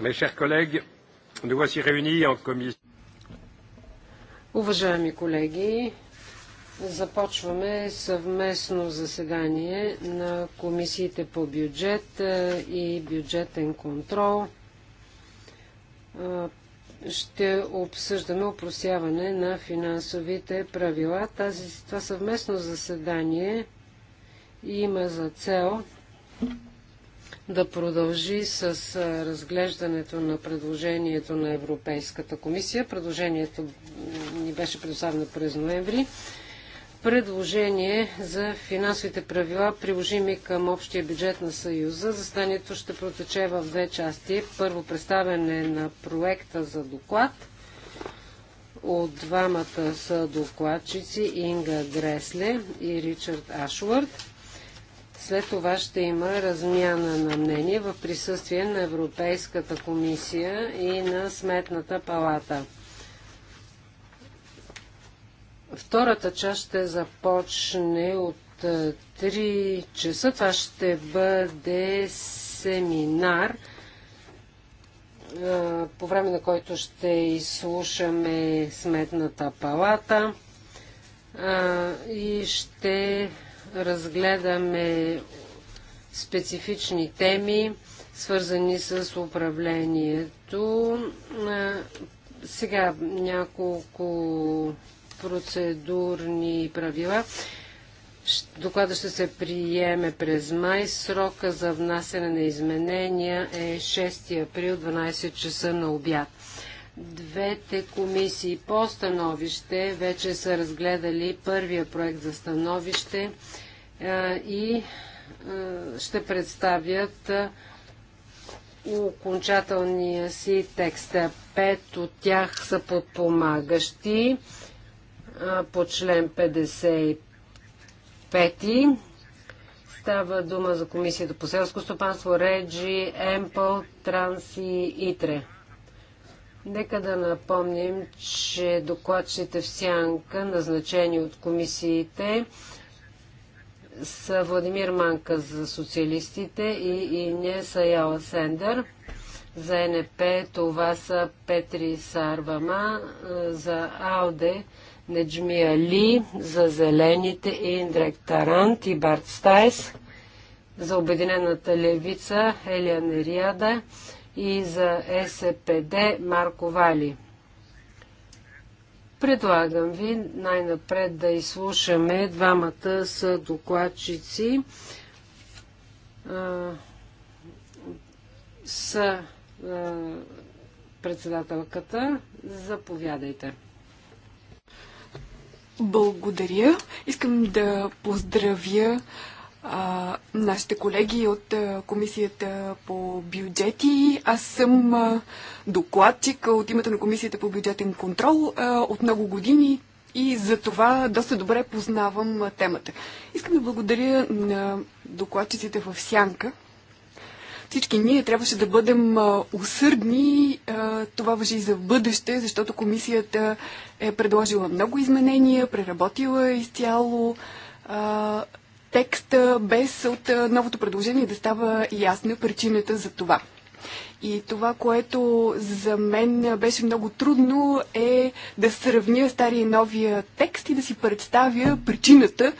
Mes chers collègues, nous voici réunis en commission. Уважаеми колеги, започваме съвместно заседание на комисиите по бюджет е, и бюджетен контрол. Е, ще обсъждаме опросяване на финансовите правила. Тази, това съвместно заседание има за цел да продължи с разглеждането на предложението на Европейската комисия. Предложението ни беше предоставено през ноември. Предложение за финансовите правила, приложими към общия бюджет на Съюза. Застанието ще протече в две части. Първо представяне на проекта за доклад от двамата са докладчици Инга Гресле и Ричард Ашвард след това ще има размяна на мнение в присъствие на Европейската комисия и на Сметната палата. Втората част ще започне от 3 е, часа. Това ще бъде семинар, е, по време на който ще изслушаме Сметната палата е, и ще разгледаме специфични теми, свързани с управлението. Сега няколко процедурни правила. Доклада ще се приеме през май. Срока за внасяне на изменения е 6 април 12 часа на обяд. Двете комисии по становище вече са разгледали първия проект за становище е, и е, ще представят е, окончателния си текст. Пет от тях са подпомагащи по член 55. Става дума за Комисията по селско стопанство, Реджи, Емпъл, Транси и Итре. Нека да напомним, че докладчите в сянка, назначени от комисиите, са Владимир Манка за социалистите и Инес Саяла Сендър, За НП това са Петри Сарвама, за Алде Неджмия Ли, за Зелените и Индрек Тарант и Барт Стайс, за Обединената левица Елия Риада и за СПД Марко Вали. Предлагам ви най-напред да изслушаме двамата са докладчици с председателката. Заповядайте. Благодаря. Искам да поздравя а, нашите колеги от а, Комисията по бюджети. Аз съм а, докладчик от името на Комисията по бюджетен контрол а, от много години и за това доста добре познавам а, темата. Искам да благодаря на докладчиците в Сянка. Всички ние трябваше да бъдем а, усърдни. А, това въжи и за бъдеще, защото комисията е предложила много изменения, преработила изцяло текста, без от новото предложение да става ясна причината за това. И това, което за мен беше много трудно, е да сравня стария и новия текст и да си представя причината,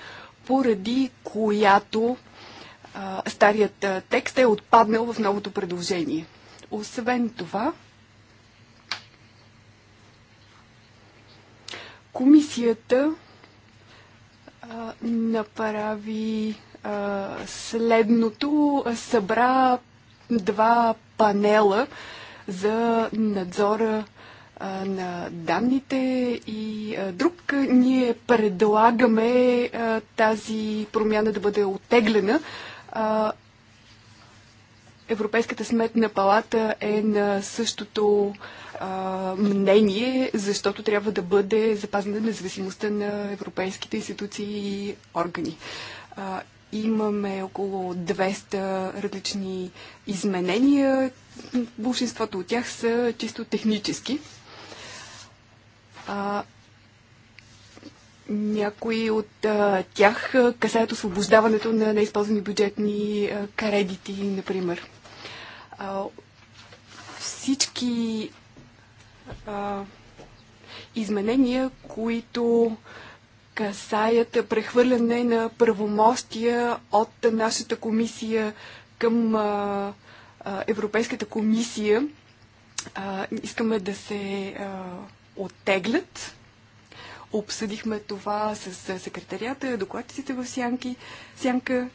поради която а, старият текст е отпаднал в новото предложение. Освен това, комисията направи следното. Събра два панела за надзора на данните и друг. Ние предлагаме тази промяна да бъде оттеглена. Европейската сметна палата е на същото мнение, защото трябва да бъде запазена независимостта на европейските институции и органи. А, имаме около 200 различни изменения. Большинството от тях са чисто технически. А, някои от а, тях касаят освобождаването на неизползвани бюджетни а, кредити, например. А, всички а, изменения, които касаят прехвърляне на правомостия от нашата комисия към а, а, Европейската комисия. А, искаме да се а, оттеглят. Обсъдихме това с секретарията, докладчиците в Сянки, Сянка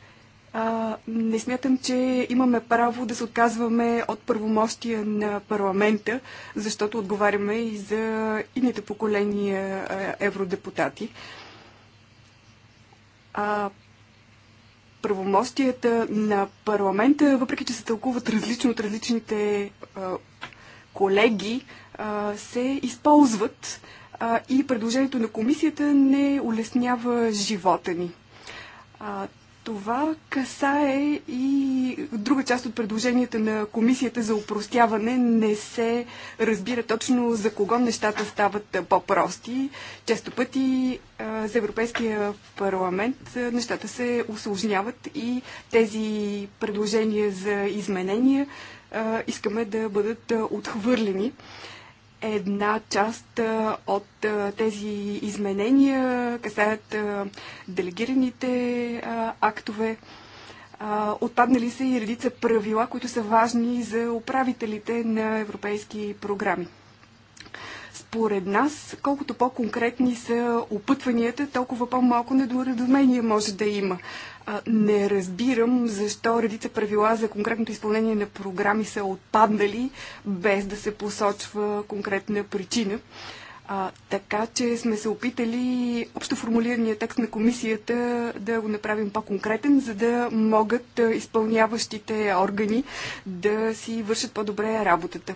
а, не смятам, че имаме право да се отказваме от първомощия на парламента, защото отговаряме и за ините поколения евродепутати. А, правомощията на парламента, въпреки че се тълкуват различно от различните а, колеги, а, се използват а, и предложението на комисията не улеснява живота ни. А, това касае и друга част от предложенията на комисията за упростяване. Не се разбира точно за кого нещата стават по-прости. Често пъти за Европейския парламент нещата се осложняват и тези предложения за изменения искаме да бъдат отхвърлени. Една част от тези изменения касаят делегираните актове. Отпаднали са и редица правила, които са важни за управителите на европейски програми. Според нас, колкото по-конкретни са опътванията, толкова по-малко недоразумение може да има не разбирам защо редица правила за конкретното изпълнение на програми са отпаднали, без да се посочва конкретна причина. А, така че сме се опитали общо формулирания текст на комисията да го направим по-конкретен, за да могат изпълняващите органи да си вършат по-добре работата.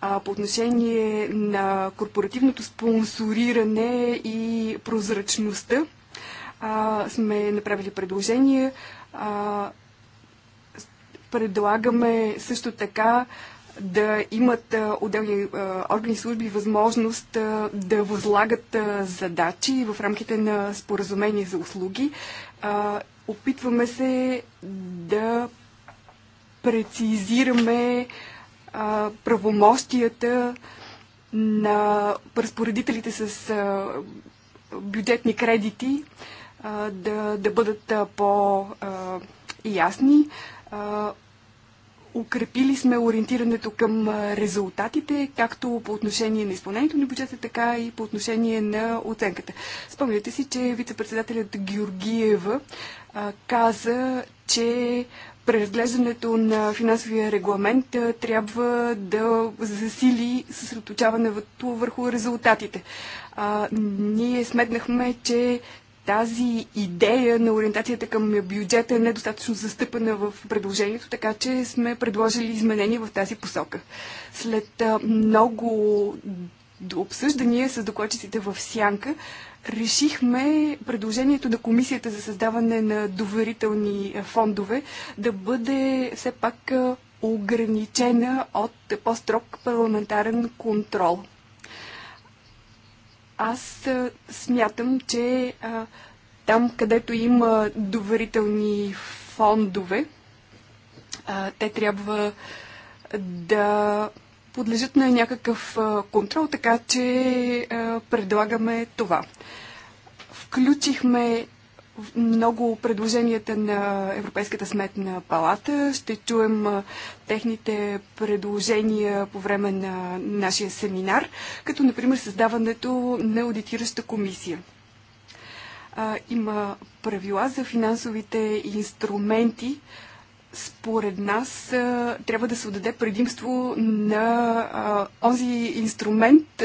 А, по отношение на корпоративното спонсориране и прозрачността, а, сме направили предложение, А, предлагаме също така да имат отделни органи и служби възможност да възлагат задачи в рамките на споразумение за услуги. Опитваме се да прецизираме правомощията на разпоредителите с бюджетни кредити да, да бъдат по-ясни. Укрепили сме ориентирането към резултатите, както по отношение на изпълнението на бюджета, така и по отношение на оценката. Спомняте си, че вице-председателят Георгиева каза, че преразглеждането на финансовия регламент трябва да засили съсредоточаването върху резултатите. А, ние сметнахме, че тази идея на ориентацията към бюджета е недостатъчно застъпена в предложението, така че сме предложили изменения в тази посока. След много обсъждания с докладчиците в Сянка, решихме предложението на Комисията за създаване на доверителни фондове да бъде все пак ограничена от по-строг парламентарен контрол. Аз смятам, че а, там, където има доверителни фондове, а, те трябва да подлежат на някакъв контрол, така че а, предлагаме това. Включихме много предложенията на Европейската сметна палата. Ще чуем техните предложения по време на нашия семинар, като например създаването на аудитираща комисия. Има правила за финансовите инструменти. Според нас трябва да се отдаде предимство на онзи инструмент,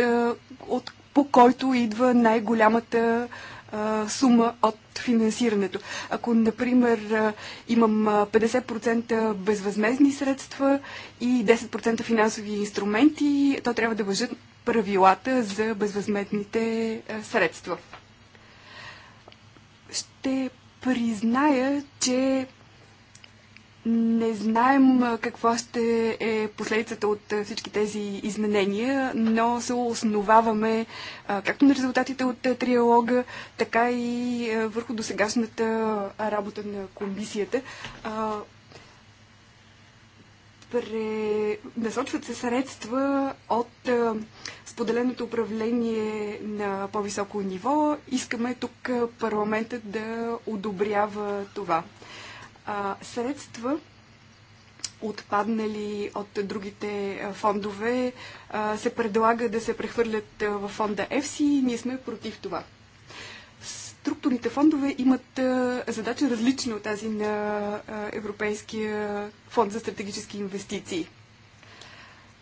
от, по който идва най-голямата а, сума от финансирането. Ако, например, имам 50% безвъзмезни средства и 10% финансови инструменти, то трябва да въжат правилата за безвъзмезните средства. Ще призная, че не знаем какво ще е последицата от всички тези изменения, но се основаваме както на резултатите от триалога, така и върху досегашната работа на комисията. Насочват се средства от споделеното управление на по-високо ниво. Искаме тук парламентът да одобрява това а, средства, отпаднали от другите фондове, а, се предлага да се прехвърлят в фонда ЕФСИ и ние сме против това. Структурните фондове имат а, задача различна от тази на а, Европейския фонд за стратегически инвестиции.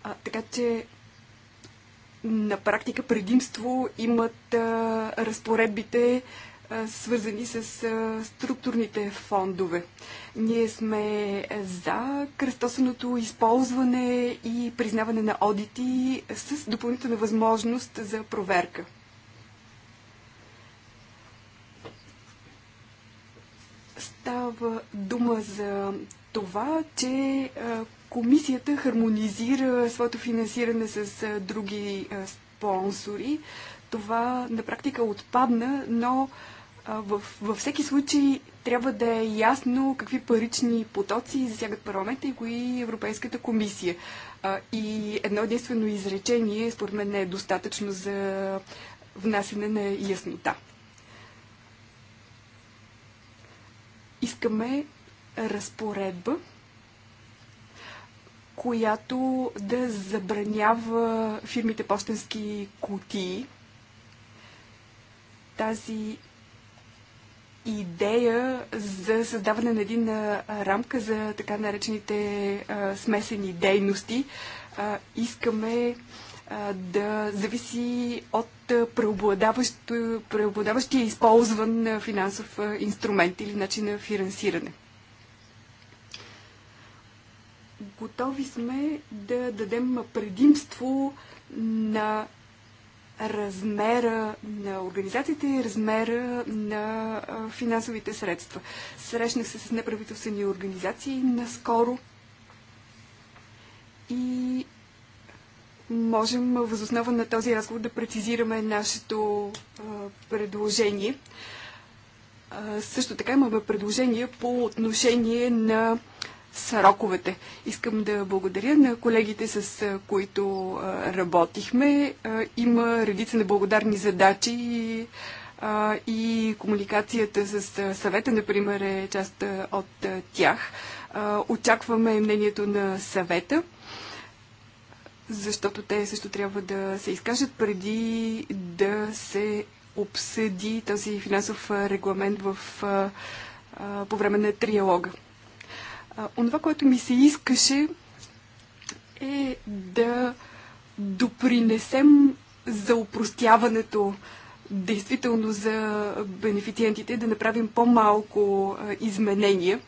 А, така че на практика предимство имат а, разпоредбите, свързани с структурните фондове. Ние сме за кръстосаното използване и признаване на одити с допълнителна възможност за проверка. Става дума за това, че комисията хармонизира своето финансиране с други спонсори. Това на практика отпадна, но а, във, всеки случай трябва да е ясно какви парични потоци засягат парламента и кои Европейската комисия. и едно единствено изречение, според мен, не е достатъчно за внасене на яснота. Искаме разпоредба, която да забранява фирмите почтенски кутии. Тази идея за създаване на един рамка за така наречените а, смесени дейности. А, искаме а, да зависи от преобладаващия използван финансов инструмент или начин на финансиране. Готови сме да дадем предимство на размера на организациите и размера на финансовите средства. Срещнах се с неправителствени организации наскоро и можем възоснова на този разговор да прецизираме нашето предложение. Също така имаме предложение по отношение на сроковете. Искам да благодаря на колегите, с които работихме. Има редица неблагодарни задачи и, и комуникацията с съвета, например, е част от тях. Очакваме мнението на съвета защото те също трябва да се изкажат преди да се обсъди този финансов регламент в, по време на триалога онова, което ми се искаше е да допринесем за упростяването действително за бенефициентите, да направим по-малко изменения.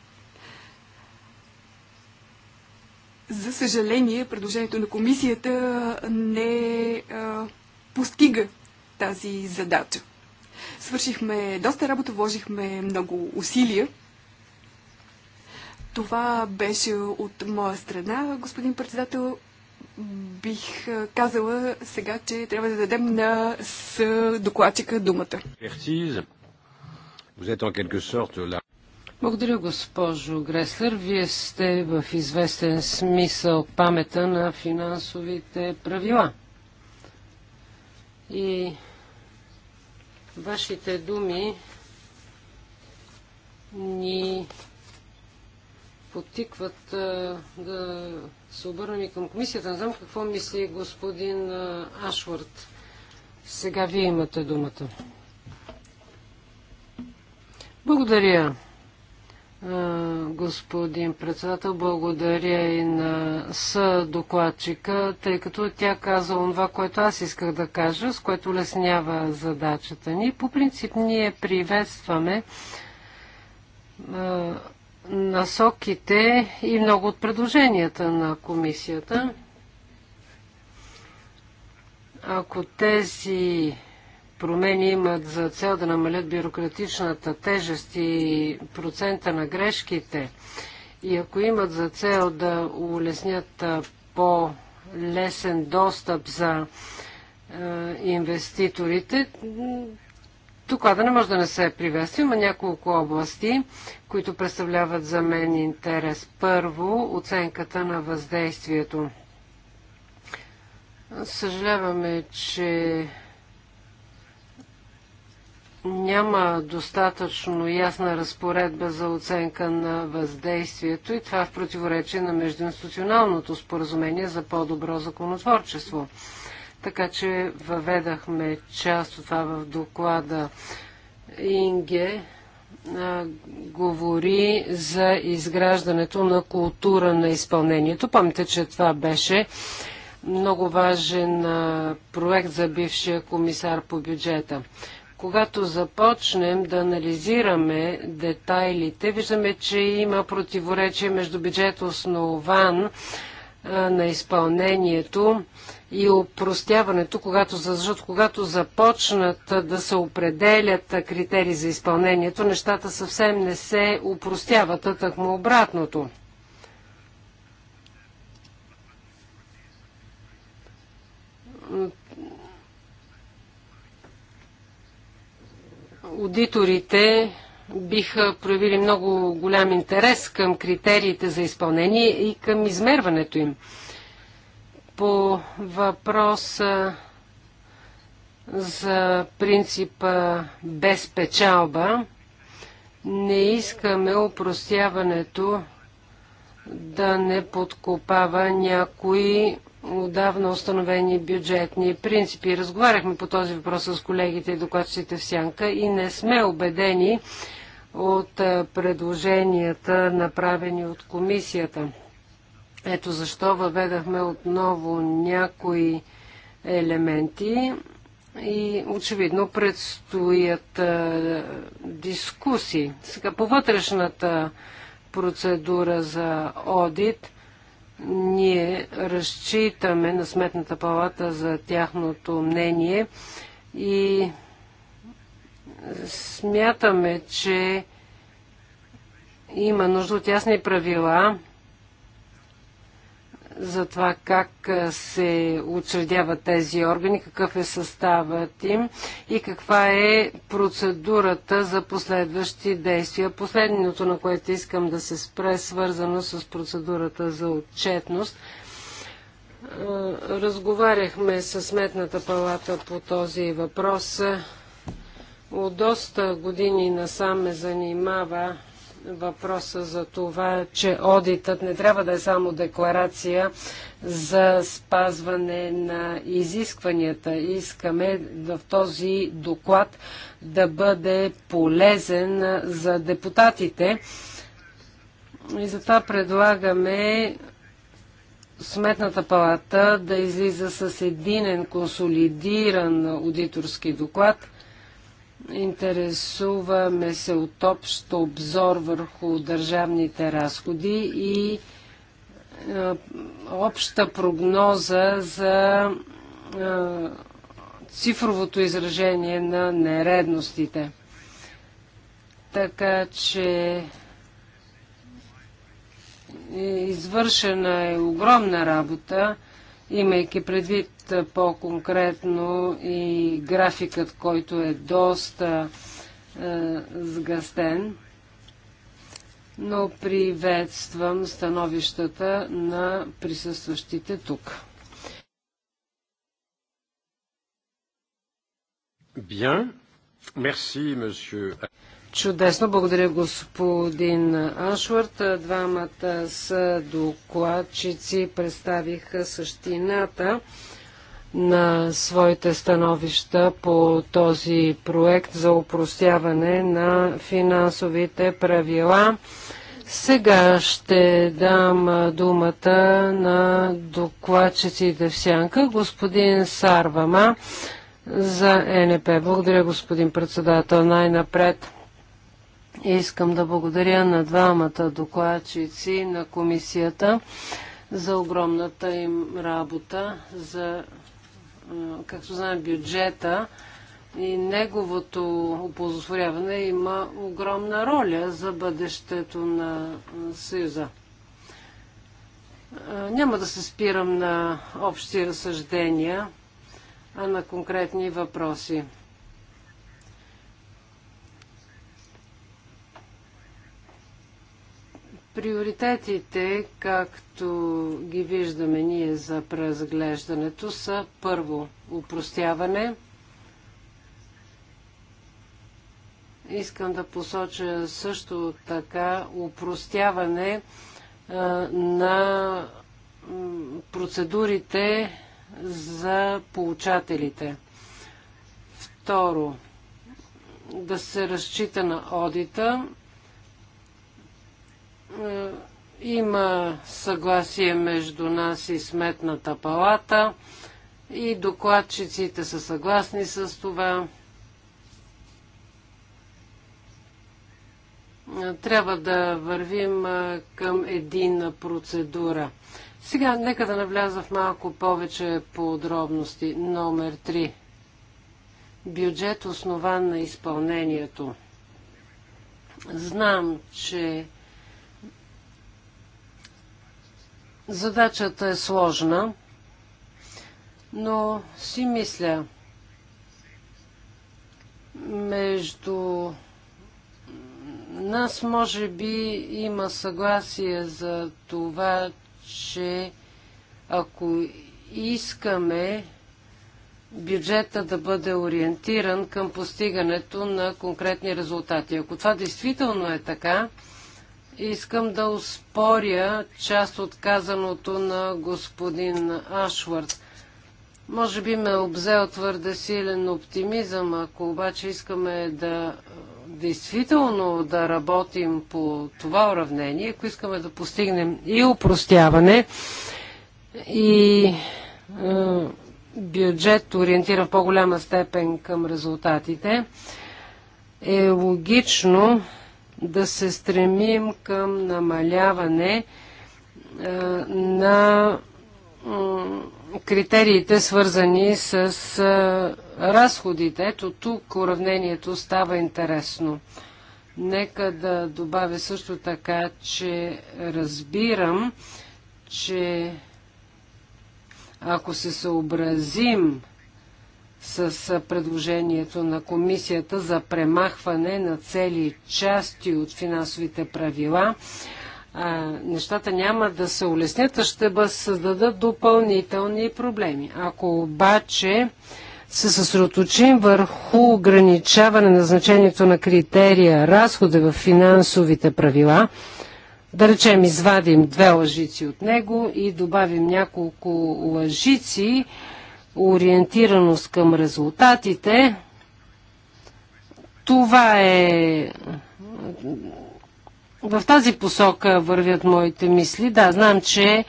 За съжаление, предложението на комисията не постига тази задача. Свършихме доста работа, вложихме много усилия. Това беше от моя страна. Господин председател, бих казала сега, че трябва да дадем на с докладчика думата. Благодаря, госпожо Греслер. Вие сте в известен смисъл памета на финансовите правила. И вашите думи ни потикват да се обърнем и към комисията. Не знам какво мисли господин Ашвард. Сега вие имате думата. Благодаря, господин председател. Благодаря и на съдокладчика, тъй като тя каза това, което аз исках да кажа, с което леснява задачата ни. По принцип ние приветстваме насоките и много от предложенията на комисията. Ако тези промени имат за цел да намалят бюрократичната тежест и процента на грешките, и ако имат за цел да улеснят по-лесен достъп за инвеститорите, Доклада не може да не се приветства. Има няколко области, които представляват за мен интерес. Първо, оценката на въздействието. Съжаляваме, че няма достатъчно ясна разпоредба за оценка на въздействието и това в противоречие на междуинституционалното споразумение за по-добро законотворчество. Така че въведахме част от това в доклада. Инге а, говори за изграждането на култура на изпълнението. Помните, че това беше много важен а, проект за бившия комисар по бюджета. Когато започнем да анализираме детайлите, виждаме, че има противоречие между бюджет основан а, на изпълнението и опростяването, когато, защото когато започнат да се определят критерии за изпълнението, нещата съвсем не се опростяват а тъкмо обратното. Аудиторите биха проявили много голям интерес към критериите за изпълнение и към измерването им. По въпроса за принципа без печалба, не искаме упростяването да не подкопава някои отдавна установени бюджетни принципи. Разговаряхме по този въпрос с колегите и докладчите в Сянка и не сме убедени от предложенията, направени от комисията. Ето защо въведахме отново някои елементи и очевидно предстоят а, дискусии. Сега по вътрешната процедура за одит ние разчитаме на Сметната палата за тяхното мнение и смятаме, че има нужда от ясни правила за това как се учредяват тези органи, какъв е съставът им и каква е процедурата за последващи действия. Последното, на което искам да се спре, е свързано с процедурата за отчетност. Разговаряхме с Сметната палата по този въпрос. От доста години насам ме занимава въпроса за това, че одитът не трябва да е само декларация за спазване на изискванията. Искаме в този доклад да бъде полезен за депутатите. И затова предлагаме Сметната палата да излиза с единен консолидиран аудиторски доклад – Интересуваме се от общ обзор върху държавните разходи и обща прогноза за цифровото изражение на нередностите. Така че извършена е огромна работа имайки предвид по-конкретно и графикът, който е доста е, сгъстен, но приветствам становищата на присъстващите тук. Bien. Merci, monsieur. Чудесно, благодаря господин Ашвард. Двамата с докладчици представиха същината на своите становища по този проект за упростяване на финансовите правила. Сега ще дам думата на докладчиците в сянка, господин Сарвама за НП. Благодаря, господин председател. Най-напред Искам да благодаря на двамата докладчици на комисията за огромната им работа, за, както знаем, бюджета и неговото оползотворяване има огромна роля за бъдещето на Съюза. Няма да се спирам на общи разсъждения, а на конкретни въпроси. Приоритетите, както ги виждаме ние за преразглеждането, са първо упростяване. Искам да посоча също така упростяване а, на процедурите за получателите. Второ, да се разчита на одита е, има съгласие между нас и Сметната палата и докладчиците са съгласни с това. Трябва да вървим е, към единна процедура. Сега нека да навляза в малко повече подробности. Номер 3. Бюджет основан на изпълнението. Знам, че Задачата е сложна, но си мисля между нас може би има съгласие за това, че ако искаме бюджета да бъде ориентиран към постигането на конкретни резултати. Ако това действително е така, Искам да успоря част от казаното на господин Ашвард. Може би ме обзел твърде силен оптимизъм, ако обаче искаме да действително да работим по това уравнение, ако искаме да постигнем и упростяване, и е, бюджет ориентира в по-голяма степен към резултатите, е логично да се стремим към намаляване е, на критериите, свързани с е, разходите. Ето тук уравнението става интересно. Нека да добавя също така, че разбирам, че ако се съобразим с предложението на комисията за премахване на цели части от финансовите правила. А, нещата няма да се улеснят, а ще бъд създадат допълнителни проблеми. Ако обаче се съсредоточим върху ограничаване на значението на критерия разходи в финансовите правила, да речем извадим две лъжици от него и добавим няколко лъжици, ориентираност към резултатите. Това е... В тази посока вървят моите мисли. Да, знам, че е,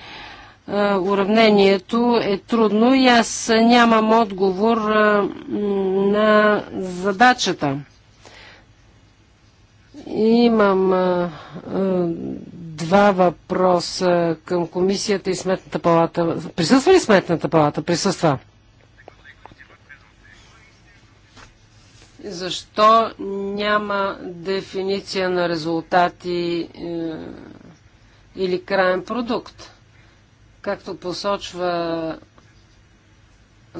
уравнението е трудно и аз нямам отговор е, на задачата. Имам е, два въпроса към комисията и сметната палата. Присъства ли сметната палата? Присъства. Защо няма дефиниция на резултати е, или крайен продукт? Както посочва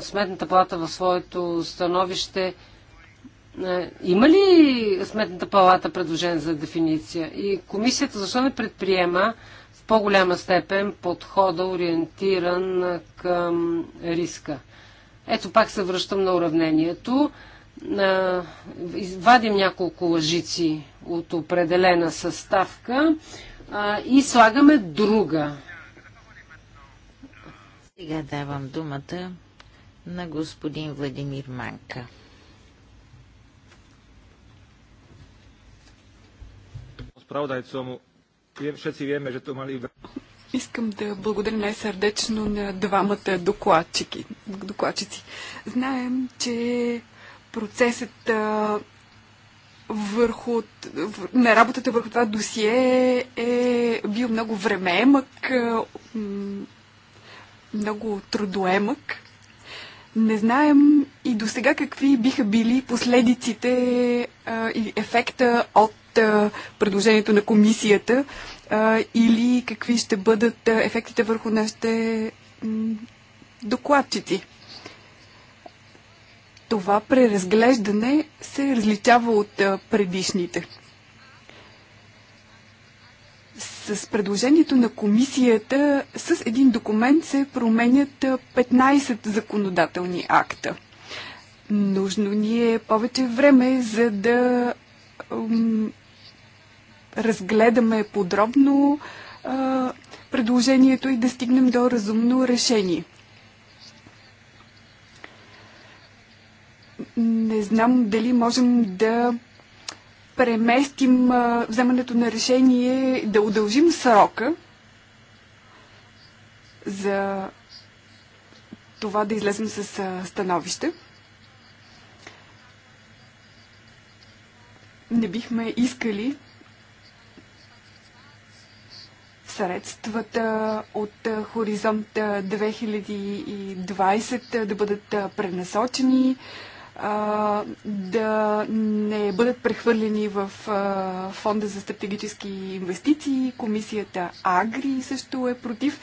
Сметната палата в своето становище, е, има ли Сметната палата предложение за дефиниция? И комисията защо не предприема в по-голяма степен подхода, ориентиран към риска? Ето пак се връщам на уравнението извадим няколко лъжици от определена съставка а, и слагаме друга. Сега давам думата на господин Владимир Манка. Искам да благодаря най-сърдечно на двамата докладчики, докладчици. Знаем, че процесът а, върху, на работата върху това досие е, е бил много времеемък, много трудоемък. Не знаем и до сега какви биха били последиците а, и ефекта от а, предложението на комисията а, или какви ще бъдат ефектите върху нашите докладчици това преразглеждане се различава от предишните. С предложението на комисията с един документ се променят 15 законодателни акта. Нужно ни е повече време, за да разгледаме подробно а, предложението и да стигнем до разумно решение. Не знам дали можем да преместим вземането на решение, да удължим срока за това да излезем с становище. Не бихме искали средствата от Хоризонт 2020 да бъдат пренасочени а, да не бъдат прехвърлени в а, Фонда за стратегически инвестиции. Комисията Агри също е против.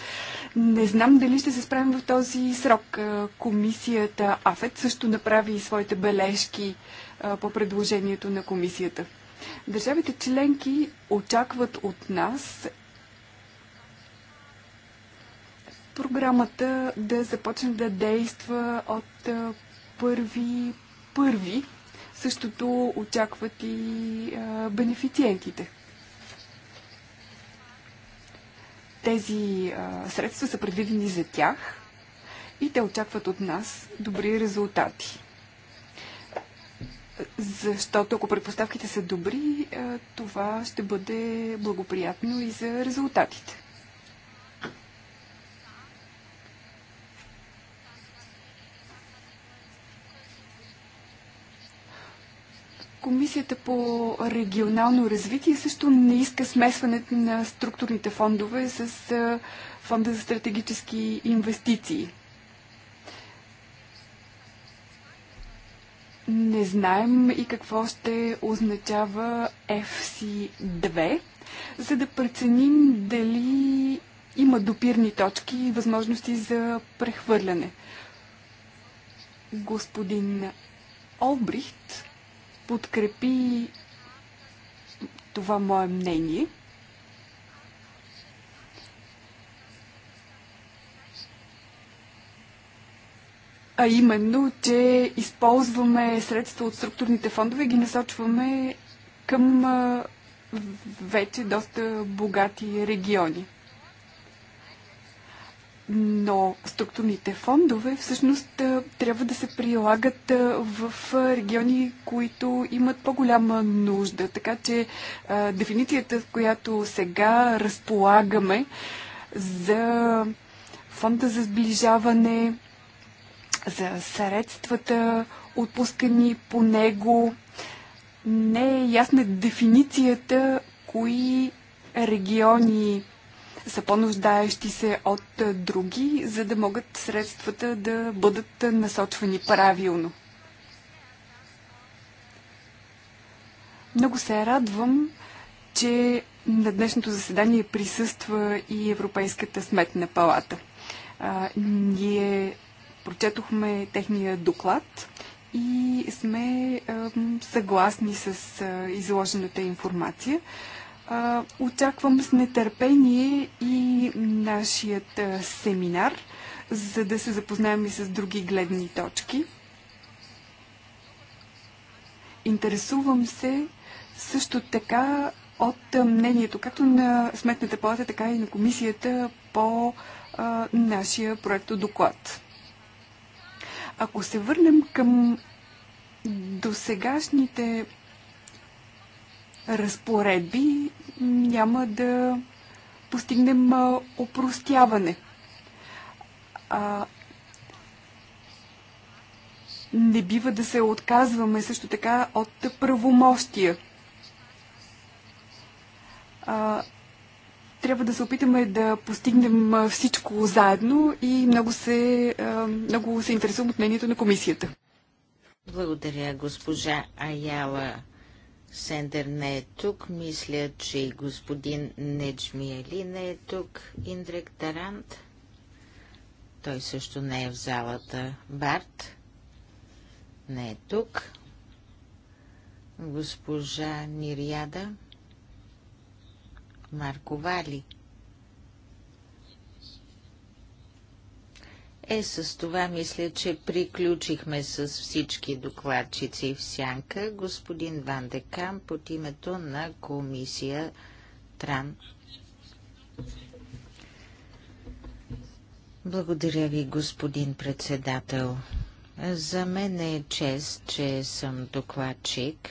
Не знам дали ще се справим в този срок. Комисията АФЕТ също направи своите бележки а, по предложението на комисията. Държавите членки очакват от нас програмата да започне да действа от 1 първи. Същото очакват и а, бенефициентите. Тези а, средства са предвидени за тях и те очакват от нас добри резултати. Защото ако предпоставките са добри, а, това ще бъде благоприятно и за резултатите. Комисията по регионално развитие също не иска смесването на структурните фондове с фонда за стратегически инвестиции. Не знаем и какво ще означава FC2, за да преценим дали има допирни точки и възможности за прехвърляне. Господин Олбрихт подкрепи това мое мнение. А именно, че използваме средства от структурните фондове и ги насочваме към вече доста богати региони но структурните фондове всъщност трябва да се прилагат в региони, които имат по-голяма нужда. Така че дефиницията, която сега разполагаме за фонда за сближаване, за средствата, отпускани по него, не е ясна дефиницията, кои региони са по-нуждаещи се от други, за да могат средствата да бъдат насочвани правилно. Много се радвам, че на днешното заседание присъства и Европейската сметна палата. А, ние прочетохме техния доклад и сме а, съгласни с а, изложената информация. А, очаквам с нетърпение и нашият семинар, за да се запознаем и с други гледни точки. Интересувам се също така от мнението както на Сметната палата, така и на комисията по а, нашия проекто доклад. Ако се върнем към досегашните разпоредби няма да постигнем опростяване. А, не бива да се отказваме също така от правомощия. А, трябва да се опитаме да постигнем всичко заедно и много се, много се интересувам от мнението на комисията. Благодаря, госпожа Аяла Сендер не е тук. Мисля, че и господин Неджмиели не е тук. Индрек Тарант. Той също не е в залата. Барт не е тук. Госпожа Нириада Марковали. Вали Е, с това мисля, че приключихме с всички докладчици в сянка. Господин Ван Декам под името на комисия Тран. Благодаря ви, господин председател. За мен е чест, че съм докладчик.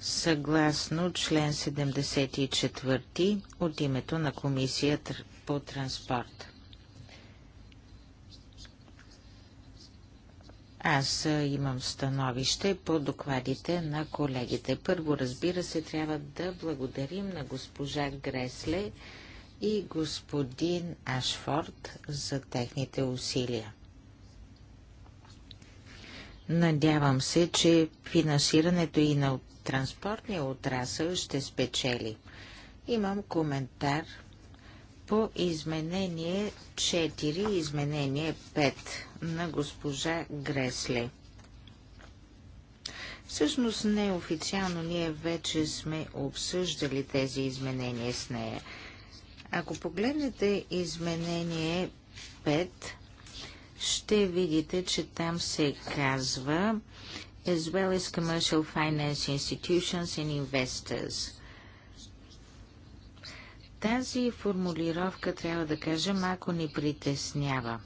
Съгласно член 74 от името на комисията по транспорт. Аз имам становище по докладите на колегите. Първо, разбира се, трябва да благодарим на госпожа Гресле и господин Ашфорд за техните усилия. Надявам се, че финансирането и на транспортния отрасъл ще спечели. Имам коментар по изменение 4 изменение 5 на госпожа Гресли. Всъщност неофициално ние вече сме обсъждали тези изменения с нея. Ако погледнете изменение 5, ще видите, че там се казва as well as commercial finance institutions and investors. Тази формулировка, трябва да кажа, малко ни притеснява.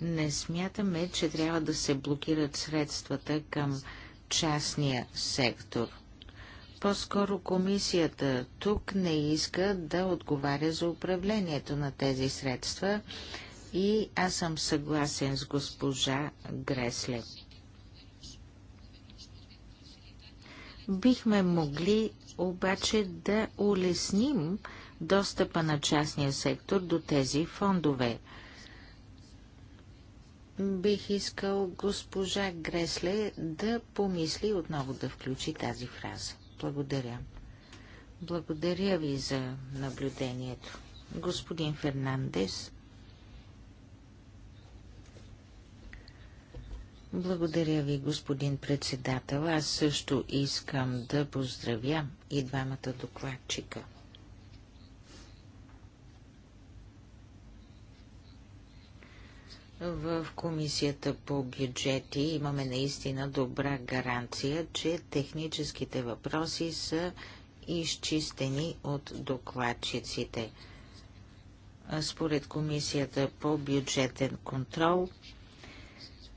Не смятаме, че трябва да се блокират средствата към частния сектор. По-скоро комисията тук не иска да отговаря за управлението на тези средства и аз съм съгласен с госпожа Гресле. Бихме могли обаче да улесним достъпа на частния сектор до тези фондове. Бих искал госпожа Гресле да помисли отново да включи тази фраза. Благодаря. Благодаря ви за наблюдението. Господин Фернандес. Благодаря ви, господин председател. Аз също искам да поздравя и двамата докладчика. В комисията по бюджети имаме наистина добра гаранция, че техническите въпроси са изчистени от докладчиците. Според комисията по бюджетен контрол,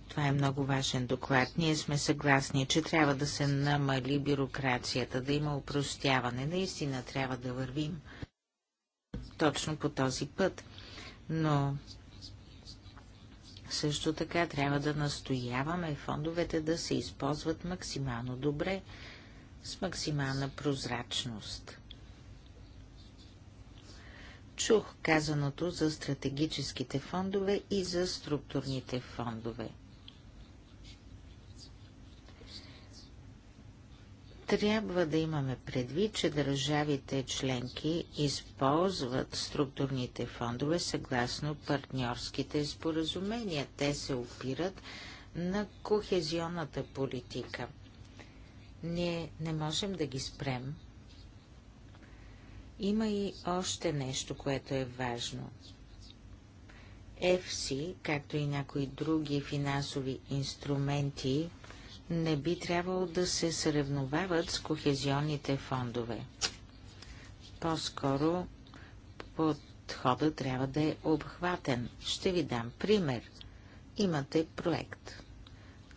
това е много важен доклад. Ние сме съгласни, че трябва да се намали бюрокрацията, да има упростяване. Наистина трябва да вървим точно по този път. Но също така трябва да настояваме фондовете да се използват максимално добре, с максимална прозрачност. Чух казаното за стратегическите фондове и за структурните фондове – Трябва да имаме предвид, че държавите членки използват структурните фондове съгласно партньорските споразумения. Те се опират на кохезионната политика. Ние не можем да ги спрем. Има и още нещо, което е важно. ЕФСИ, както и някои други финансови инструменти, не би трябвало да се съревновават с кохезионните фондове. По-скоро подходът трябва да е обхватен. Ще ви дам пример. Имате проект.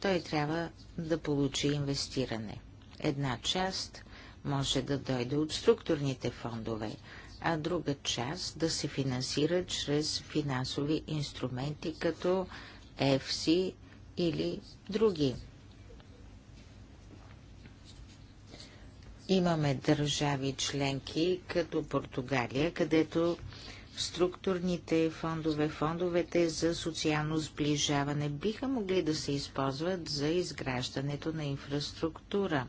Той трябва да получи инвестиране. Една част може да дойде от структурните фондове, а друга част да се финансира чрез финансови инструменти като EFSI или други Имаме държави членки като Португалия, където структурните фондове, фондовете за социално сближаване биха могли да се използват за изграждането на инфраструктура.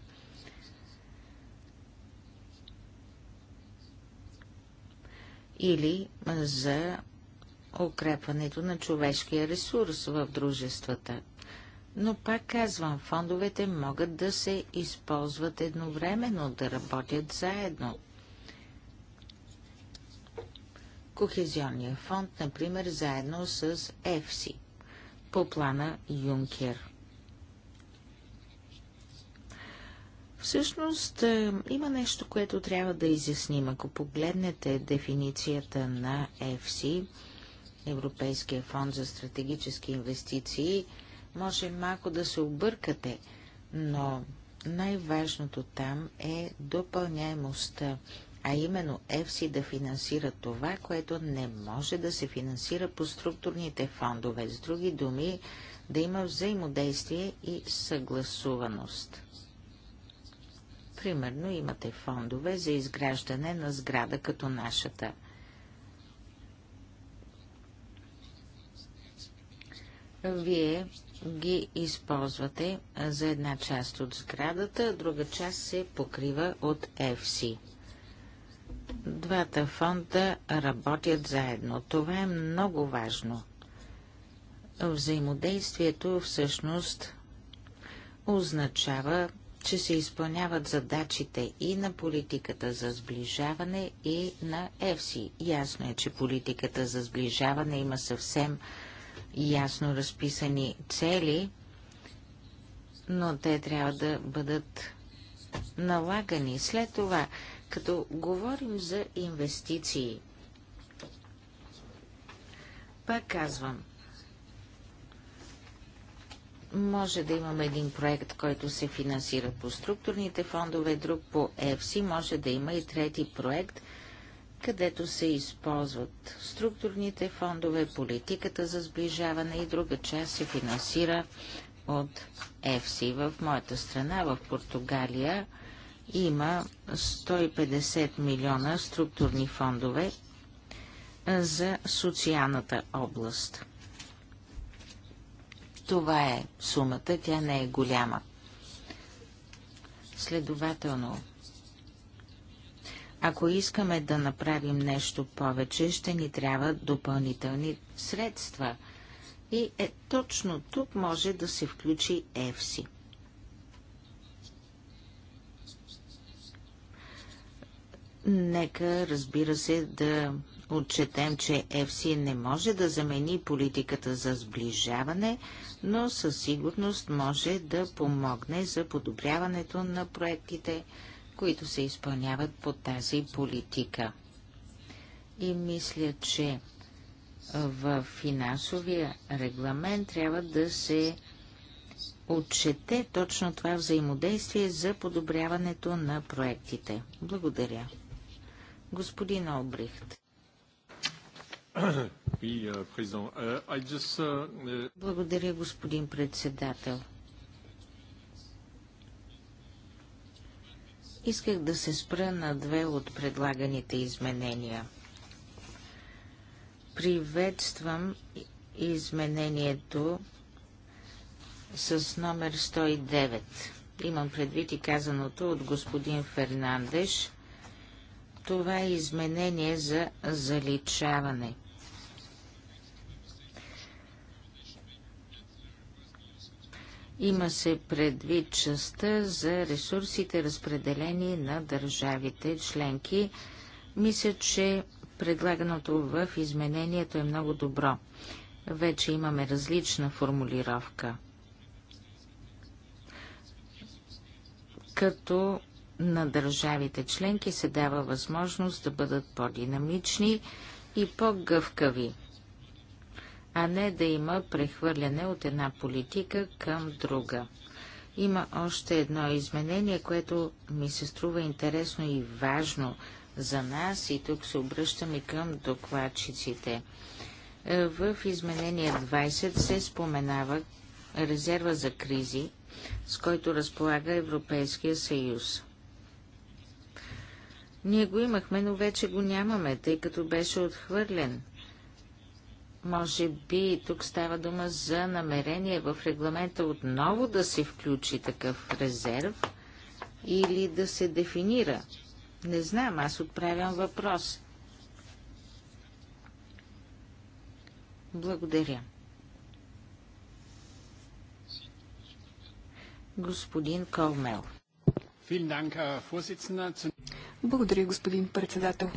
или за укрепването на човешкия ресурс в дружествата. Но пак казвам, фондовете могат да се използват едновременно, да работят заедно. Кохезионния фонд, например, заедно с ЕФСИ по плана Юнкер. Всъщност е, има нещо, което трябва да изясним. Ако погледнете дефиницията на ЕФСИ, Европейския фонд за стратегически инвестиции, може малко да се объркате, но най-важното там е допълняемостта, а именно ЕФСИ да финансира това, което не може да се финансира по структурните фондове. С други думи, да има взаимодействие и съгласуваност. Примерно имате фондове за изграждане на сграда като нашата. Вие ги използвате за една част от сградата, друга част се покрива от FC. Двата фонда работят заедно. Това е много важно. Взаимодействието всъщност означава, че се изпълняват задачите и на политиката за сближаване и на ЕФСИ. Ясно е, че политиката за сближаване има съвсем ясно разписани цели, но те трябва да бъдат налагани. След това, като говорим за инвестиции, пак казвам, може да имаме един проект, който се финансира по структурните фондове, друг по ЕФСИ, може да има и трети проект – където се използват структурните фондове, политиката за сближаване и друга част се финансира от ЕФСИ. В моята страна, в Португалия, има 150 милиона структурни фондове за социалната област. Това е сумата, тя не е голяма. Следователно, ако искаме да направим нещо повече, ще ни трябва допълнителни средства. И е, точно тук може да се включи ЕФСИ. Нека, разбира се, да отчетем, че ЕФСИ не може да замени политиката за сближаване, но със сигурност може да помогне за подобряването на проектите, които се изпълняват по тази политика. И мисля, че в финансовия регламент трябва да се отчете точно това взаимодействие за подобряването на проектите. Благодаря. Господин Обрихт. Euh, euh, euh, Благодаря, господин председател. Исках да се спра на две от предлаганите изменения. Приветствам изменението с номер 109. Имам предвид и казаното от господин Фернандеш. Това е изменение за заличаване – Има се предвид частта за ресурсите, разпределени на държавите членки. Мисля, че предлаганото в изменението е много добро. Вече имаме различна формулировка. Като на държавите членки се дава възможност да бъдат по-динамични и по-гъвкави а не да има прехвърляне от една политика към друга. Има още едно изменение, което ми се струва интересно и важно за нас и тук се обръщам и към докладчиците. Е, в изменение 20 се споменава резерва за кризи, с който разполага Европейския съюз. Ние го имахме, но вече го нямаме, тъй като беше отхвърлен – може би тук става дума за намерение в регламента отново да се включи такъв резерв или да се дефинира. Не знам, аз отправям въпрос. Благодаря. Господин Колмел. Благодаря, господин председател.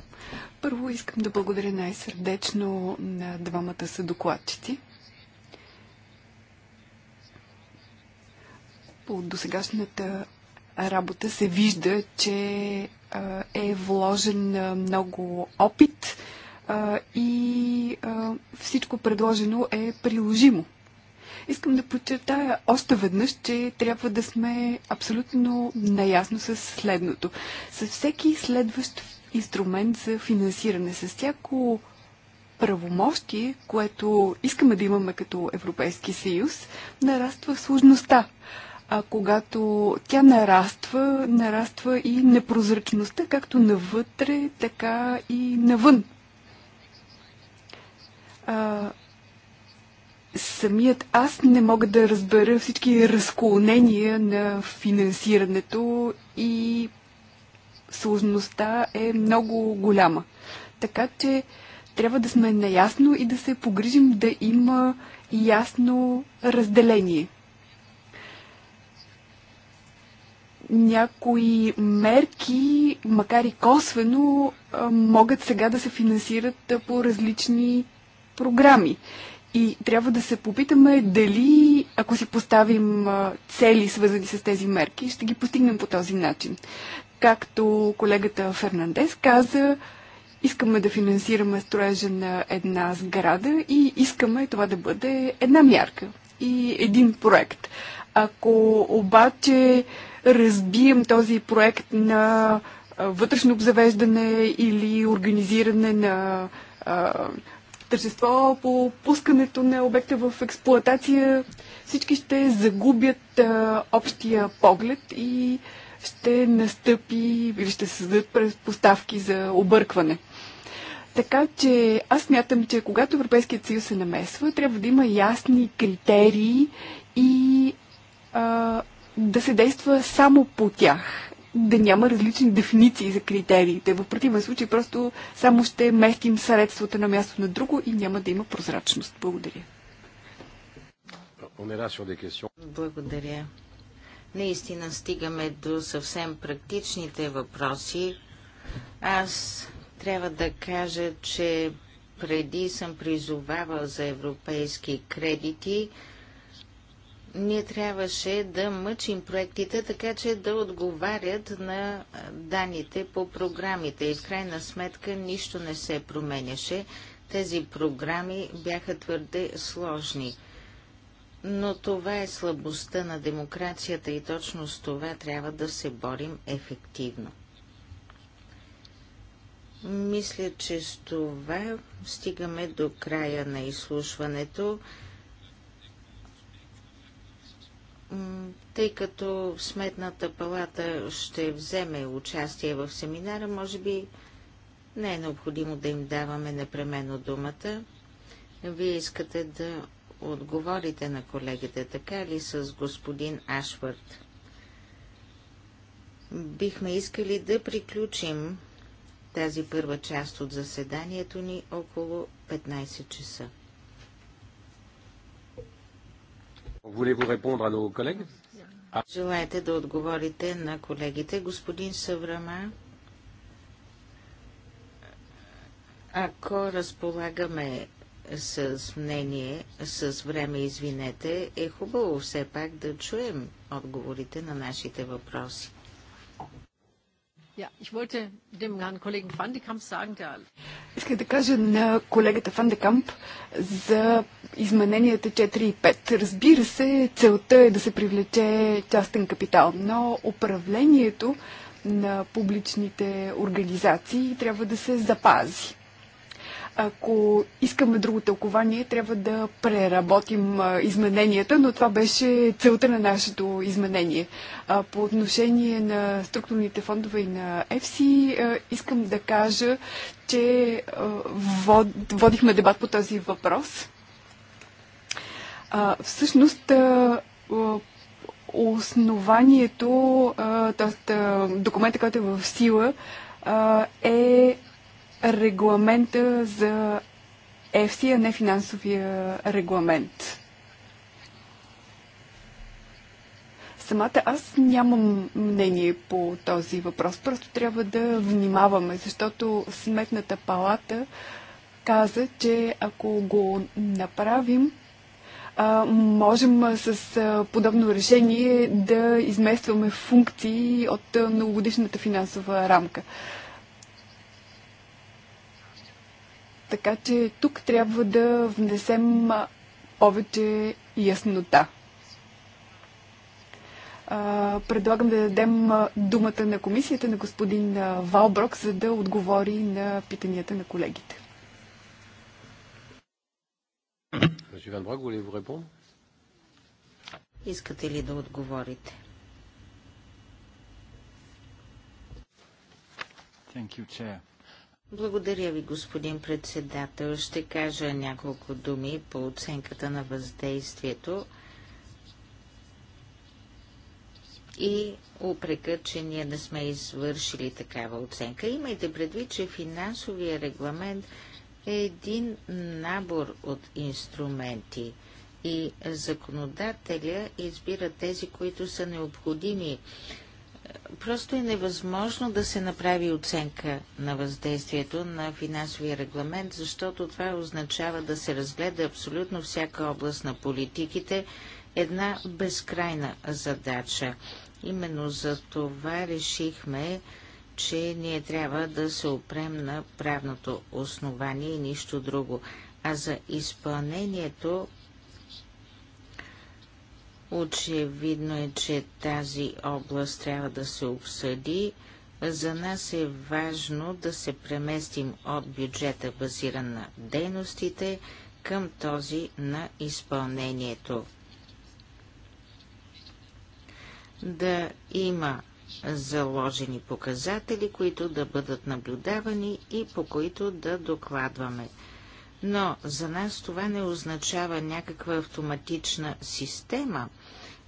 Първо искам да благодаря най-сърдечно на двамата са докладчици. По досегашната работа се вижда, че е вложен много опит и всичко предложено е приложимо. Искам да подчертая още веднъж, че трябва да сме абсолютно наясно с следното. С всеки следващ инструмент за финансиране, с всяко правомощие, което искаме да имаме като Европейски съюз, нараства сложността. А когато тя нараства, нараства и непрозрачността, както навътре, така и навън. А, самият аз не мога да разбера всички разклонения на финансирането и сложността е много голяма. Така че трябва да сме наясно и да се погрижим да има ясно разделение. Някои мерки, макар и косвено, могат сега да се финансират по различни програми. И трябва да се попитаме дали, ако си поставим цели, свързани с тези мерки, ще ги постигнем по този начин. Както колегата Фернандес каза, искаме да финансираме строежа на една сграда и искаме това да бъде една мярка и един проект. Ако обаче разбием този проект на вътрешно обзавеждане или организиране на тържество по пускането на обекта в експлоатация, всички ще загубят а, общия поглед и ще настъпи или ще създадат предпоставки за объркване. Така че аз смятам, че когато Европейският съюз се намесва, трябва да има ясни критерии и а, да се действа само по тях да няма различни дефиниции за критериите. В противен случай просто само ще местим средствата на място на друго и няма да има прозрачност. Благодаря. Благодаря. Наистина стигаме до съвсем практичните въпроси. Аз трябва да кажа, че преди съм призовавал за европейски кредити, ние трябваше да мъчим проектите, така че да отговарят на данните по програмите. И в крайна сметка нищо не се променяше. Тези програми бяха твърде сложни. Но това е слабостта на демокрацията и точно с това трябва да се борим ефективно. Мисля, че с това стигаме до края на изслушването. Тъй като Сметната палата ще вземе участие в семинара, може би не е необходимо да им даваме непременно думата. Вие искате да отговорите на колегите, така ли с господин Ашвард? Бихме искали да приключим тази първа част от заседанието ни около 15 часа. Ah. Желаете да отговорите на колегите. Господин Съврама, ако разполагаме с мнение, с време, извинете, е хубаво все пак да чуем отговорите на нашите въпроси. Yeah, да кажа на колегата Фан Декамп за измененията 4 и 5. Разбира се, целта е да се привлече частен капитал, но управлението на публичните организации трябва да се запази. Ако искаме друго тълкование, трябва да преработим измененията, но това беше целта на нашето изменение. По отношение на структурните фондове и на ЕФСИ, искам да кажа, че водихме дебат по този въпрос. Всъщност, основанието, т.е. документа, който е в сила, е регламента за ЕФСИ, а не финансовия регламент. Самата аз нямам мнение по този въпрос. Просто трябва да внимаваме, защото Сметната палата каза, че ако го направим, можем с подобно решение да изместваме функции от многогодишната финансова рамка. Така че тук трябва да внесем повече яснота. Предлагам да дадем думата на комисията на господин Валброк, за да отговори на питанията на колегите. Искате ли да отговорите? Thank you, Chair. Благодаря ви, господин председател. Ще кажа няколко думи по оценката на въздействието и упрека, че ние не сме извършили такава оценка. Имайте предвид, че финансовия регламент е един набор от инструменти и законодателя избира тези, които са необходими Просто е невъзможно да се направи оценка на въздействието на финансовия регламент, защото това означава да се разгледа абсолютно всяка област на политиките, една безкрайна задача. Именно за това решихме, че ние трябва да се опрем на правното основание и нищо друго. А за изпълнението Очевидно е, че тази област трябва да се обсъди. За нас е важно да се преместим от бюджета базиран на дейностите към този на изпълнението. Да има заложени показатели, които да бъдат наблюдавани и по които да докладваме но за нас това не означава някаква автоматична система.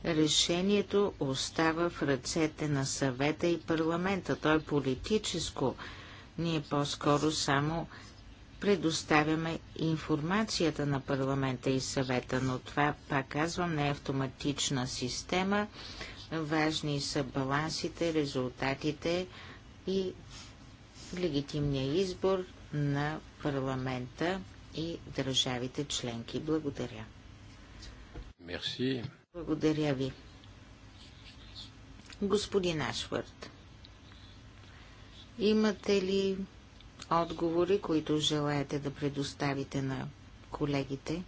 Решението остава в ръцете на съвета и парламента. Той е политическо. Ние по-скоро само предоставяме информацията на парламента и съвета, но това, пак казвам, не е автоматична система. Важни са балансите, резултатите и легитимния избор на парламента и държавите членки. Благодаря. Мерси. Благодаря ви. Господин Ашвард, имате ли отговори, които желаете да предоставите на колегите?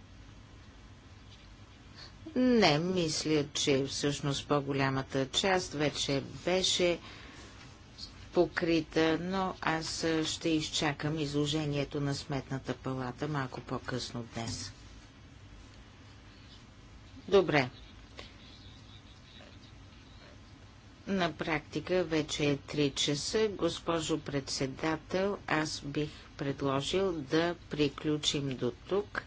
Не, мисля, че всъщност по-голямата част вече беше покрита, но аз ще изчакам изложението на Сметната палата малко по-късно днес. Добре. На практика вече е 3 часа. Госпожо председател, аз бих предложил да приключим до тук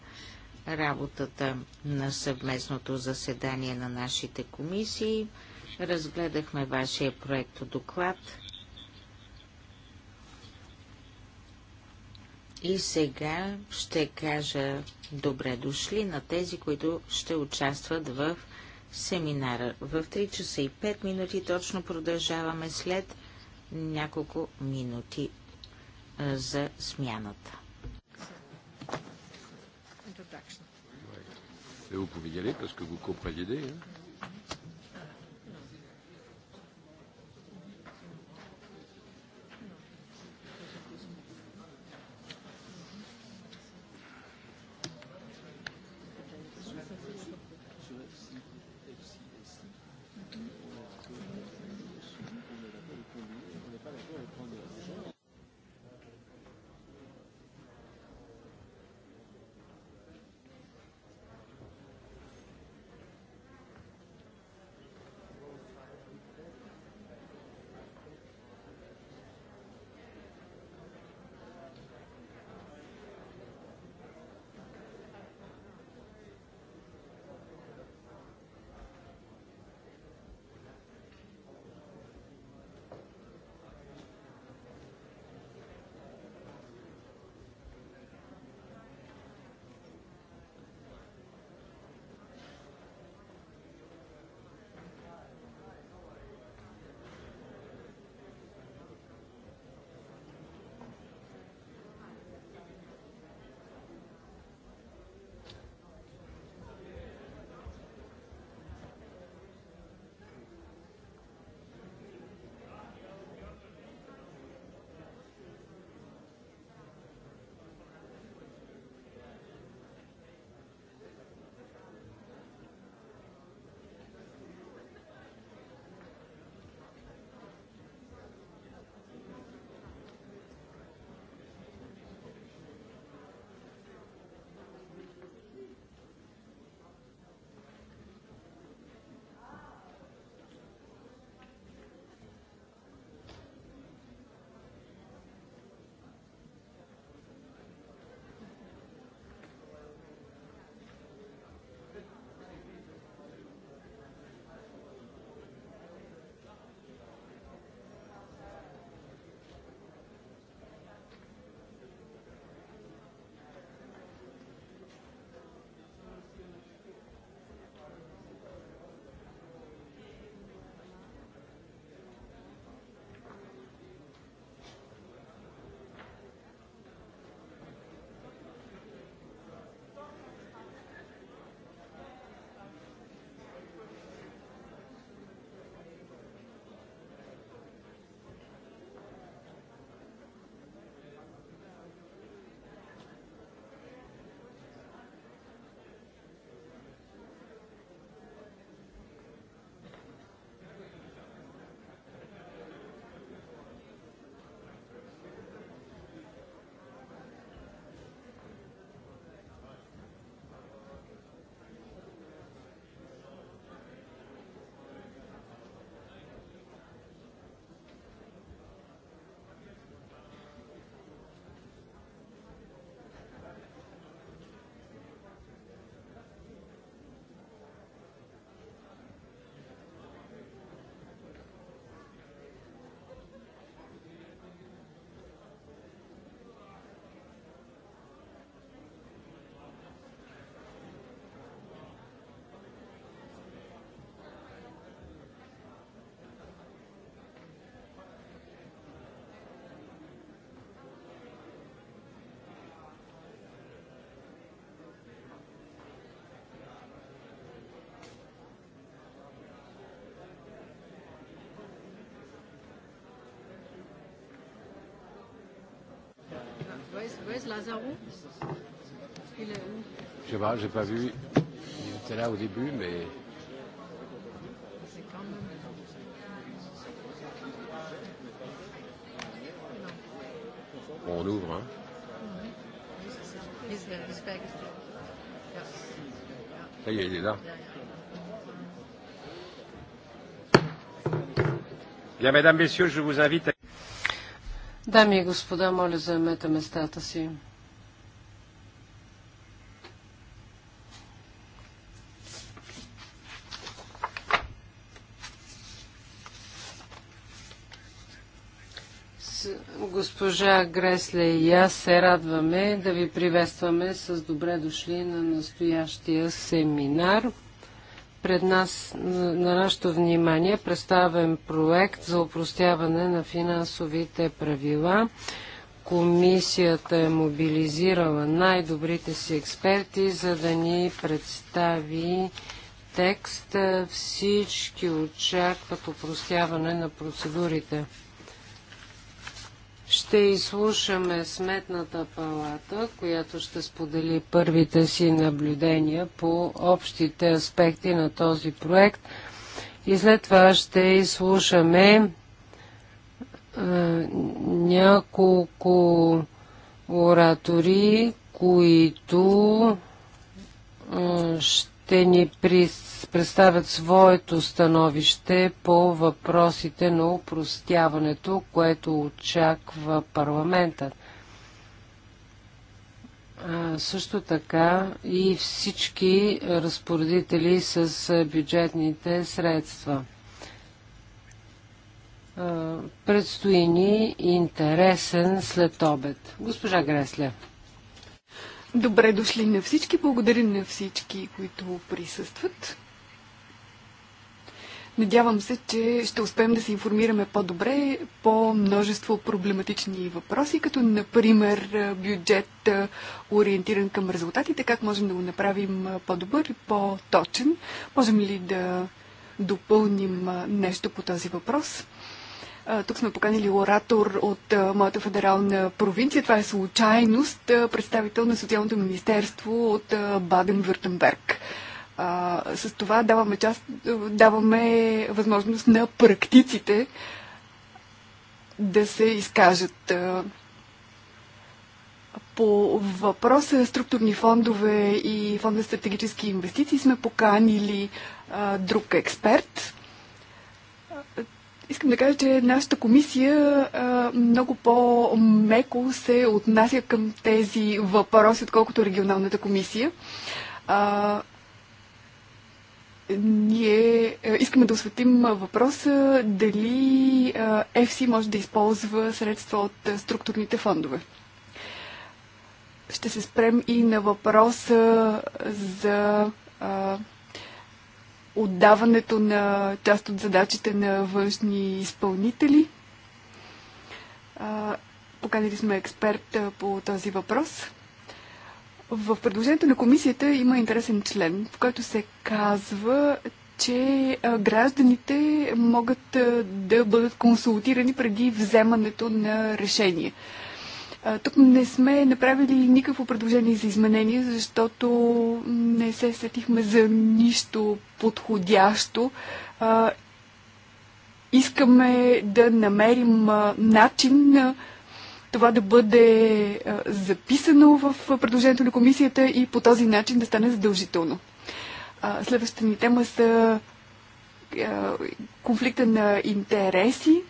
работата на съвместното заседание на нашите комисии. Разгледахме вашия проект доклад. И сега ще кажа добре дошли на тези, които ще участват в семинара. В 3 часа и 5 минути точно продължаваме след няколко минути за смяната. Е, го pouvez y го parce идея. Where's Lazaro Il est où Je sais pas, j'ai pas vu. Il était là au début, mais. C'est quand même. Bon, on ouvre, hein Ça y est, il est là. Bien, mesdames, messieurs, je vous invite à... Дами и господа, моля заемете местата си. госпожа Гресле и аз се радваме да ви приветстваме с добре дошли на настоящия семинар пред нас на нашето внимание представен проект за упростяване на финансовите правила. Комисията е мобилизирала най-добрите си експерти, за да ни представи текст. Всички очакват упростяване на процедурите. Ще изслушаме Сметната палата, която ще сподели първите си наблюдения по общите аспекти на този проект. И след това ще изслушаме а, е, няколко оратори, които а, е, ще ще ни представят своето становище по въпросите на упростяването, което очаква парламентът. Също така и всички разпоредители с бюджетните средства. Предстои ни интересен след обед. Госпожа Гресля. Добре дошли на всички. благодарим на всички, които присъстват. Надявам се, че ще успеем да се информираме по-добре по множество проблематични въпроси, като например бюджет ориентиран към резултатите, как можем да го направим по-добър и по-точен. Можем ли да допълним нещо по този въпрос? Тук сме поканили оратор от моята федерална провинция. Това е случайност. Представител на Социалното министерство от Баден-Вюртенберг. С това даваме, част, даваме възможност на практиците да се изкажат. По въпроса структурни фондове и фонда стратегически инвестиции сме поканили друг експерт, Искам да кажа, че нашата комисия а, много по-меко се отнася към тези въпроси, отколкото регионалната комисия. А, ние искаме да осветим въпроса дали ЕФСИ може да използва средства от структурните фондове. Ще се спрем и на въпроса за а, отдаването на част от задачите на външни изпълнители. Поканили сме експерт по този въпрос. В предложението на комисията има интересен член, в който се казва, че гражданите могат да бъдат консултирани преди вземането на решение. Тук не сме направили никакво предложение за изменение, защото не се сетихме за нищо подходящо. Искаме да намерим начин това да бъде записано в предложението на комисията и по този начин да стане задължително. Следващата ни тема са конфликта на интереси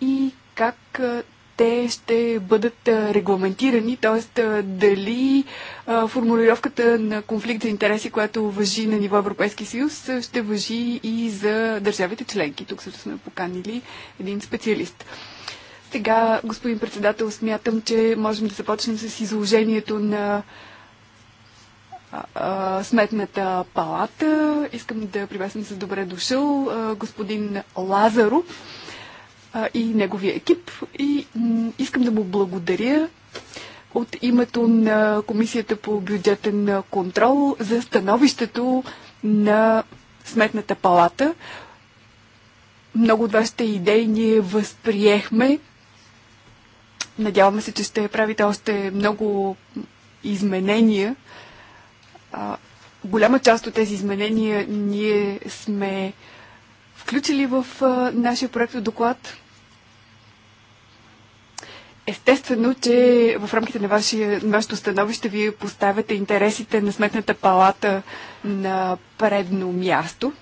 и как те ще бъдат регламентирани, т.е. дали формулировката на конфликт за интереси, която въжи на ниво Европейски съюз, ще въжи и за държавите членки. Тук също сме поканили един специалист. Сега, господин председател, смятам, че можем да започнем с изложението на Сметната палата. Искам да приветствам с добре дошъл господин Лазаров а, и неговия екип. И искам да му благодаря от името на Комисията по бюджетен контрол за становището на Сметната палата. Много от вашите идеи ние възприехме. Надяваме се, че ще правите още много изменения. А, голяма част от тези изменения ние сме включили в а, нашия проект доклад. Естествено, че в рамките на ваше, вашето становище вие поставяте интересите на Сметната палата на предно място.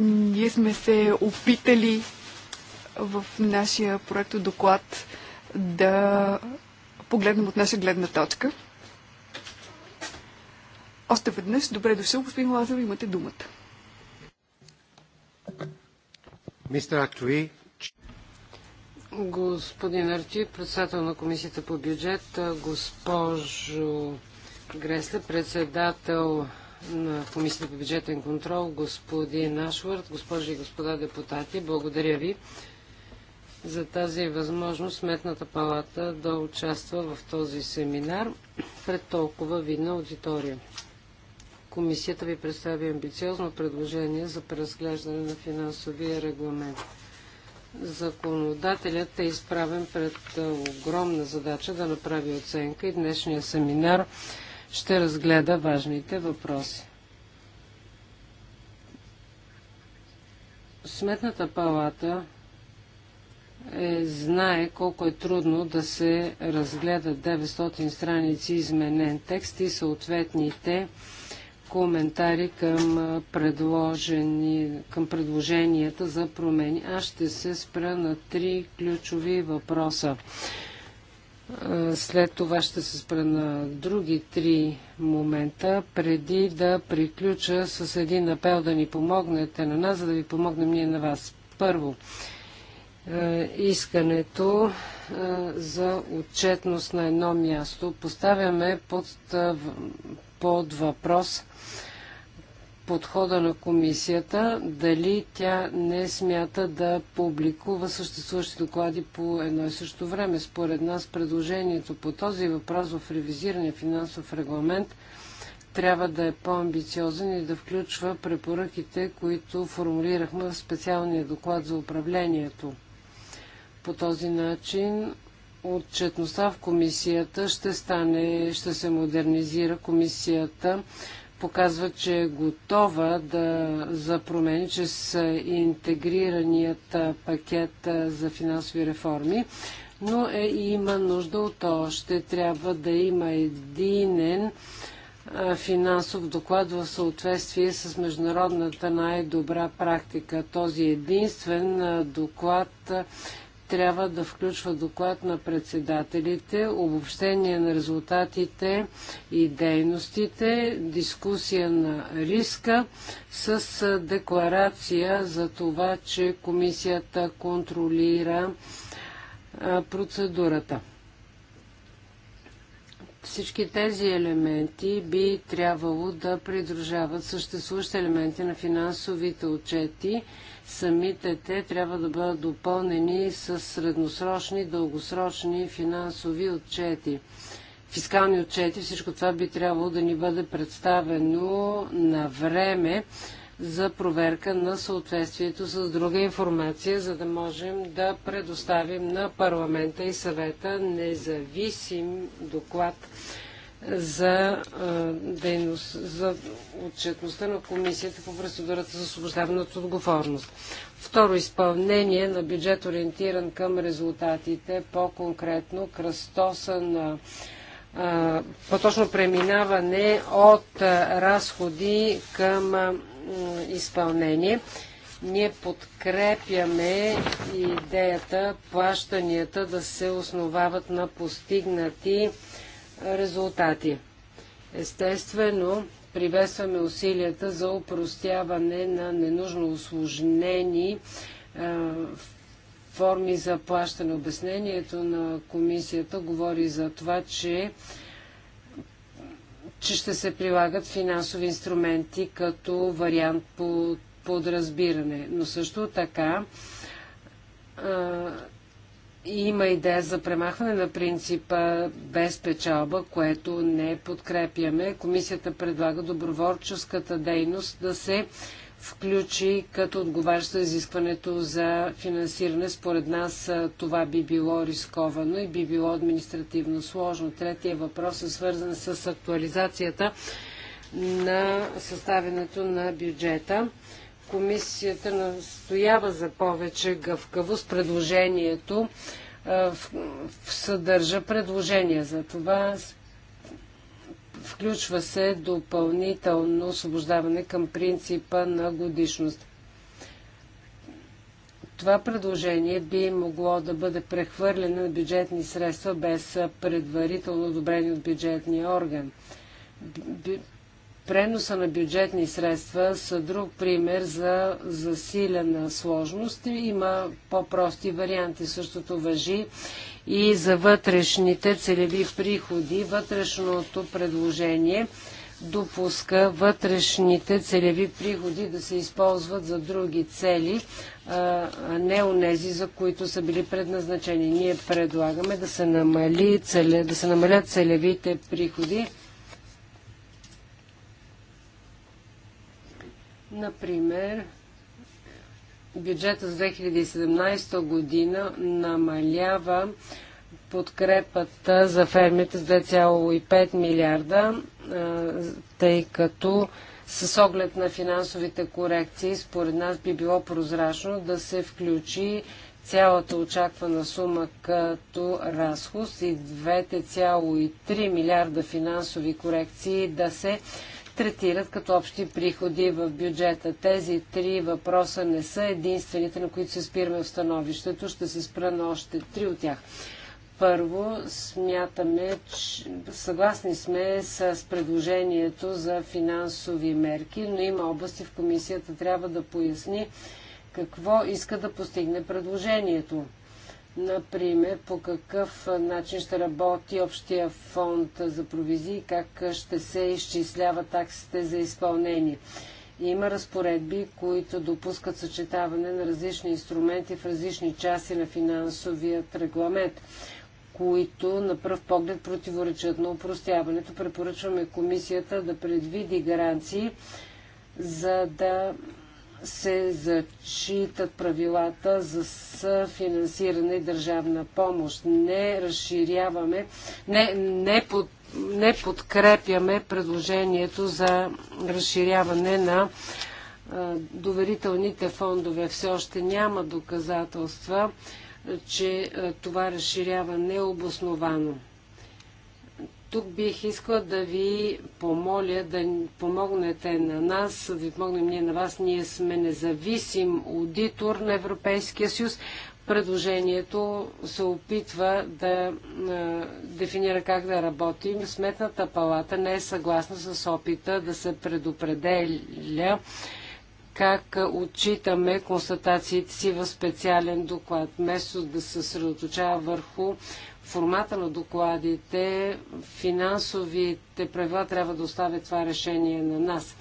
Ние сме се опитали в нашия проект доклад да погледнем от наша гледна точка. Още веднъж, добре дошъл, господин Лазар, имате думата. Мистер Актуи, Господин Арти, председател на Комисията по бюджет, госпожо Гресле, председател на Комисията по бюджетен контрол, господин Ашвард, госпожи и господа депутати, благодаря ви за тази възможност Сметната палата да участва в този семинар пред толкова видна аудитория. Комисията ви представи амбициозно предложение за преразглеждане на финансовия регламент. Законодателят е изправен пред огромна задача да направи оценка и днешния семинар ще разгледа важните въпроси. Сметната палата е, знае колко е трудно да се разгледат 900 страници изменен текст и съответните коментари към, предложени, към предложенията за промени. Аз ще се спра на три ключови въпроса. След това ще се спра на други три момента, преди да приключа с един апел да ни помогнете на нас, за да ви помогнем ние на вас. Първо, искането за отчетност на едно място. Поставяме под под въпрос подхода на комисията, дали тя не смята да публикува съществуващи доклади по едно и също време. Според нас предложението по този въпрос в ревизирания финансов регламент трябва да е по-амбициозен и да включва препоръките, които формулирахме в специалния доклад за управлението. По този начин отчетността в комисията ще стане, ще се модернизира. Комисията показва, че е готова да, за промени чрез интегрираният пакет за финансови реформи, но е, има нужда от още. Трябва да има единен финансов доклад в съответствие с международната най-добра практика. Този единствен доклад трябва да включва доклад на председателите, обобщение на резултатите и дейностите, дискусия на риска с декларация за това, че комисията контролира процедурата. Всички тези елементи би трябвало да придружават съществуващи елементи на финансовите отчети, самите те трябва да бъдат допълнени с средносрочни, дългосрочни финансови отчети. Фискални отчети, всичко това би трябвало да ни бъде представено на време за проверка на съответствието с друга информация, за да можем да предоставим на парламента и съвета независим доклад за, дейност, за отчетността на комисията по процедурата за освобождаване от отговорност. Второ, изпълнение на бюджет ориентиран към резултатите, по-конкретно кръстоса на по-точно преминаване от разходи към изпълнение. Ние подкрепяме идеята плащанията да се основават на постигнати резултати. Естествено, приветстваме усилията за упростяване на ненужно осложнени е, форми за плащане. Обяснението на комисията говори за това, че че ще се прилагат финансови инструменти като вариант по подразбиране. Но също така е, има идея за премахване на принципа без печалба, което не подкрепяме. Комисията предлага доброволческата дейност да се включи като отговаряща изискването за финансиране. Според нас това би било рисковано и би било административно сложно. Третия въпрос е свързан с актуализацията на съставянето на бюджета комисията настоява за повече гъвкавост. Предложението в, в съдържа предложение за това. Включва се допълнително освобождаване към принципа на годишност. Това предложение би могло да бъде прехвърлено на бюджетни средства без предварително одобрение от бюджетния орган Преноса на бюджетни средства са друг пример за засилена сложност. Има по-прости варианти. Същото въжи и за вътрешните целеви приходи. Вътрешното предложение допуска вътрешните целеви приходи да се използват за други цели, а не онези, за които са били предназначени. Ние предлагаме да се, намали, да се намалят целевите приходи Например, бюджета за 2017 година намалява подкрепата за фермите с 2,5 милиарда, тъй като с оглед на финансовите корекции, според нас би било прозрачно да се включи цялата очаквана сума като разход и 2,3 милиарда финансови корекции да се третират като общи приходи в бюджета. Тези три въпроса не са единствените, на които се спираме в становището. Ще се спра на още три от тях. Първо, смятаме, че съгласни сме с предложението за финансови мерки, но има области в комисията трябва да поясни какво иска да постигне предложението. Например, по какъв начин ще работи общия фонд за провизии, как ще се изчислява таксите за изпълнение. Има разпоредби, които допускат съчетаване на различни инструменти в различни части на финансовият регламент, които на пръв поглед противоречат на упростяването. Препоръчваме комисията да предвиди гаранции, за да се зачитат правилата за съфинансиране и държавна помощ. Не разширяваме, не, не, под, не подкрепяме предложението за разширяване на а, доверителните фондове. Все още няма доказателства, че а, това разширяване е обосновано. Тук бих искала да ви помоля да помогнете на нас, да ви помогнем ние на вас. Ние сме независим аудитор на Европейския съюз. Предложението се опитва да дефинира как да работим. Сметната палата не е съгласна с опита да се предопределя как отчитаме констатациите си в специален доклад, вместо да се съсредоточава върху формата на докладите, финансовите правила трябва да оставят това решение на нас.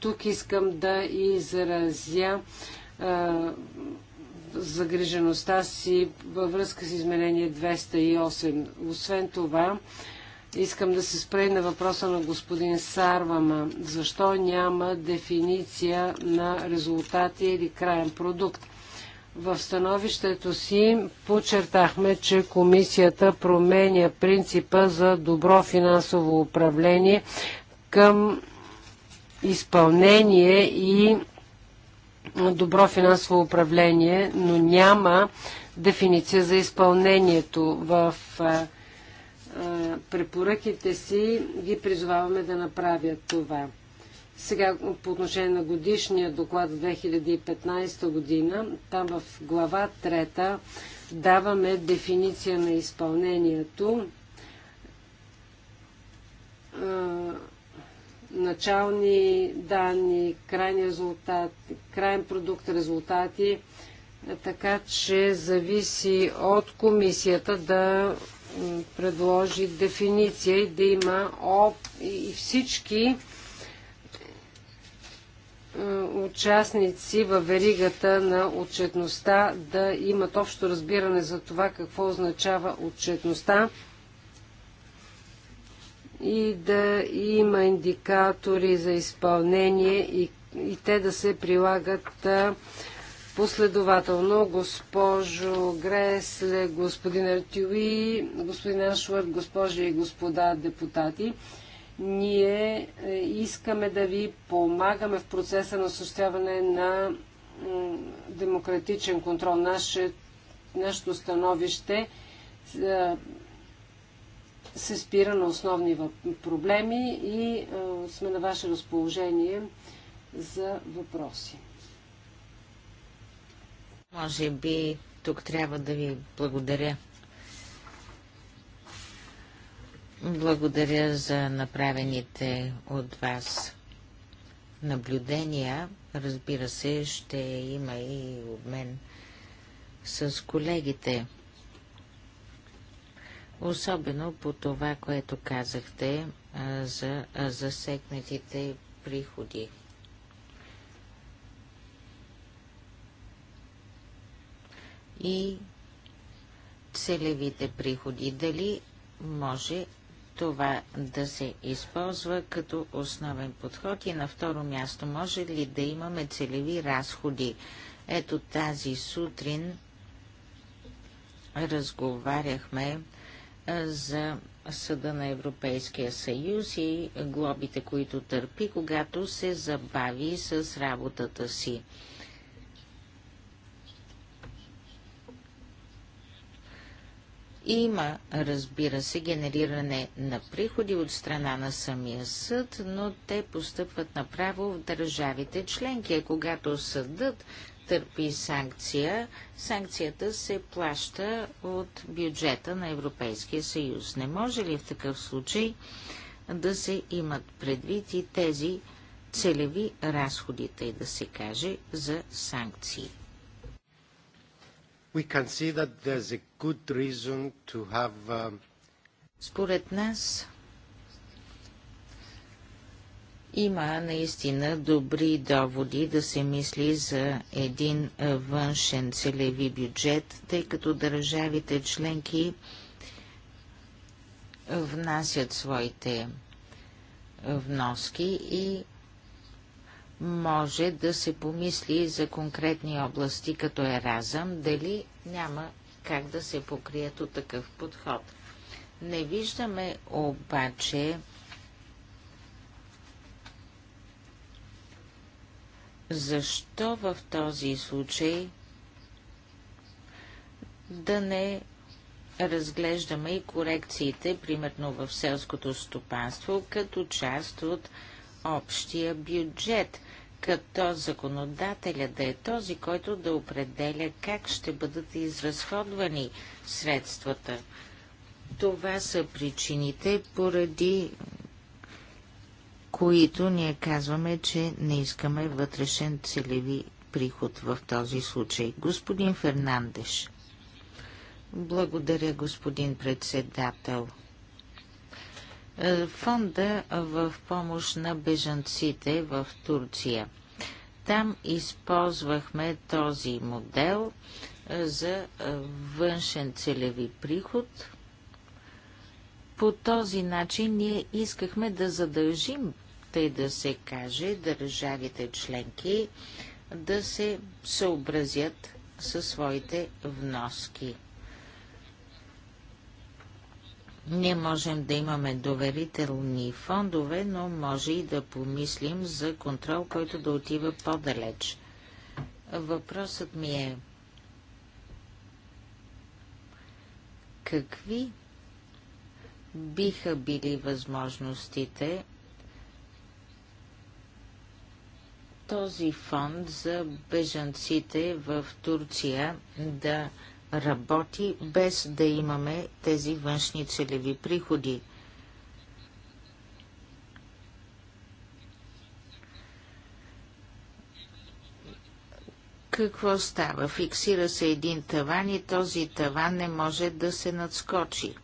Тук искам да изразя а, загрижеността си във връзка с изменение 208. Освен това, искам да се спре на въпроса на господин Сарвама. Защо няма дефиниция на резултати или краен продукт? В становището си подчертахме, че комисията променя принципа за добро финансово управление към изпълнение и добро финансово управление, но няма дефиниция за изпълнението. В препоръките си ги призоваваме да направят това. Сега по отношение на годишния доклад 2015 година, там в глава 3 даваме дефиниция на изпълнението начални данни, крайни резултат, крайен продукт, резултати, така че зависи от комисията да предложи дефиниция и да има об... и всички е, участници в веригата на отчетността да имат общо разбиране за това какво означава отчетността и да има индикатори за изпълнение и, и те да се прилагат е, последователно. Госпожо Гресле, господин Артюи, господин Ашвард, госпожи и господа депутати, ние е, искаме да ви помагаме в процеса на осъществяване на демократичен контрол. Наше, нашето становище е, се спира на основни проблеми и е, сме на ваше разположение за въпроси. Може би тук трябва да ви благодаря Благодаря за направените от вас наблюдения. Разбира се, ще има и обмен с колегите. Особено по това, което казахте за засегнатите приходи. И целевите приходи. Дали може това да се използва като основен подход и на второ място може ли да имаме целеви разходи. Ето тази сутрин разговаряхме за Съда на Европейския съюз и глобите, които търпи, когато се забави с работата си. Има, разбира се, генериране на приходи от страна на самия съд, но те постъпват направо в държавите членки, а когато съдът търпи санкция, санкцията се плаща от бюджета на Европейския съюз. Не може ли в такъв случай да се имат предвид и тези целеви разходите, и да се каже за санкции? we can see that there's a good reason to have... Um... Според нас има наистина добри доводи да се мисли за един външен целеви бюджет, тъй като държавите членки внасят своите вноски и може да се помисли за конкретни области като е разъм, дали няма как да се покрият от такъв подход. Не виждаме обаче защо в този случай да не разглеждаме и корекциите, примерно в селското стопанство, като част от общия бюджет като законодателя да е този, който да определя как ще бъдат изразходвани средствата. Това са причините, поради които ние казваме, че не искаме вътрешен целеви приход в този случай. Господин Фернандеш. Благодаря, господин председател. Е, фонда в помощ на бежанците в Турция. Там използвахме този модел е, за е, външен целеви приход. По този начин ние искахме да задължим, тъй да се каже, държавите членки да се съобразят със своите вноски. Ние можем да имаме доверителни фондове, но може и да помислим за контрол, който да отива по-далеч. Въпросът ми е какви биха били възможностите този фонд за бежанците в Турция да работи без да имаме тези външни целеви приходи. Какво става? Фиксира се един таван и този таван не може да се надскочи.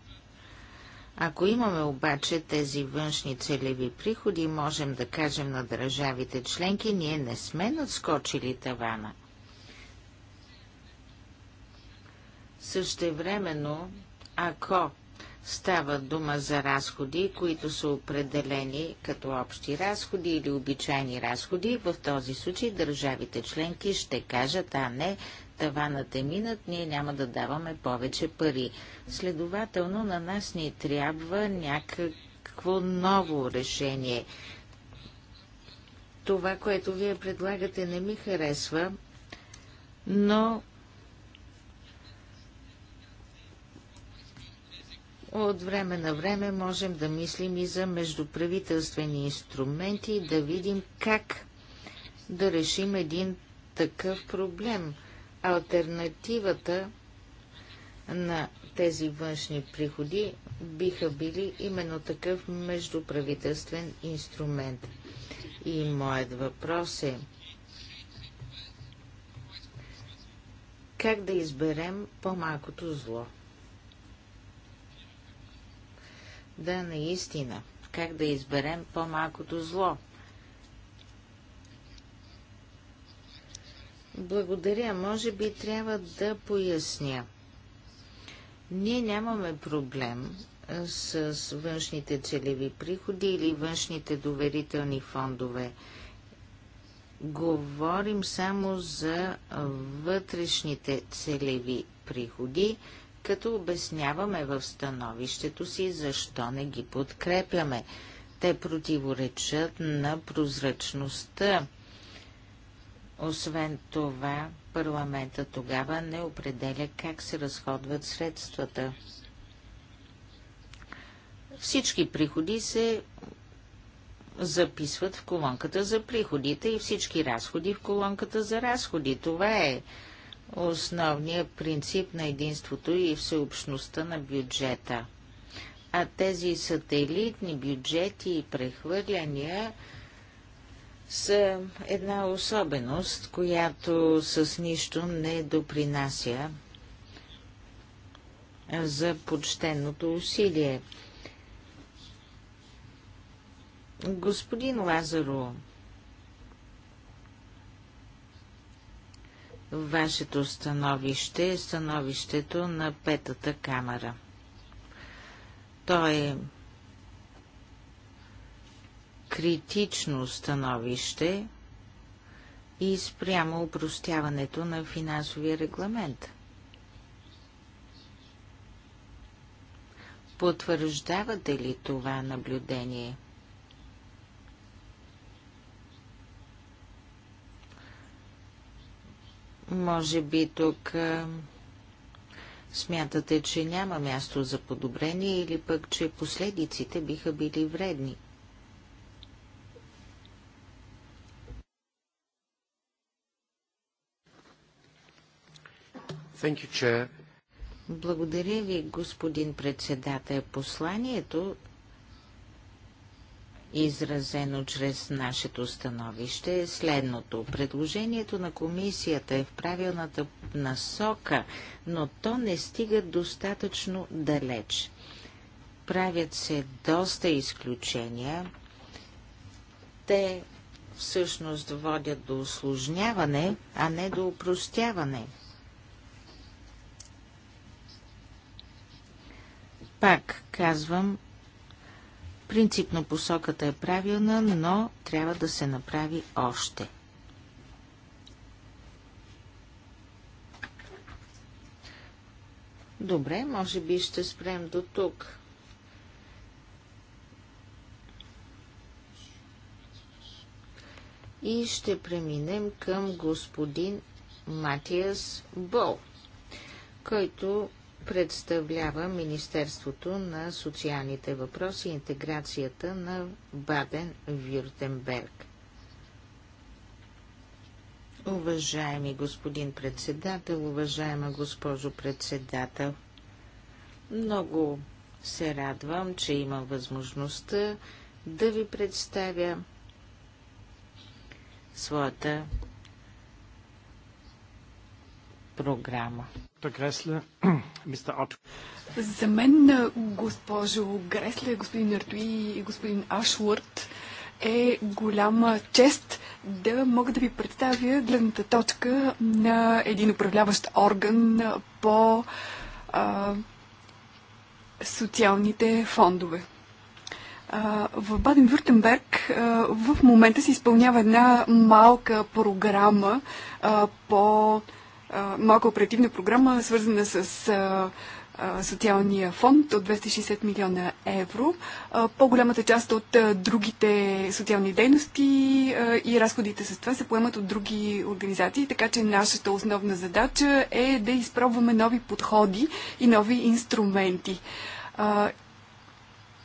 Ако имаме обаче тези външни целеви приходи, можем да кажем на държавите членки, ние не сме надскочили тавана. Същевременно, ако става дума за разходи, които са определени като общи разходи или обичайни разходи, в този случай държавите членки ще кажат, а не, таванът е минат, ние няма да даваме повече пари. Следователно, на нас ни трябва някакво ново решение. Това, което вие предлагате, не ми харесва, но От време на време можем да мислим и за междуправителствени инструменти, да видим как да решим един такъв проблем. Альтернативата на тези външни приходи биха били именно такъв междуправителствен инструмент. И моят въпрос е как да изберем по-малкото зло? Да, наистина. Как да изберем по-малкото зло? Благодаря. Може би трябва да поясня. Ние нямаме проблем с външните целеви приходи или външните доверителни фондове. Говорим само за вътрешните целеви приходи, като обясняваме в становището си, защо не ги подкрепяме. Те противоречат на прозрачността. Освен това, парламента тогава не определя как се разходват средствата. Всички приходи се записват в колонката за приходите и всички разходи в колонката за разходи. Това е основния принцип на единството и всеобщността на бюджета. А тези сателитни бюджети и прехвърляния са една особеност, която с нищо не допринася за почтеното усилие. Господин Лазаро, Вашето становище е становището на Петата камера. То е критично становище и спрямо упростяването на финансовия регламент. Потвърждавате ли това наблюдение – Може би тук смятате, че няма място за подобрение или пък, че последиците биха били вредни. Благодаря ви, господин председател. Посланието изразено чрез нашето становище, е следното. Предложението на комисията е в правилната насока, но то не стига достатъчно далеч. Правят се доста изключения. Те всъщност водят до осложняване, а не до упростяване. Пак казвам, Принципно посоката е правилна, но трябва да се направи още. Добре, може би ще спрем до тук. И ще преминем към господин Матиас Бол, който представлява Министерството на социалните въпроси и интеграцията на Баден-Вюртенберг. Уважаеми господин председател, уважаема госпожо председател, много се радвам, че има възможността да ви представя своята програма. За мен, госпожо Гресле, господин Артуи и господин Ашвард, е голяма чест да мога да ви представя гледната точка на един управляващ орган по а, социалните фондове. в Баден-Вюртенберг в момента се изпълнява една малка програма а, по а, малка оперативна програма, свързана с социалния фонд от 260 милиона евро. По-голямата част от другите социални дейности и разходите с това се поемат от други организации, така че нашата основна задача е да изпробваме нови подходи и нови инструменти.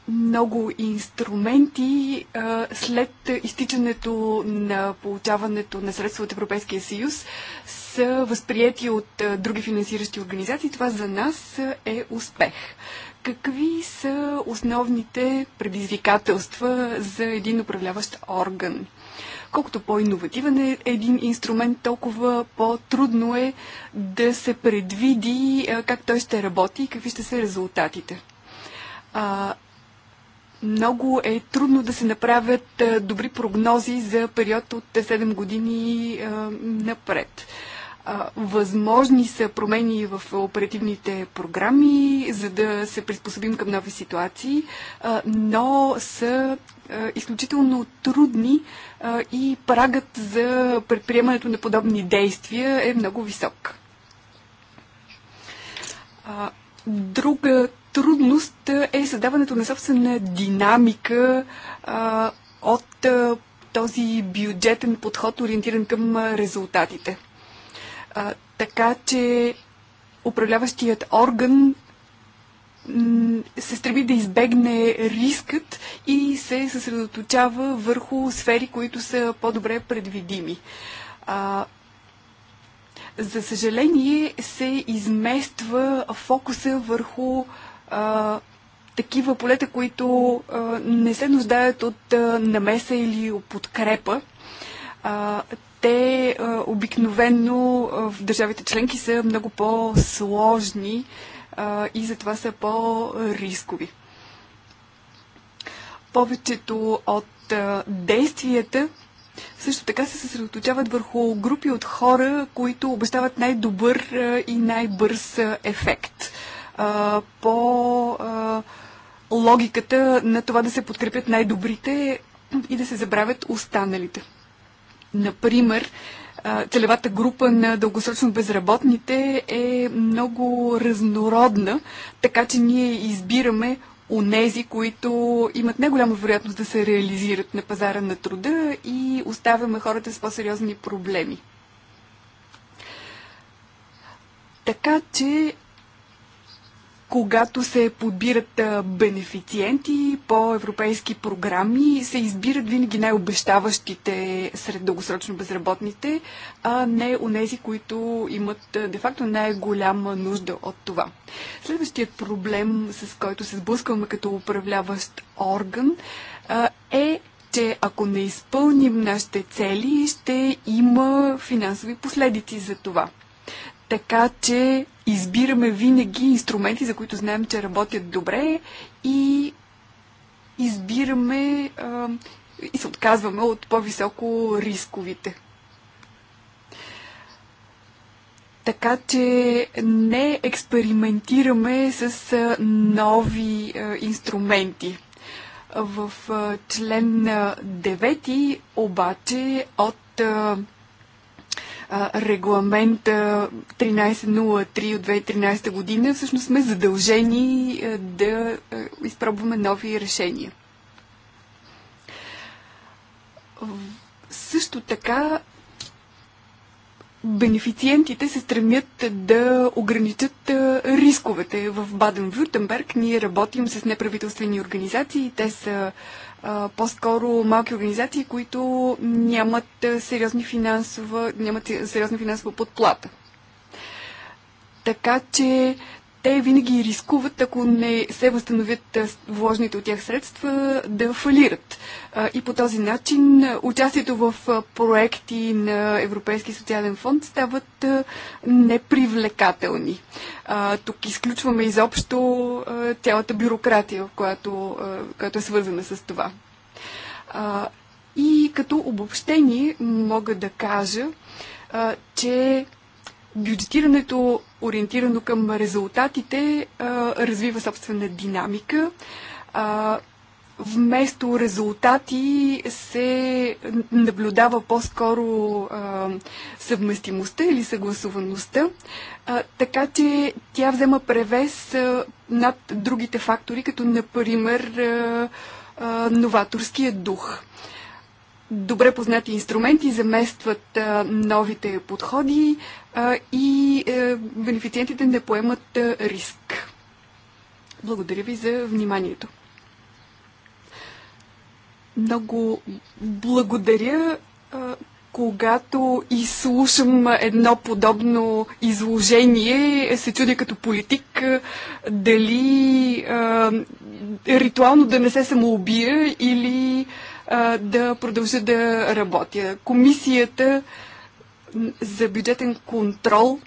Много инструменти след изтичането на получаването на средства от Европейския съюз са възприяти от други финансиращи организации. Това за нас е успех. Какви са основните предизвикателства за един управляващ орган? Колкото по-инновативен е един инструмент, толкова по-трудно е да се предвиди как той ще работи и какви ще са резултатите много е трудно да се направят добри прогнози за период от 7 години напред. Възможни са промени в оперативните програми, за да се приспособим към нови ситуации, но са изключително трудни и прагът за предприемането на подобни действия е много висок. Друга трудност е създаването на собствена динамика от този бюджетен подход, ориентиран към резултатите. А, така че управляващият орган се стреми да избегне рискът и се съсредоточава върху сфери, които са по-добре предвидими. А, за съжаление се измества фокуса върху а, такива полета, които а, не се нуждаят от а, намеса или подкрепа. А, те обикновенно в държавите членки са много по-сложни и затова са по-рискови. Повечето от действията също така се съсредоточават върху групи от хора, които обещават най-добър и най-бърз ефект. По логиката на това да се подкрепят най-добрите и да се забравят останалите. Например, целевата група на дългосрочно безработните е много разнородна, така че ние избираме нези, които имат най-голяма вероятност да се реализират на пазара на труда и оставяме хората с по-сериозни проблеми. Така че когато се подбират бенефициенти по европейски програми, се избират винаги най-обещаващите сред дългосрочно безработните, а не у нези, които имат де-факто най-голяма нужда от това. Следващият проблем, с който се сблъскваме като управляващ орган, е че ако не изпълним нашите цели, ще има финансови последици за това. Така че избираме винаги инструменти, за които знаем, че работят добре и избираме а, и се отказваме от по-високо рисковите. Така че не експериментираме с нови инструменти. В член 9 обаче от регламент 1303 от 2013 година, всъщност сме задължени да изпробваме нови решения. Също така бенефициентите се стремят да ограничат рисковете. В Баден-Вюртенберг ние работим с неправителствени организации. Те са по-скоро малки организации, които нямат, сериозни финансова, нямат сериозна финансова подплата. Така че те винаги рискуват, ако не се възстановят вложените от тях средства, да фалират. И по този начин участието в проекти на Европейски социален фонд стават непривлекателни. Тук изключваме изобщо цялата бюрократия, която, която е свързана с това. И като обобщение мога да кажа, че бюджетирането, ориентирано към резултатите, развива собствена динамика. Вместо резултати се наблюдава по-скоро съвместимостта или съгласуваността, така че тя взема превес над другите фактори, като например новаторския дух добре познати инструменти заместват а, новите подходи а, и а, е, бенефициентите не поемат а, риск. Благодаря ви за вниманието. Много благодаря. А, когато изслушам едно подобно изложение, се чудя като политик дали а, ритуално да не се самоубия или а, да продължа да работя. Комисията за бюджетен контрол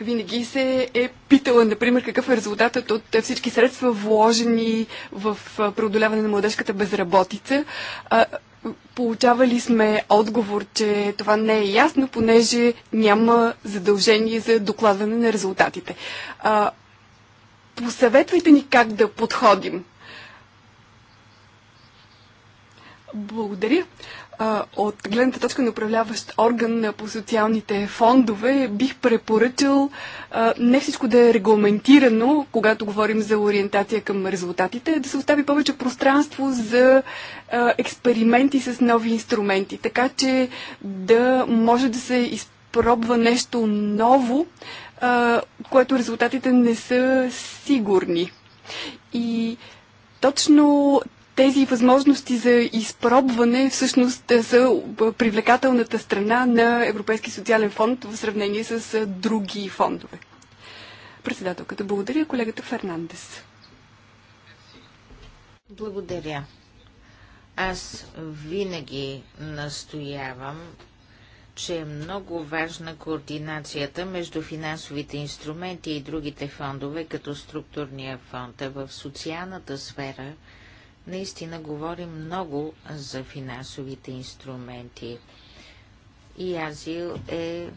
винаги се е питала, например, какъв е резултатът от всички средства вложени в преодоляване на младежката безработица. Получавали сме отговор, че това не е ясно, понеже няма задължение за докладване на резултатите. Посъветвайте ни как да подходим. Благодаря. От гледната точка на управляващ орган по социалните фондове бих препоръчал не всичко да е регламентирано, когато говорим за ориентация към резултатите, да се остави повече пространство за експерименти с нови инструменти, така че да може да се изпробва нещо ново, което резултатите не са сигурни. И точно тези възможности за изпробване всъщност е, са е, привлекателната страна на Европейски социален фонд в сравнение с е, други фондове. Председателката благодаря колегата Фернандес. Благодаря. Аз винаги настоявам, че е много важна координацията между финансовите инструменти и другите фондове, като структурния фонд. А в социалната сфера – наистина говорим много за финансовите инструменти. И Азил е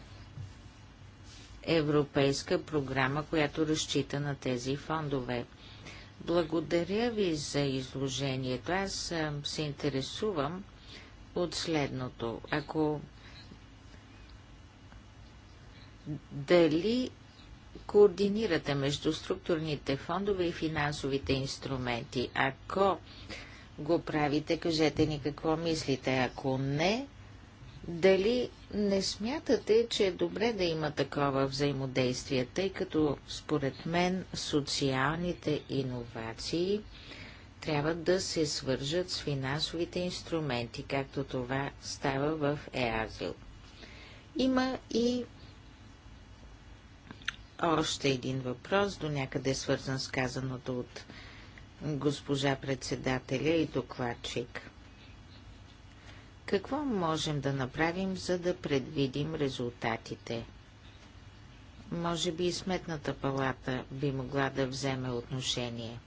европейска програма, която разчита на тези фондове. Благодаря ви за изложението. Аз се интересувам от следното. Ако дали координирате между структурните фондове и финансовите инструменти? Ако го правите, кажете ни какво мислите. Ако не, дали не смятате, че е добре да има такова взаимодействие, тъй като според мен социалните иновации трябва да се свържат с финансовите инструменти, както това става в ЕАЗИЛ. Има и още един въпрос, до някъде свързан с казаното от госпожа председателя и докладчик. Какво можем да направим, за да предвидим резултатите? Може би и сметната палата би могла да вземе отношение.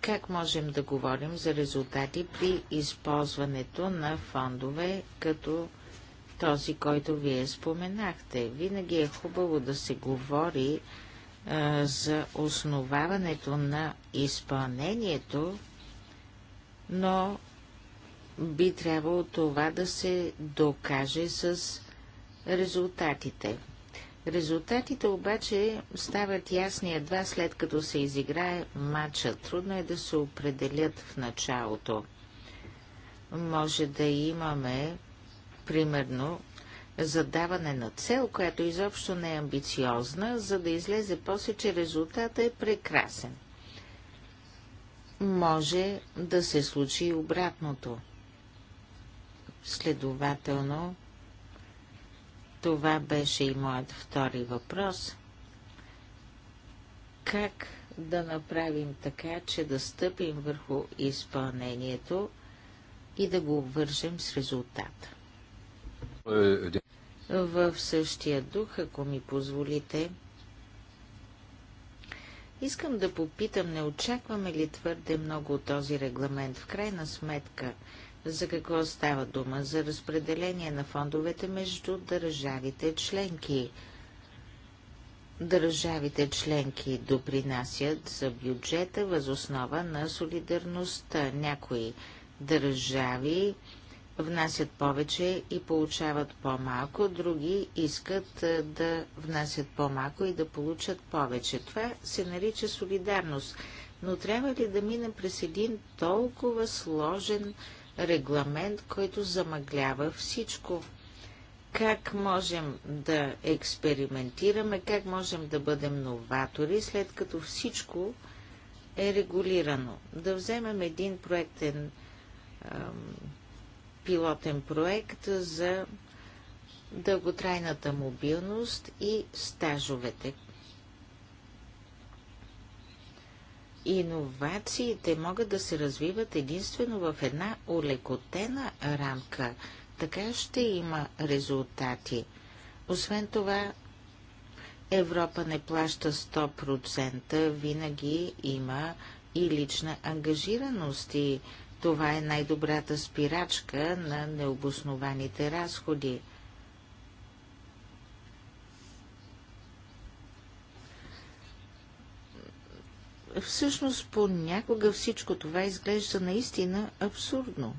Как можем да говорим за резултати при използването на фондове като този, който вие споменахте. Винаги е хубаво да се говори а, за основаването на изпълнението, но би трябвало това да се докаже с резултатите. Резултатите обаче стават ясни едва след като се изиграе матча. Трудно е да се определят в началото. Може да имаме примерно за даване на цел, която изобщо не е амбициозна, за да излезе после, че резултата е прекрасен. Може да се случи и обратното. Следователно, това беше и моят втори въпрос. Как да направим така, че да стъпим върху изпълнението и да го обвържем с резултата? В същия дух, ако ми позволите, искам да попитам, не очакваме ли твърде много от този регламент? В крайна сметка, за какво става дума? За разпределение на фондовете между държавите членки. Държавите членки допринасят за бюджета възоснова на солидарността. Някои държави внасят повече и получават по-малко, други искат е, да внасят по-малко и да получат повече. Това се нарича солидарност. Но трябва ли да минем през един толкова сложен регламент, който замъглява всичко? Как можем да експериментираме, как можем да бъдем новатори, след като всичко е регулирано? Да вземем един проектен пилотен проект за дълготрайната мобилност и стажовете. Иновациите могат да се развиват единствено в една улекотена рамка. Така ще има резултати. Освен това, Европа не плаща 100%, винаги има и лична ангажираност и това е най-добрата спирачка на необоснованите разходи. Всъщност понякога всичко това изглежда наистина абсурдно,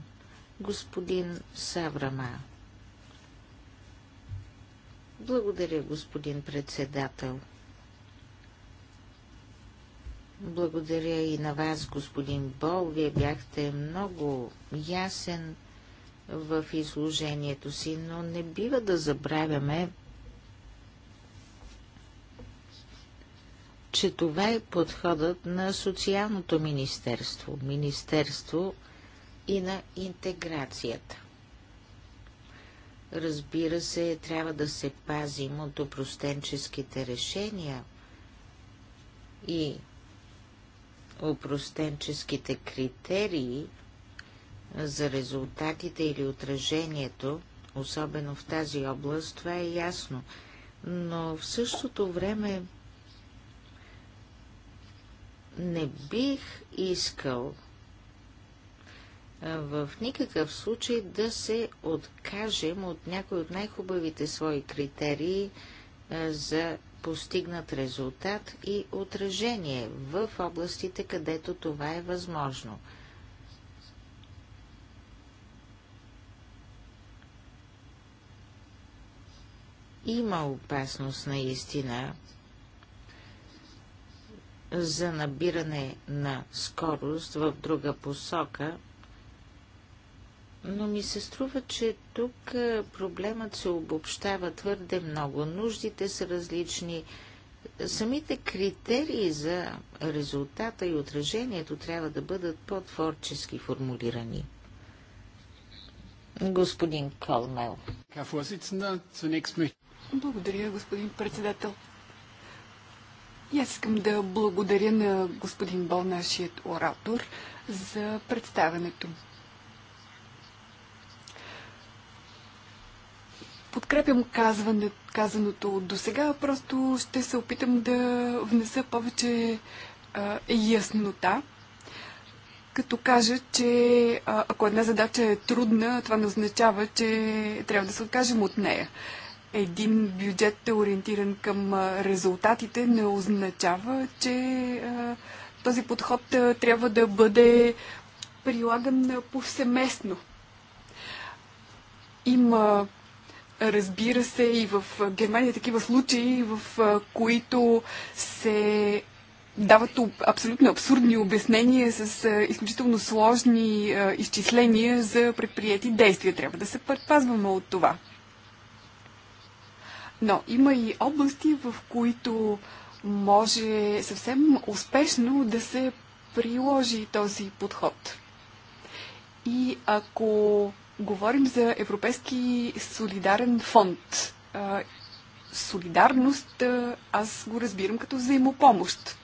господин Саврама. Благодаря, господин председател. Благодаря и на вас, господин Бол. Вие бяхте много ясен в изложението си, но не бива да забравяме, че това е подходът на Социалното министерство, Министерство и на интеграцията. Разбира се, трябва да се пазим от опростенческите решения и опростенческите критерии за резултатите или отражението, особено в тази област, това е ясно. Но в същото време не бих искал в никакъв случай да се откажем от някои от най-хубавите свои критерии за постигнат резултат и отражение в областите, където това е възможно. Има опасност наистина за набиране на скорост в друга посока – но ми се струва, че тук проблемът се обобщава твърде много. Нуждите са различни. Самите критерии за резултата и отражението трябва да бъдат по-творчески формулирани. Господин Колмел. Благодаря, господин председател. И аз искам да благодаря на господин Бол, нашият оратор, за представенето подкрепям казване, казаното до сега, просто ще се опитам да внеса повече а, яснота, като кажа, че а, ако една задача е трудна, това не означава, че трябва да се откажем от нея. Един бюджет, ориентиран към резултатите, не означава, че а, този подход а, трябва да бъде прилаган повсеместно. Има Разбира се, и в Германия такива случаи, в които се дават абсолютно абсурдни обяснения с изключително сложни изчисления за предприяти действия. Трябва да се предпазваме от това. Но има и области, в които може съвсем успешно да се приложи този подход. И ако Говорим за Европейски солидарен фонд. Солидарност аз го разбирам като взаимопомощ.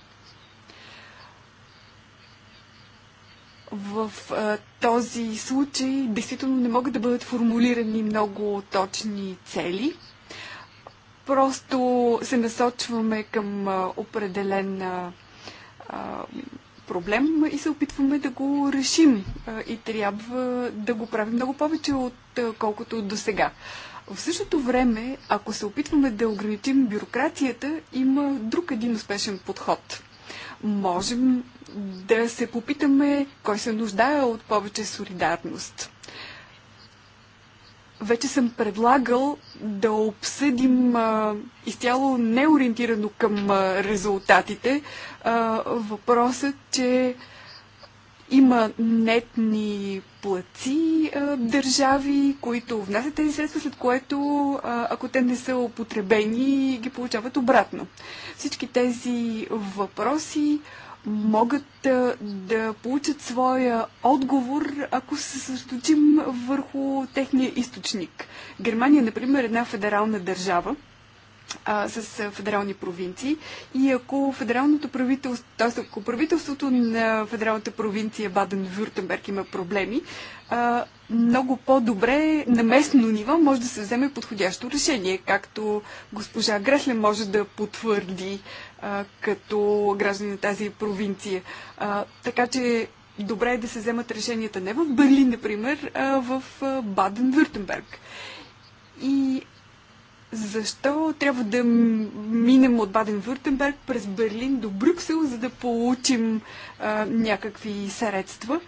В а, този случай действително не могат да бъдат формулирани много точни цели. Просто се насочваме към а, определен а, проблем и се опитваме да го решим. И трябва да го правим много повече, отколкото до сега. В същото време, ако се опитваме да ограничим бюрокрацията, има друг един успешен подход. Можем да се попитаме кой се нуждае от повече солидарност. Вече съм предлагал да обсъдим а, изцяло неориентирано към а, резултатите а, въпросът, че има нетни плаци а, държави, които внасят тези средства, след което, а, ако те не са употребени, ги получават обратно. Всички тези въпроси а, могат да получат своя отговор, ако се съсредоточим върху техния източник. Германия, например, е една федерална държава а, с федерални провинции и ако федералното правителство, т.е. ако правителството на федералната провинция Баден-Вюртенберг има проблеми, а, много по-добре на местно ниво може да се вземе подходящо решение, както госпожа Гресле може да потвърди като граждани на тази провинция. Така че добре е да се вземат решенията не в Берлин, например, а в Баден-Вюртенберг. И защо трябва да минем от Баден-Вюртенберг през Берлин до Брюксел, за да получим а, някакви средства?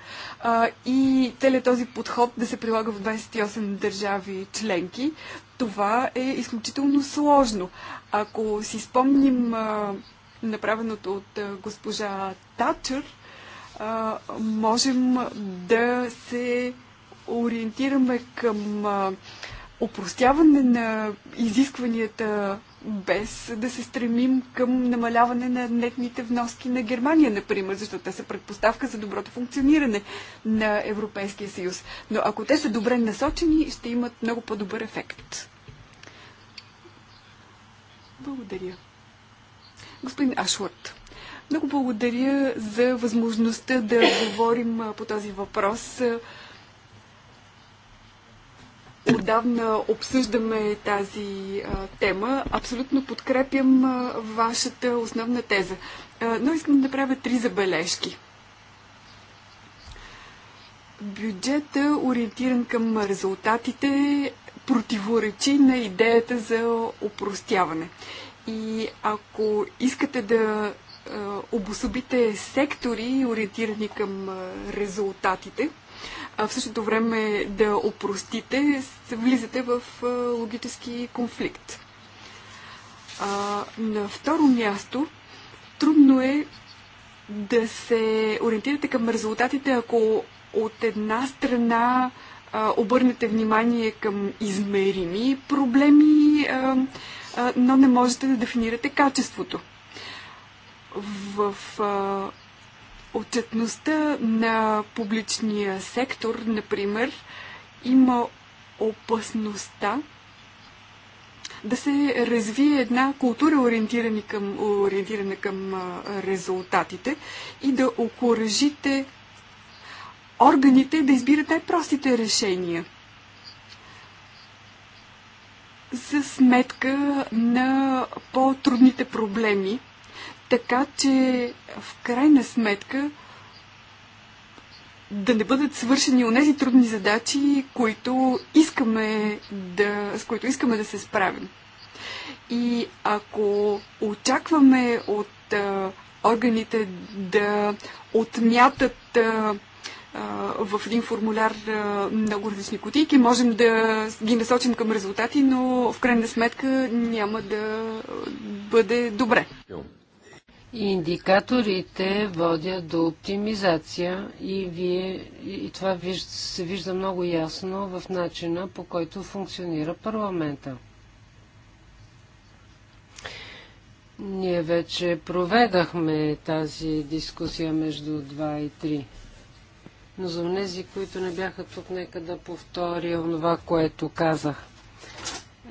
А, и целият този подход да се прилага в 28 държави членки, това е изключително сложно. Ако си спомним а, направеното от а, госпожа Тачър, а, можем да се ориентираме към. А, опростяване на изискванията без да се стремим към намаляване на нетните вноски на Германия, например, защото те са предпоставка за доброто функциониране на Европейския съюз. Но ако те са добре насочени, ще имат много по-добър ефект. Благодаря. Господин Ашвард, много благодаря за възможността да говорим по този въпрос отдавна обсъждаме тази а, тема. Абсолютно подкрепям а, вашата основна теза. А, но искам да направя три забележки. Бюджета, ориентиран към резултатите, противоречи на идеята за опростяване. И ако искате да обособите сектори, ориентирани към резултатите, а в същото време да опростите, влизате в логически конфликт. А, на второ място, трудно е да се ориентирате към резултатите, ако от една страна а, обърнете внимание към измерими проблеми, а, а, но не можете да дефинирате качеството. В а, Отчетността на публичния сектор, например, има опасността да се развие една култура ориентирана към, ориентирана към резултатите и да окоръжите органите да избират най-простите решения за сметка на по-трудните проблеми, така че в крайна сметка да не бъдат свършени онези трудни задачи, които искаме да, с които искаме да се справим. И ако очакваме от а, органите да отмятат а, а, в един формуляр а, много различни кутийки, можем да ги насочим към резултати, но в крайна сметка няма да бъде добре. Индикаторите водят до оптимизация и, вие, и това се вижда много ясно в начина по който функционира парламента. Ние вече проведахме тази дискусия между 2 и 3. Но за тези, които не бяха тук, нека да повторя това, което казах.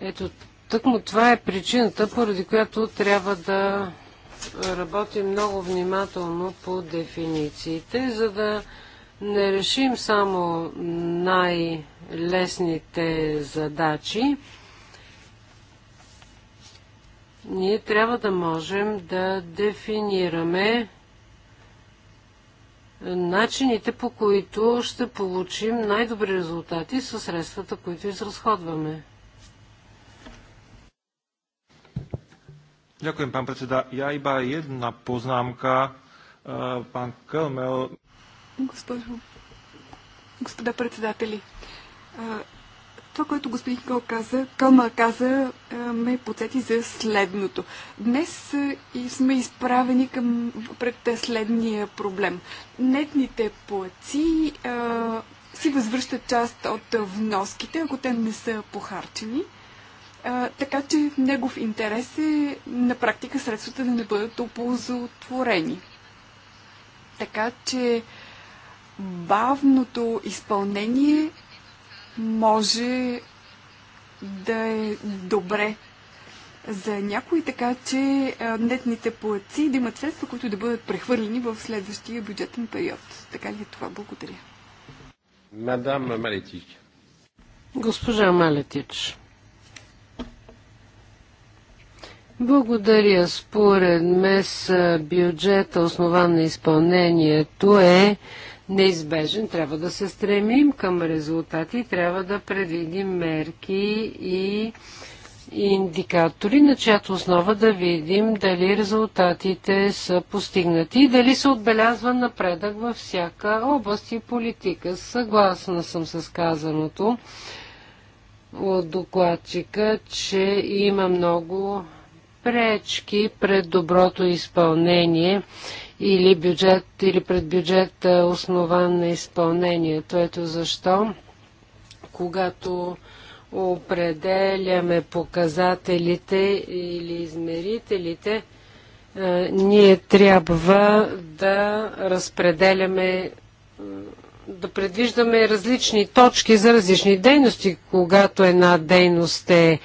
Ето, тъкмо това е причината, поради която трябва да работим много внимателно по дефинициите, за да не решим само най-лесните задачи. Ние трябва да можем да дефинираме начините по които ще получим най-добри резултати със средствата, които изразходваме. Ďakujem, pán predseda. Ja iba jedna poznámka. Пан e, Кълмел. Госпожо, господа председатели, е, това, което господин Къл каза, Кълма каза, е, ме подсети за следното. Днес е, сме изправени към, пред следния проблем. Нетните плаци си възвръщат част от вноските, ако те не са похарчени – а, така че негов интерес е на практика средствата да не бъдат оползотворени. Така че бавното изпълнение може да е добре за някои, така че нетните плаци да имат средства, които да бъдат прехвърлени в следващия бюджетен период. Така ли е това? Благодаря. Мадам Малетич. Госпожа Малетич. Благодаря. Според МЕС бюджета, основан на изпълнението е неизбежен. Трябва да се стремим към резултати, трябва да предвидим мерки и индикатори, на чиято основа да видим дали резултатите са постигнати и дали се отбелязва напредък във всяка област и политика. Съгласна съм с казаното от докладчика, че има много пречки пред доброто изпълнение или, бюджет, или пред бюджет основан на изпълнението. Ето защо, когато определяме показателите или измерителите, е, ние трябва да разпределяме, е, да предвиждаме различни точки за различни дейности. Когато една дейност е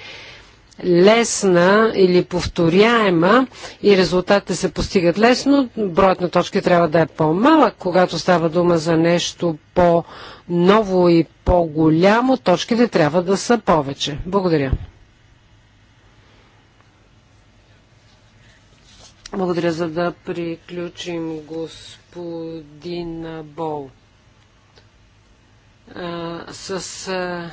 лесна или повторяема и резултатите се постигат лесно, броят на точки трябва да е по-малък. Когато става дума за нещо по-ново и по-голямо, точките трябва да са повече. Благодаря. Благодаря за да приключим господин Бол. А, с а,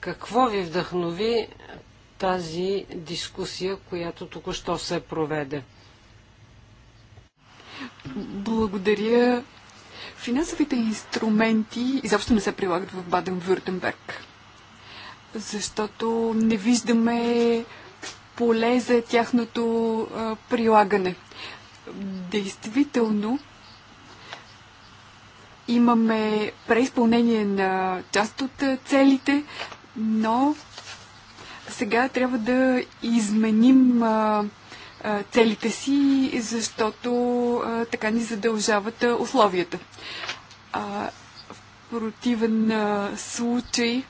какво ви вдъхнови тази дискусия, която току-що се проведе? Благодаря. Финансовите инструменти изобщо не се прилагат в Баден-Вюртенберг, защото не виждаме поле за тяхното а, прилагане. Действително, Имаме преизпълнение на част от целите, но сега трябва да изменим целите си, защото така ни задължават условията. В противен случай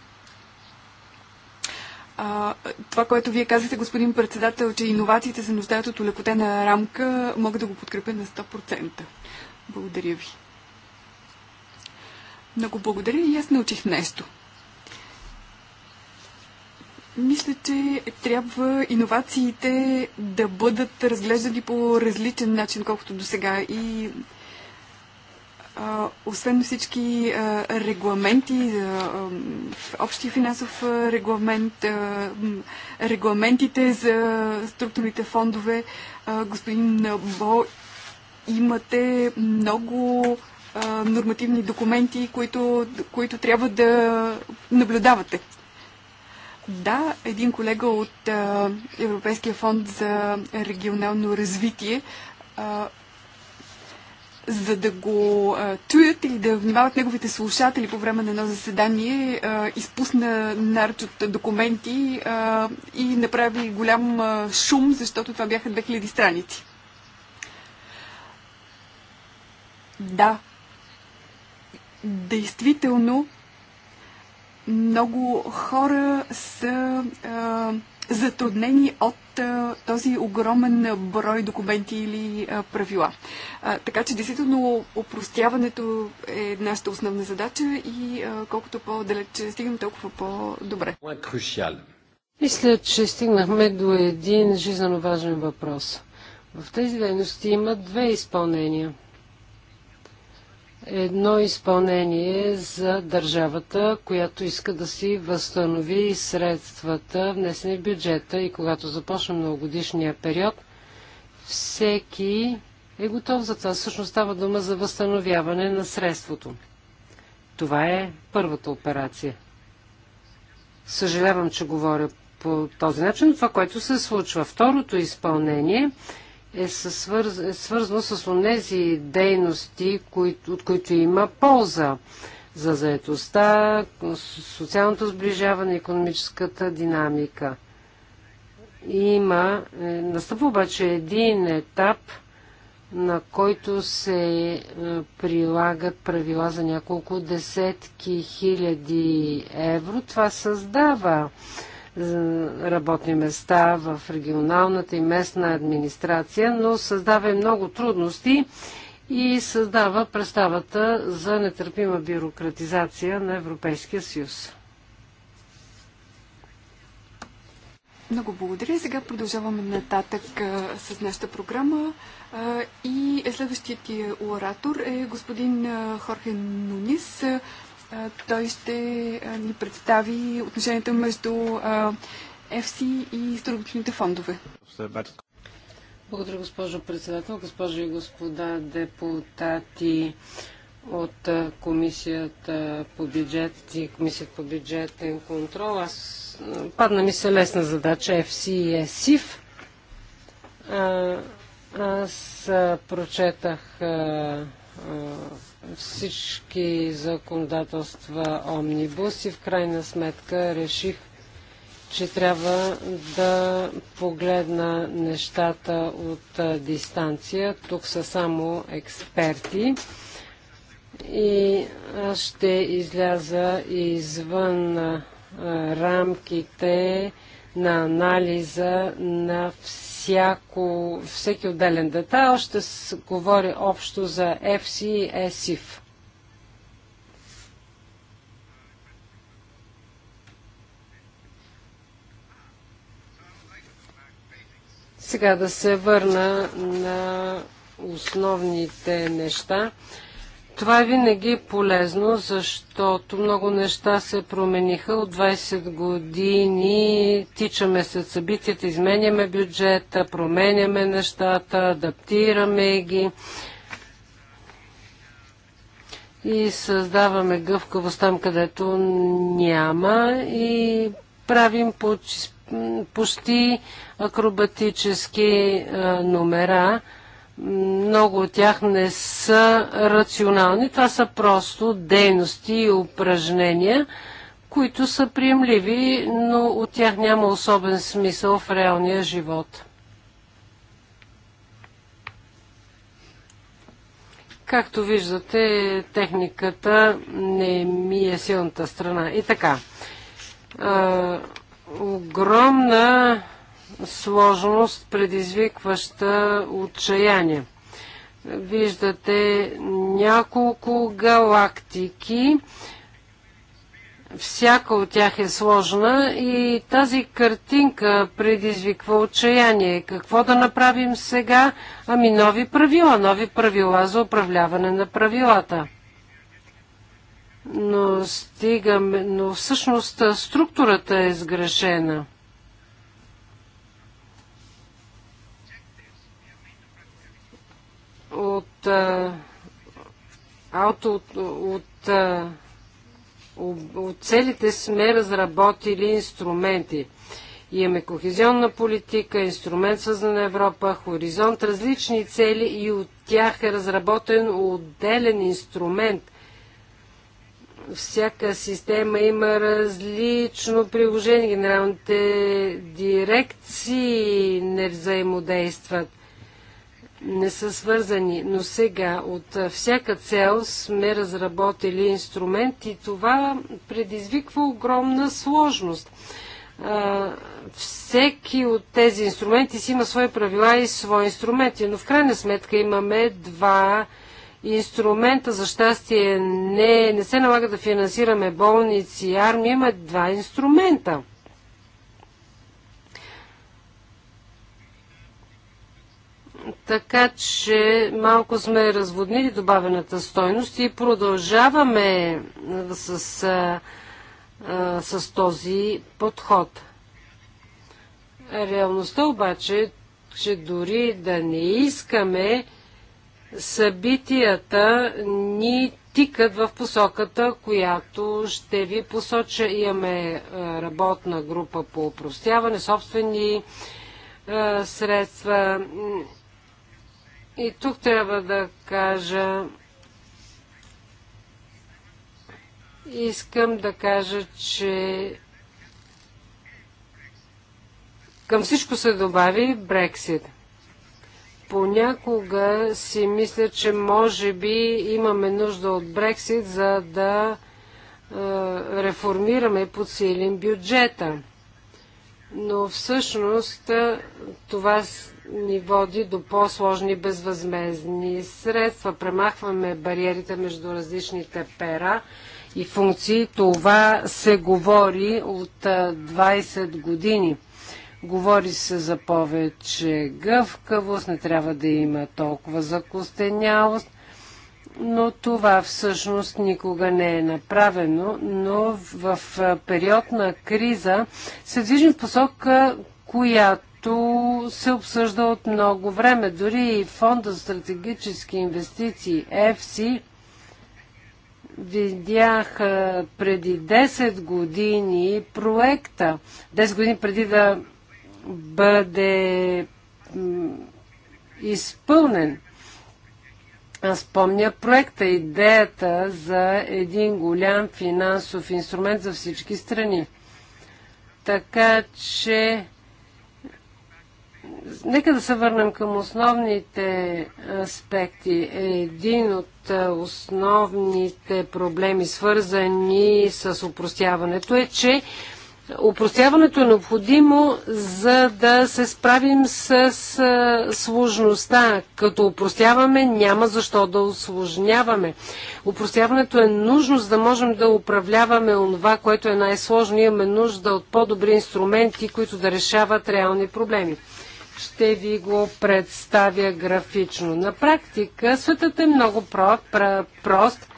а, това, което вие казахте, господин председател, че иновациите се нуждаят от улекотена рамка, мога да го подкрепя на 100%. Благодаря ви. Много благодаря и аз научих нещо. Мисля, че трябва иновациите да бъдат разглеждани по различен начин, колкото до сега. И а, освен всички а, регламенти, а, общия финансов регламент, а, регламентите за структурните фондове, а, господин Бо, имате много нормативни документи, които, които трябва да наблюдавате. Да, един колега от Европейския фонд за регионално развитие, за да го чуят или да внимават неговите слушатели по време на едно заседание, изпусна нарч от документи и направи голям шум, защото това бяха 2000 страници. Да, действително много хора са а, затруднени от а, този огромен брой документи или а, правила. А, така че, действително, опростяването е нашата основна задача и а, колкото по-далече стигнем, толкова по-добре. Мисля, че стигнахме до един жизненно важен въпрос. В тези дейности има две изпълнения – едно изпълнение за държавата, която иска да си възстанови средствата, внесени в бюджета и когато започне многогодишния период, всеки е готов за това. Всъщност става дума за възстановяване на средството. Това е първата операция. Съжалявам, че говоря по този начин. Това, което се случва. Второто изпълнение е, свърз, е свързано с онези дейности, кои, от които има полза за заетостта, социалното сближаване, економическата динамика. Има, е, настъпва обаче един етап, на който се е, прилагат правила за няколко десетки хиляди евро. Това създава е, работни места в регионалната и местна администрация, но създава и много трудности и създава представата за нетърпима бюрократизация на Европейския съюз. Много благодаря. Сега продължаваме нататък а, с нашата програма. А, и следващият е, оратор е господин а, Нунис, а, той ще ни представи отношенията между FC и структурните фондове. Благодаря, госпожо председател, госпожи и господа депутати от Комисията по бюджет и Комисията по бюджетен контрол. Аз падна ми се лесна задача FC и ЕСИФ. Аз прочетах а, а, всички законодателства омнибус и в крайна сметка реших, че трябва да погледна нещата от дистанция. Тук са само експерти и аз ще изляза извън рамките на анализа на всички всяко, всеки отделен детайл. Ще говори общо за FC и ESIF. Сега да се върна на основните неща. Това е винаги полезно, защото много неща се промениха. От 20 години тичаме след събитията, изменяме бюджета, променяме нещата, адаптираме ги и създаваме гъвкавост там, където няма и правим почти акробатически номера. Много от тях не са рационални, това са просто дейности и упражнения, които са приемливи, но от тях няма особен смисъл в реалния живот. Както виждате, техниката не ми е силната страна. И така, а, огромна сложност, предизвикваща отчаяние. Виждате няколко галактики. Всяка от тях е сложна и тази картинка предизвиква отчаяние. Какво да направим сега? Ами нови правила, нови правила за управляване на правилата но стигаме, но всъщност структурата е сгрешена. от Ауто от, от, от, от целите сме разработили инструменти. Имаме кохезионна политика, инструмент Създана Европа, хоризонт, различни цели и от тях е разработен отделен инструмент. Всяка система има различно приложение. Генералните дирекции не взаимодействат – не са свързани, но сега от всяка цел сме разработили инструмент и това предизвиква огромна сложност. Всеки от тези инструменти си има свои правила и свои инструменти, но в крайна сметка имаме два инструмента. За щастие не, не се налага да финансираме болници и армия, има два инструмента – Така че малко сме разводнили добавената стойност и продължаваме с, с, с този подход. Реалността обаче, че дори да не искаме, събитията ни тикат в посоката, която ще ви посоча. Имаме работна група по упростяване, собствени средства, и тук трябва да кажа, искам да кажа, че към всичко се добави Брексит. Понякога си мисля, че може би имаме нужда от Брексит, за да е, реформираме и подсилим бюджета. Но всъщност е, това ни води до по-сложни безвъзмезни средства. Премахваме бариерите между различните пера и функции. Това се говори от 20 години. Говори се за повече гъвкавост, не трябва да има толкова закостенялост, но това всъщност никога не е направено, но в период на криза се движим в посока, която който се обсъжда от много време. Дори и фонда за стратегически инвестиции ЕФСИ видях преди 10 години проекта, 10 години преди да бъде изпълнен. Аз помня проекта, идеята за един голям финансов инструмент за всички страни. Така че Нека да се върнем към основните аспекти. Един от основните проблеми, свързани с упростяването, е, че упростяването е необходимо, за да се справим с сложността. Като упростяваме, няма защо да осложняваме. Упростяването е нужно, за да можем да управляваме това, което е най-сложно. Имаме нужда от по-добри инструменти, които да решават реални проблеми. Ще ви го представя графично. На практика светът е много про, про, прост.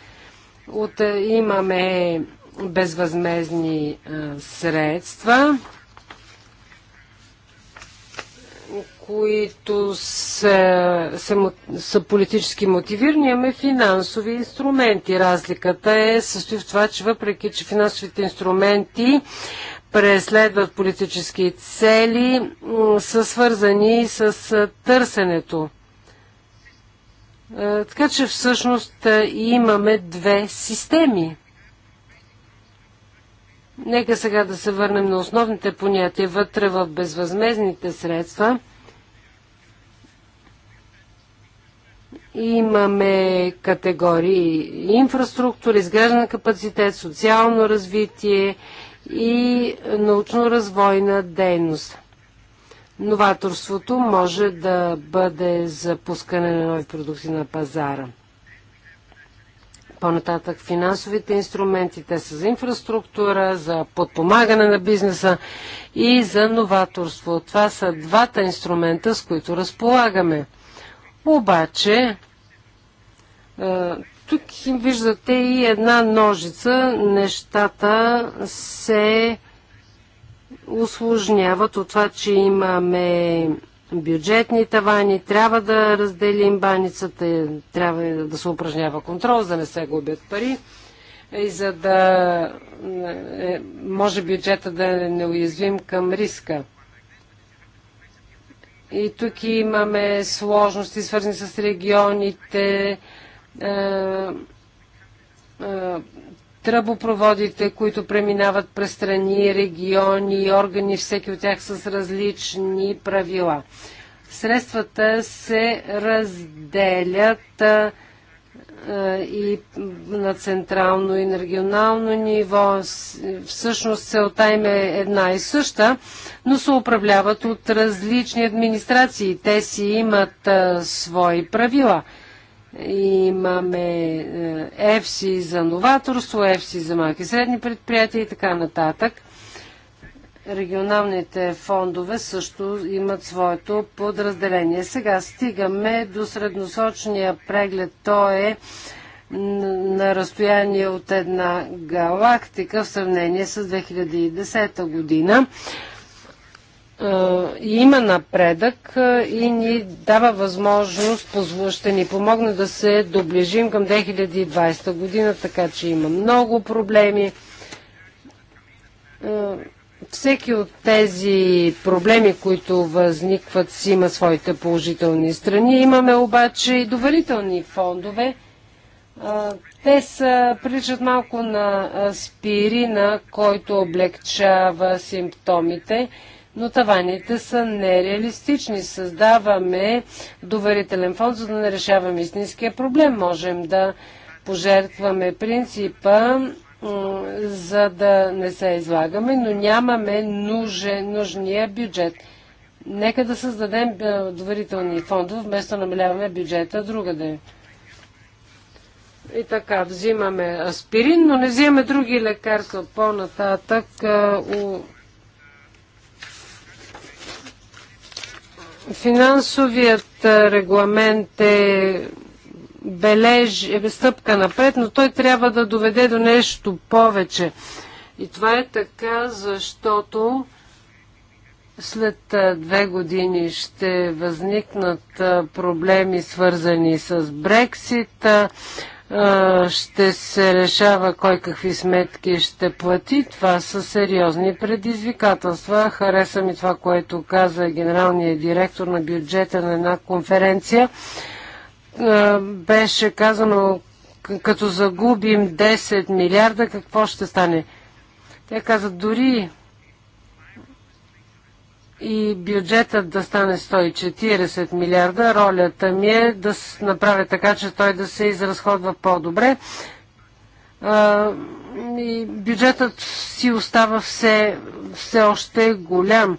От, е, имаме безвъзмезни а, е, средства, които са, са, са политически мотивирани, имаме финансови инструменти. Разликата е състои в това, че въпреки, че финансовите инструменти преследват политически цели, са свързани с търсенето. Така че всъщност имаме две системи. Нека сега да се върнем на основните понятия вътре в безвъзмезните средства. Имаме категории инфраструктура, изграждане на капацитет, социално развитие, и научно-развойна дейност. Новаторството може да бъде за пускане на нови продукти на пазара. По-нататък финансовите инструменти, те са за инфраструктура, за подпомагане на бизнеса и за новаторство. Това са двата инструмента, с които разполагаме. Обаче, е, тук виждате и една ножица. Нещата се усложняват от това, че имаме бюджетни тавани, трябва да разделим баницата, трябва да се упражнява контрол, за да не се губят пари и за да е, може бюджета да е неуязвим към риска. И тук имаме сложности, свързани с регионите, е, е, тръбопроводите, които преминават през страни, региони и органи, всеки от тях с различни правила. Средствата се разделят а, е, и на централно и на регионално ниво. Всъщност целта им е една и съща, но се управляват от различни администрации. Те си имат а, свои правила. Имаме е, ЕФСИ за новаторство, ЕФСИ за малки и средни предприятия и така нататък. Регионалните фондове също имат своето подразделение. Сега стигаме до средносочния преглед. Той е на разстояние от една галактика в сравнение с 2010 година. Е, има напредък е, и ни дава възможност, ще ни помогне да се доближим към 2020 година, така че има много проблеми. Е, всеки от тези проблеми, които възникват, си има своите положителни страни. Имаме обаче и доверителни фондове. Те са, приличат малко на спирина, който облегчава симптомите но таваните са нереалистични. Създаваме доверителен фонд, за да не решаваме истинския проблем. Можем да пожертваме принципа за да не се излагаме, но нямаме нужен, нужния бюджет. Нека да създадем доверителни фондове, вместо да намаляваме бюджета другаде. И така, взимаме аспирин, но не взимаме други лекарства по-нататък. Финансовият регламент е бележ, е стъпка напред, но той трябва да доведе до нещо повече. И това е така, защото след две години ще възникнат проблеми свързани с Брексита ще се решава кой какви сметки ще плати. Това са сериозни предизвикателства. Хареса ми това, което каза генералният директор на бюджета на една конференция. Беше казано, като загубим 10 милиарда, какво ще стане? Тя каза, дори и бюджетът да стане 140 милиарда, ролята ми е да направя така, че той да се изразходва по-добре. Бюджетът си остава все, все още голям.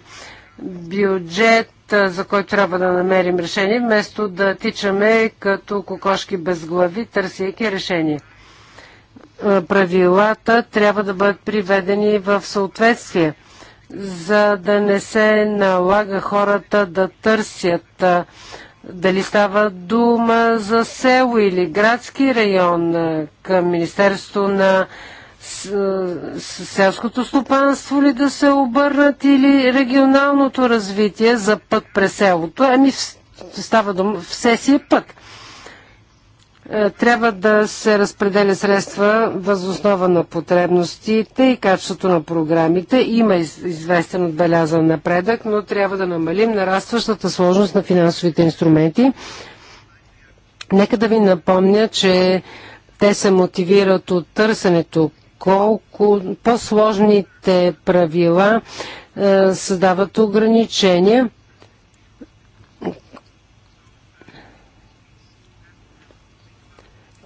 Бюджет, за който трябва да намерим решение, вместо да тичаме като кокошки без глави, търсейки решение. Правилата трябва да бъдат приведени в съответствие – за да не се налага хората да търсят дали става дума за село или градски район към Министерство на селското стопанство ли да се обърнат или регионалното развитие за път през селото. Ами става дума, все си е път. Е, трябва да се разпределя средства възоснова на потребностите и качеството на програмите. Има известен отбелязан напредък, но трябва да намалим нарастващата сложност на финансовите инструменти. Нека да ви напомня, че те се мотивират от търсенето. Колко по-сложните правила е, създават ограничения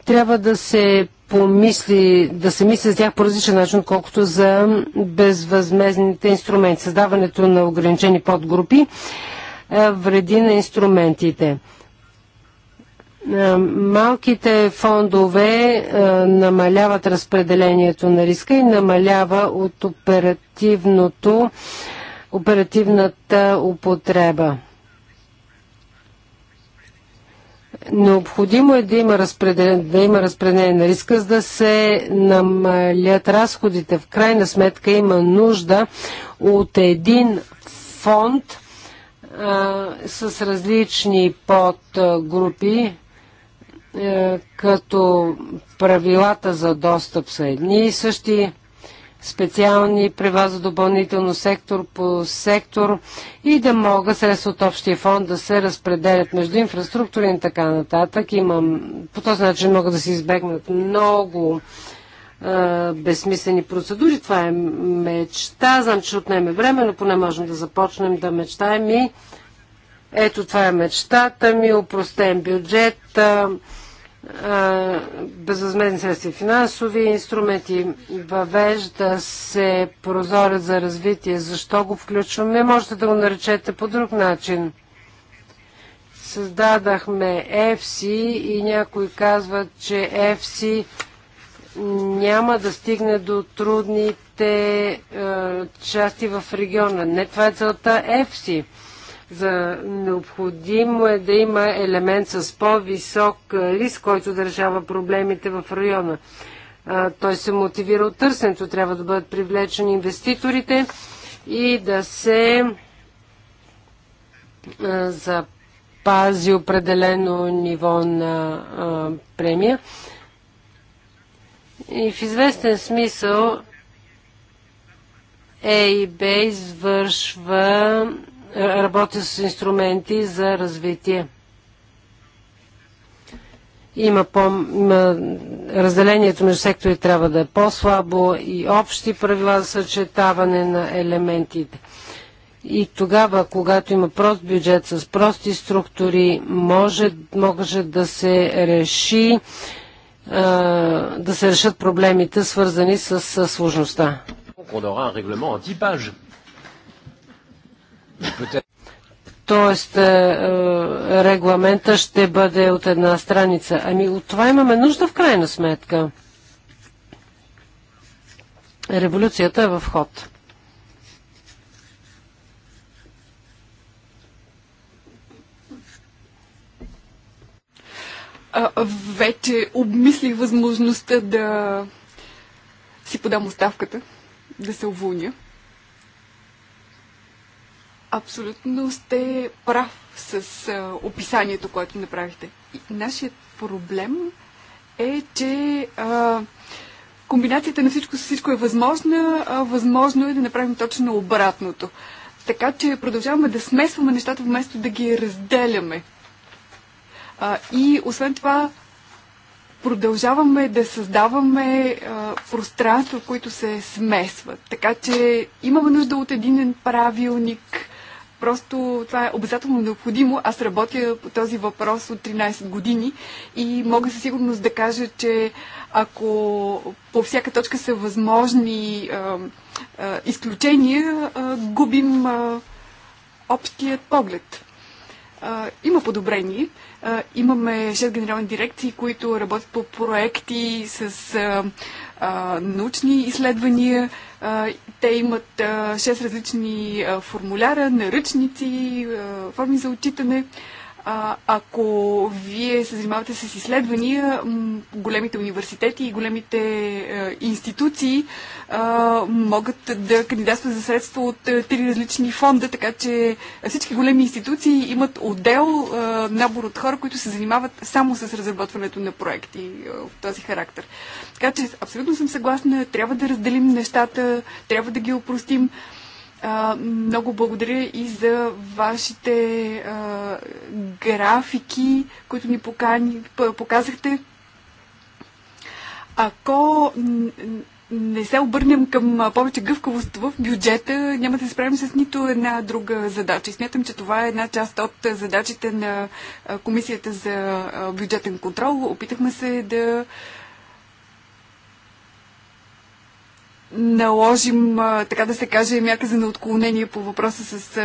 трябва да се помисли, да се мисли за тях по различен начин, колкото за безвъзмезните инструменти. Създаването на ограничени подгрупи е, вреди на инструментите. Е, малките фондове е, намаляват разпределението на риска и намалява от оперативното, оперативната употреба. Необходимо е да има разпределение, да има разпределение на риска, за да се намалят разходите. В крайна сметка има нужда от един фонд а, с различни подгрупи, а, като правилата за достъп са едни и същи специални права за допълнително сектор по сектор и да могат средства от общия фонд да се разпределят между инфраструктура и така нататък. Имам, по този начин могат да се избегнат много е, безсмислени процедури. Това е мечта. Знам, че отнеме време, но поне можем да започнем да мечтаем и ето това е мечтата ми, упростен бюджет, безвъзмезни средства и финансови инструменти. Въвежда се прозорец за развитие. Защо го включваме? Можете да го наречете по друг начин. Създадахме EFSI и някои казват, че EFSI няма да стигне до трудните е, части в региона. Не това е целта EFSI. За необходимо е да има елемент с по-висок риск, който да решава проблемите в района. Той се мотивира от търсенето. Трябва да бъдат привлечени инвеститорите и да се запази определено ниво на а, премия. И в известен смисъл ЕИБ извършва е, работя с инструменти за развитие. Има по... Разделението между сектори трябва да е по-слабо и общи правила за съчетаване на елементите. И тогава, когато има прост бюджет с прости структури, може, може да се реши е, да се решат проблемите, свързани с сложността. 10 Тоест, е, е, регламента ще бъде от една страница. Ами от това имаме нужда в крайна сметка. Революцията е в ход. вече обмислих възможността да си подам оставката, да се уволня. Абсолютно сте прав с а, описанието, което направихте. И нашият проблем е, че а, комбинацията на всичко с всичко е възможна, а възможно е да направим точно обратното. Така че продължаваме да смесваме нещата, вместо да ги разделяме. А, и освен това, продължаваме да създаваме а, пространства, които се смесват. Така че имаме нужда от един правилник, Просто това е обязателно необходимо. Аз работя по този въпрос от 13 години и мога със сигурност да кажа, че ако по всяка точка са възможни а, а, изключения, а, губим а, общият поглед. А, има подобрение. А, имаме 6 генерални дирекции, които работят по проекти с. А, а, научни изследвания. А, те имат а, 6 различни а, формуляра, наръчници, а, форми за отчитане. А, а, ако вие се занимавате с изследвания, големите университети и големите а, е, институции а, могат да кандидатстват за средства от а, е, три различни фонда, така че всички големи институции имат отдел, а, е, набор от хора, които се занимават само с разработването на проекти е, от този характер. Така че абсолютно съм съгласна, трябва да разделим нещата, трябва да ги опростим. А, много благодаря и за вашите а, графики, които ни покани, показахте. Ако не се обърнем към повече гъвкавост в бюджета, няма да се справим с нито една друга задача. И смятам, че това е една част от задачите на Комисията за бюджетен контрол. Опитахме се да наложим, така да се каже, мяка за неотклонение по въпроса с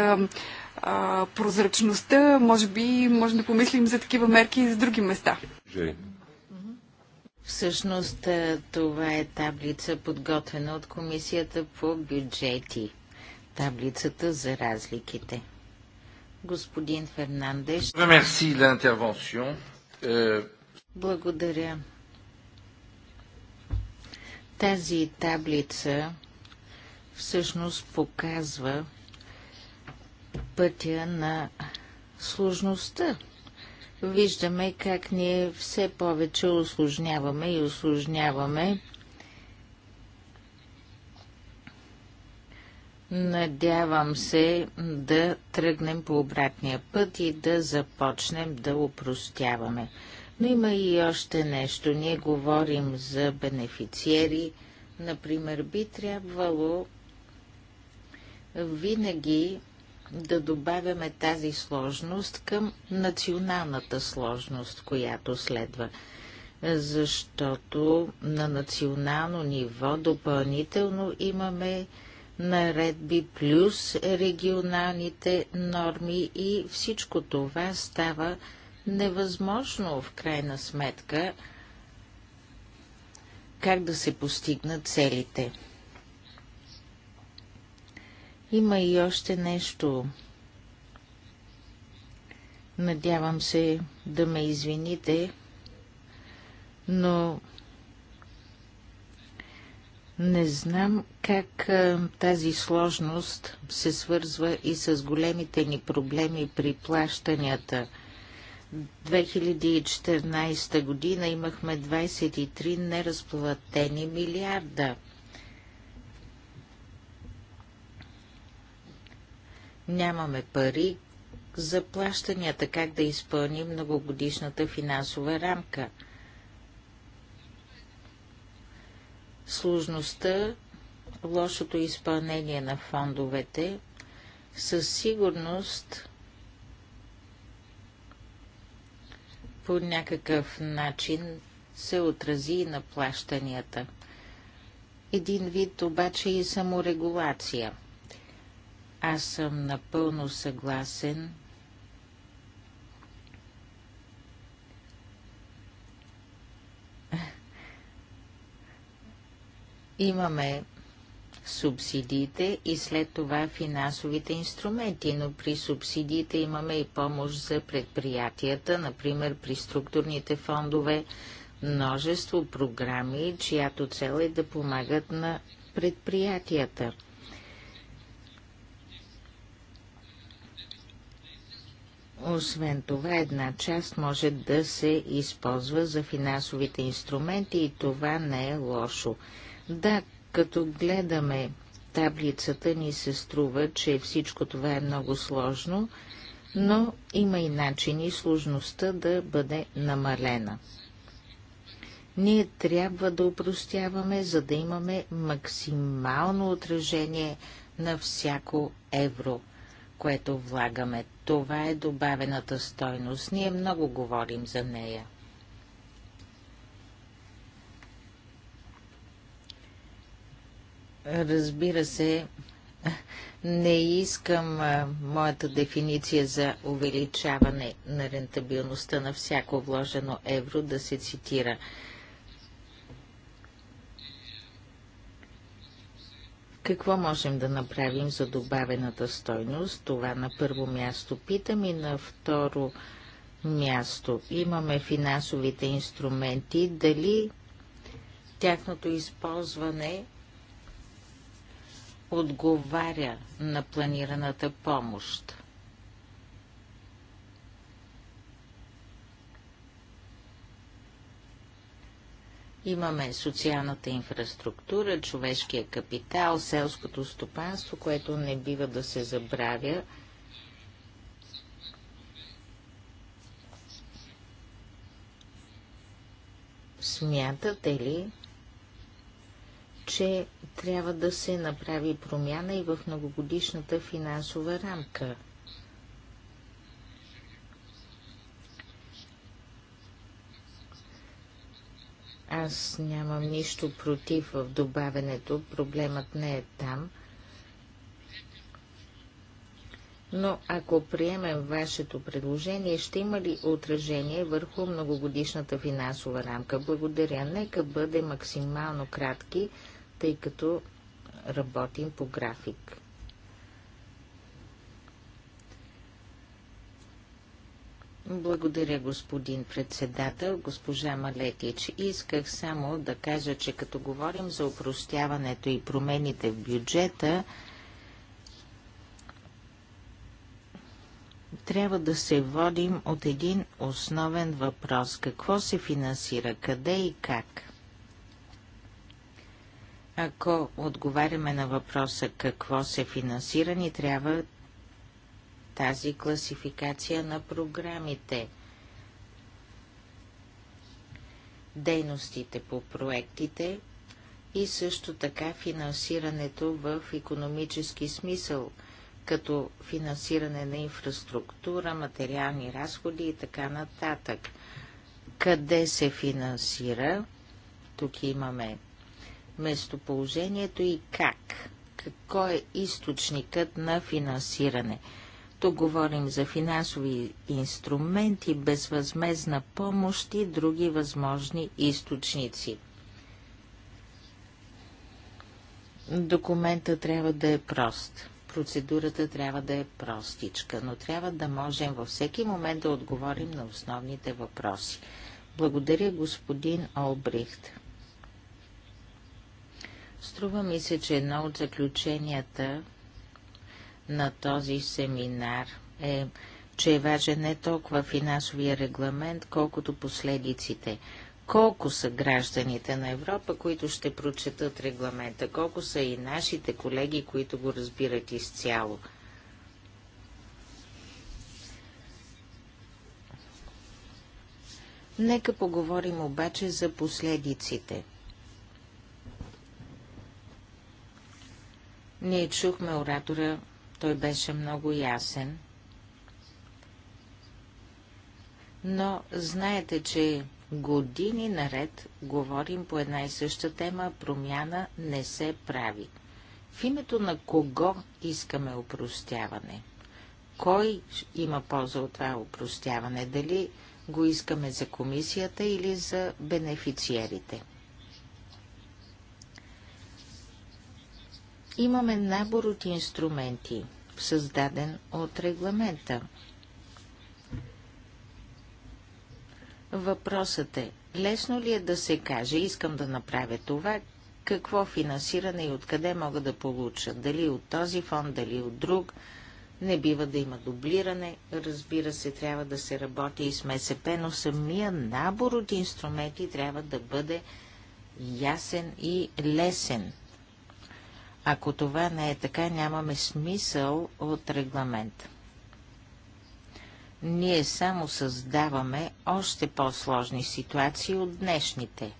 а, прозрачността. Може би можем да помислим за такива мерки и за други места. Всъщност това е таблица, подготвена от Комисията по бюджети. Таблицата за разликите. Господин Фернандеш. Euh, Благодаря. Тази таблица всъщност показва пътя на сложността. Виждаме как ние все повече осложняваме и осложняваме. Надявам се да тръгнем по обратния път и да започнем да упростяваме. Но има и още нещо. Ние говорим за бенефициери. Например, би трябвало винаги да добавяме тази сложност към националната сложност, която следва. Защото на национално ниво допълнително имаме наредби плюс регионалните норми и всичко това става невъзможно в крайна сметка как да се постигнат целите. Има и още нещо. Надявам се да ме извините, но не знам как тази сложност се свързва и с големите ни проблеми при плащанията. 2014 година имахме 23 неразплатени милиарда. Нямаме пари за плащанията, как да изпълним многогодишната финансова рамка. Сложността, лошото изпълнение на фондовете със сигурност по някакъв начин се отрази и на плащанията. Един вид обаче и саморегулация. Аз съм напълно съгласен имаме субсидиите и след това финансовите инструменти, но при субсидиите имаме и помощ за предприятията, например при структурните фондове, множество програми, чиято цел е да помагат на предприятията. Освен това, една част може да се използва за финансовите инструменти и това не е лошо. Да, като гледаме таблицата, ни се струва, че всичко това е много сложно, но има и начини сложността да бъде намалена. Ние трябва да упростяваме, за да имаме максимално отражение на всяко евро, което влагаме. Това е добавената стойност. Ние много говорим за нея. Разбира се, не искам а, моята дефиниция за увеличаване на рентабилността на всяко вложено евро да се цитира. Какво можем да направим за добавената стойност? Това на първо място питам и на второ място. Имаме финансовите инструменти. Дали тяхното използване отговаря на планираната помощ. Имаме социалната инфраструктура, човешкия капитал, селското стопанство, което не бива да се забравя. Смятате ли, че трябва да се направи промяна и в многогодишната финансова рамка. Аз нямам нищо против в добавенето, проблемът не е там. Но ако приемем вашето предложение, ще има ли отражение върху многогодишната финансова рамка? Благодаря. Нека бъде максимално кратки, тъй като работим по график. Благодаря, господин председател, госпожа Малетич. Исках само да кажа, че като говорим за упростяването и промените в бюджета, трябва да се водим от един основен въпрос. Какво се финансира, къде и как? Ако отговаряме на въпроса какво се финансира, ни трябва тази класификация на програмите. Дейностите по проектите и също така финансирането в економически смисъл, като финансиране на инфраструктура, материални разходи и така нататък. Къде се финансира? Тук имаме местоположението и как. Какво е източникът на финансиране? Тук говорим за финансови инструменти, безвъзмезна помощ и други възможни източници. Документа трябва да е прост. Процедурата трябва да е простичка, но трябва да можем във всеки момент да отговорим на основните въпроси. Благодаря, господин Олбрихт. Струва ми се, че едно от заключенията на този семинар е, че е важен не толкова финансовия регламент, колкото последиците. Колко са гражданите на Европа, които ще прочетат регламента? Колко са и нашите колеги, които го разбират изцяло? Нека поговорим обаче за последиците – Ние чухме оратора, той беше много ясен. Но знаете, че години наред говорим по една и съща тема, промяна не се прави. В името на кого искаме опростяване? Кой има полза от това опростяване? Дали го искаме за комисията или за бенефициерите? Имаме набор от инструменти, създаден от регламента. Въпросът е, лесно ли е да се каже, искам да направя това, какво финансиране и откъде мога да получа, дали от този фонд, дали от друг. Не бива да има дублиране, разбира се, трябва да се работи и с МСП, но самия набор от инструменти трябва да бъде ясен и лесен. Ако това не е така, нямаме смисъл от регламент. Ние само създаваме още по-сложни ситуации от днешните.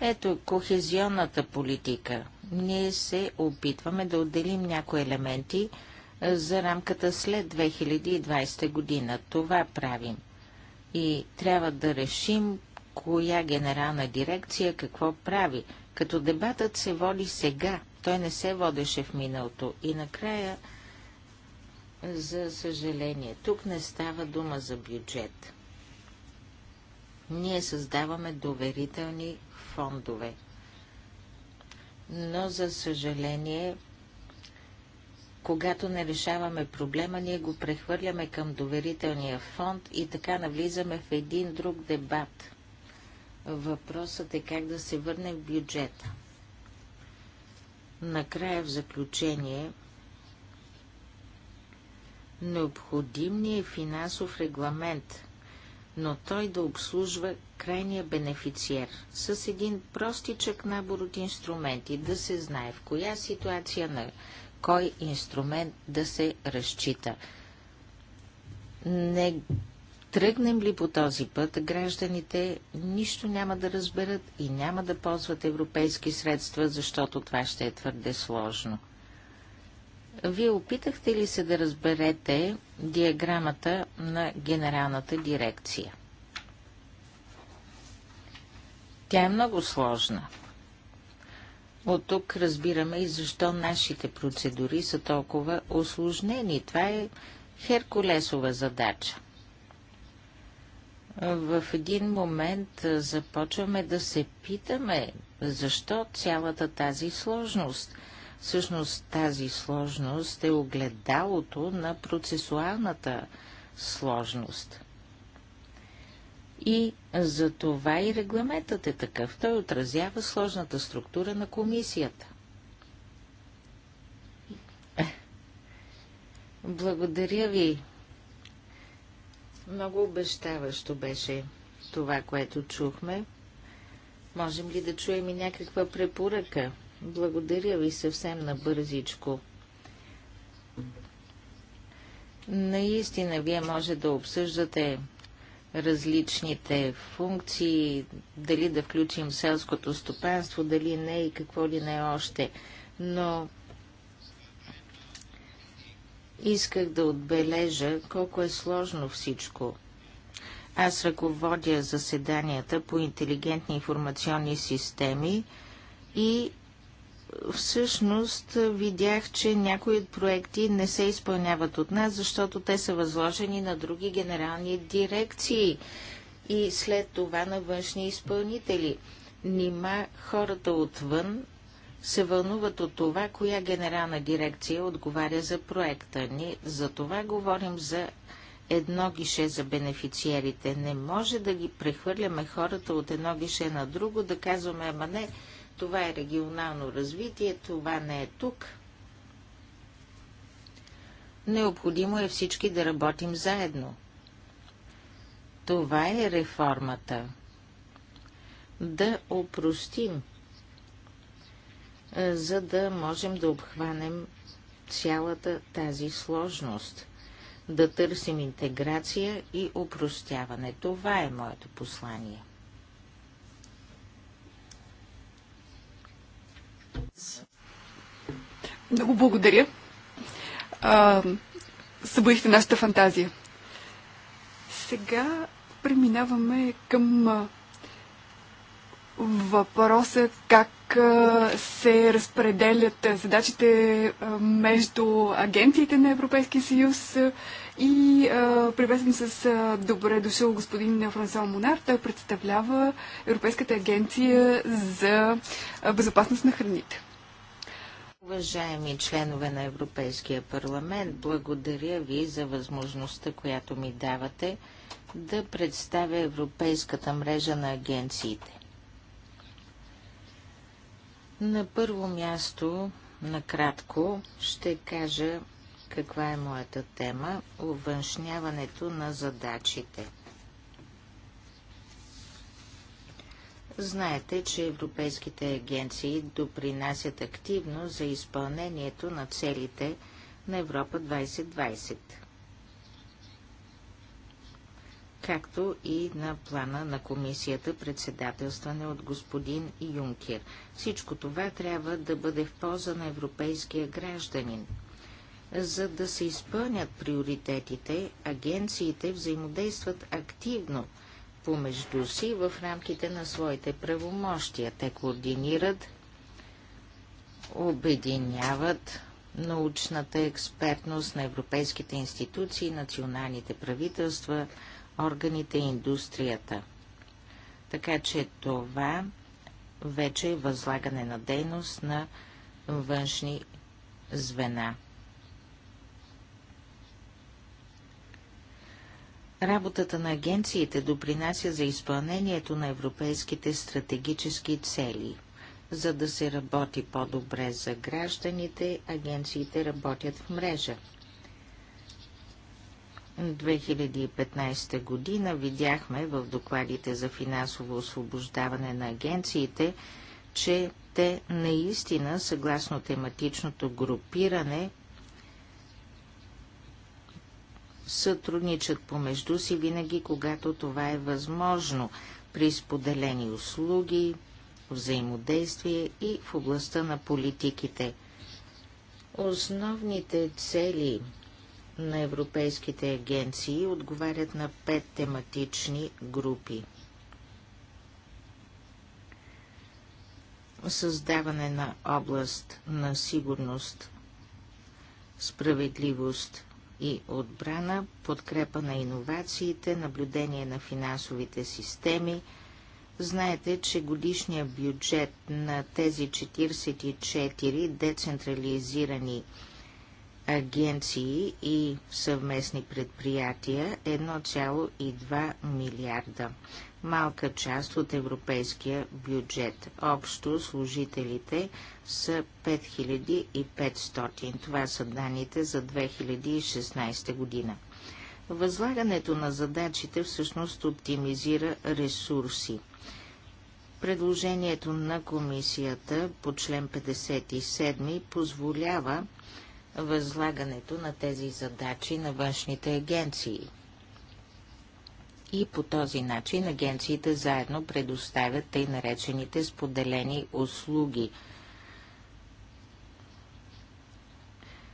Ето кохезионната политика. Ние се опитваме да отделим някои елементи за рамката след 2020 година. Това правим. И трябва да решим коя генерална дирекция какво прави, като дебатът се води сега, той не се водеше в миналото. И накрая, за съжаление, тук не става дума за бюджет. Ние създаваме доверителни фондове. Но, за съжаление, когато не решаваме проблема, ние го прехвърляме към доверителния фонд и така навлизаме в един друг дебат. Въпросът е как да се върне в бюджета. Накрая в заключение необходим ни е финансов регламент, но той да обслужва крайния бенефициер с един простичък набор от инструменти, да се знае в коя ситуация на кой инструмент да се разчита. Не Тръгнем ли по този път, гражданите нищо няма да разберат и няма да ползват европейски средства, защото това ще е твърде сложно. Вие опитахте ли се да разберете диаграмата на генералната дирекция? Тя е много сложна. От тук разбираме и защо нашите процедури са толкова осложнени. Това е Херкулесова задача в един момент започваме да се питаме, защо цялата тази сложност? Всъщност тази сложност е огледалото на процесуалната сложност. И за това и регламентът е такъв. Той отразява сложната структура на комисията. Благодаря ви, много обещаващо беше това, което чухме. Можем ли да чуем и някаква препоръка? Благодаря ви съвсем набързичко. Наистина, вие може да обсъждате различните функции, дали да включим селското стопанство, дали не и какво ли не още. Но Исках да отбележа колко е сложно всичко. Аз ръководя заседанията по интелигентни информационни системи и всъщност видях, че някои от проекти не се изпълняват от нас, защото те са възложени на други генерални дирекции и след това на външни изпълнители. Нима хората отвън се вълнуват от това, коя генерална дирекция отговаря за проекта ни. За това говорим за едно гише за бенефициерите. Не може да ги прехвърляме хората от едно гише на друго, да казваме, ама не, това е регионално развитие, това не е тук. Необходимо е всички да работим заедно. Това е реформата. Да опростим е, за да можем да обхванем цялата тази сложност, да търсим интеграция и упростяване. Това е моето послание. Много благодаря. А, нашата фантазия. Сега преминаваме към Въпросът как се разпределят задачите между агенциите на Европейския съюз и приветствам с добре дошъл господин Франсуа Монар. Той представлява Европейската агенция за безопасност на храните. Уважаеми членове на Европейския парламент, благодаря ви за възможността, която ми давате да представя Европейската мрежа на агенциите. На първо място, накратко, ще кажа каква е моята тема – увъншняването на задачите. Знаете, че европейските агенции допринасят активно за изпълнението на целите на Европа 2020 както и на плана на комисията, председателстване от господин Юнкер. Всичко това трябва да бъде в полза на европейския гражданин. За да се изпълнят приоритетите, агенциите взаимодействат активно помежду си в рамките на своите правомощия. Те координират, обединяват научната експертност на европейските институции, националните правителства, органите и индустрията. Така че това вече е възлагане на дейност на външни звена. Работата на агенциите допринася за изпълнението на европейските стратегически цели. За да се работи по-добре за гражданите, агенциите работят в мрежа. 2015 година видяхме в докладите за финансово освобождаване на агенциите, че те наистина, съгласно тематичното групиране, сътрудничат помежду си винаги, когато това е възможно, при споделени услуги, взаимодействие и в областта на политиките. Основните цели на европейските агенции отговарят на пет тематични групи. Създаване на област на сигурност, справедливост и отбрана, подкрепа на иновациите, наблюдение на финансовите системи. Знаете, че годишният бюджет на тези 44 децентрализирани агенции агенции и съвместни предприятия 1,2 милиарда. Малка част от европейския бюджет. Общо служителите са 5500. Това са данните за 2016 година. Възлагането на задачите всъщност оптимизира ресурси. Предложението на комисията по член 57 позволява възлагането на тези задачи на външните агенции. И по този начин агенциите заедно предоставят тъй наречените споделени услуги.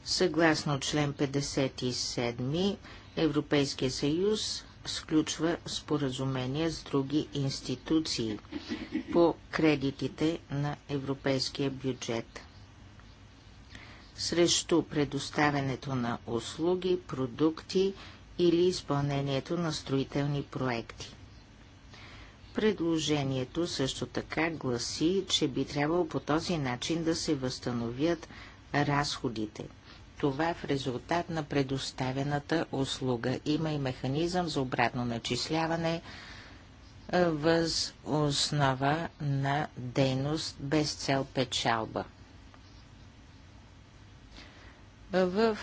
Съгласно член 57, Европейския съюз сключва споразумения с други институции по кредитите на европейския бюджет срещу предоставянето на услуги, продукти или изпълнението на строителни проекти. Предложението също така гласи, че би трябвало по този начин да се възстановят разходите. Това е в резултат на предоставената услуга. Има и механизъм за обратно начисляване въз основа на дейност без цел печалба. В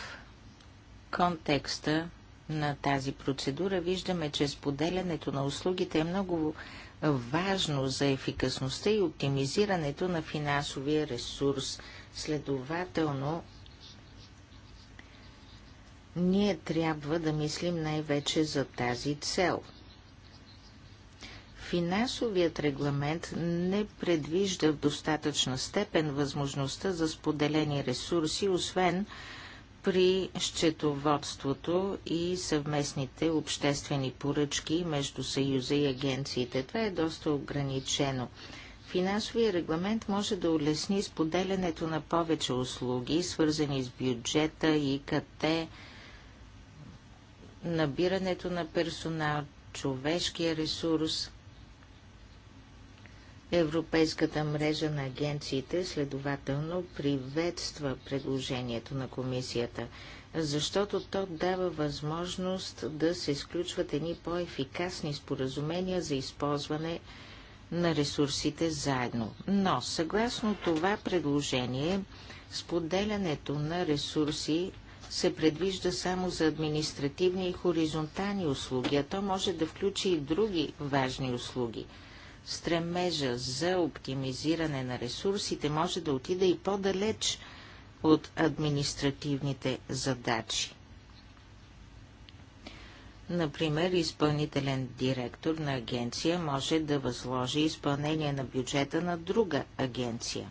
контекста на тази процедура виждаме, че споделянето на услугите е много важно за ефикасността и оптимизирането на финансовия ресурс. Следователно, ние трябва да мислим най-вече за тази цел. Финансовият регламент не предвижда в достатъчна степен възможността за споделени ресурси, освен при счетоводството и съвместните обществени поръчки между Съюза и агенциите. Това е доста ограничено. Финансовия регламент може да улесни споделянето на повече услуги, свързани с бюджета и КТ, набирането на персонал, човешкия ресурс. Европейската мрежа на агенциите следователно приветства предложението на комисията, защото то дава възможност да се изключват едни по-ефикасни споразумения за използване на ресурсите заедно. Но, съгласно това предложение, споделянето на ресурси се предвижда само за административни и хоризонтални услуги, а то може да включи и други важни услуги – Стремежа за оптимизиране на ресурсите може да отида и по-далеч от административните задачи. Например, изпълнителен директор на агенция може да възложи изпълнение на бюджета на друга агенция.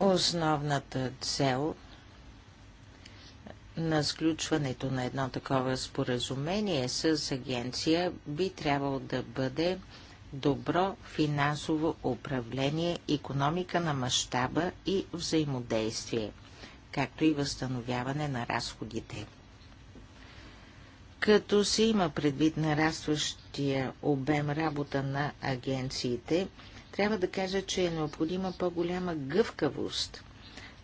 Основната цел на сключването на едно такова споразумение с агенция би трябвало да бъде добро финансово управление, економика на мащаба и взаимодействие, както и възстановяване на разходите. Като се има предвид нарастващия обем работа на агенциите, трябва да кажа, че е необходима по-голяма гъвкавост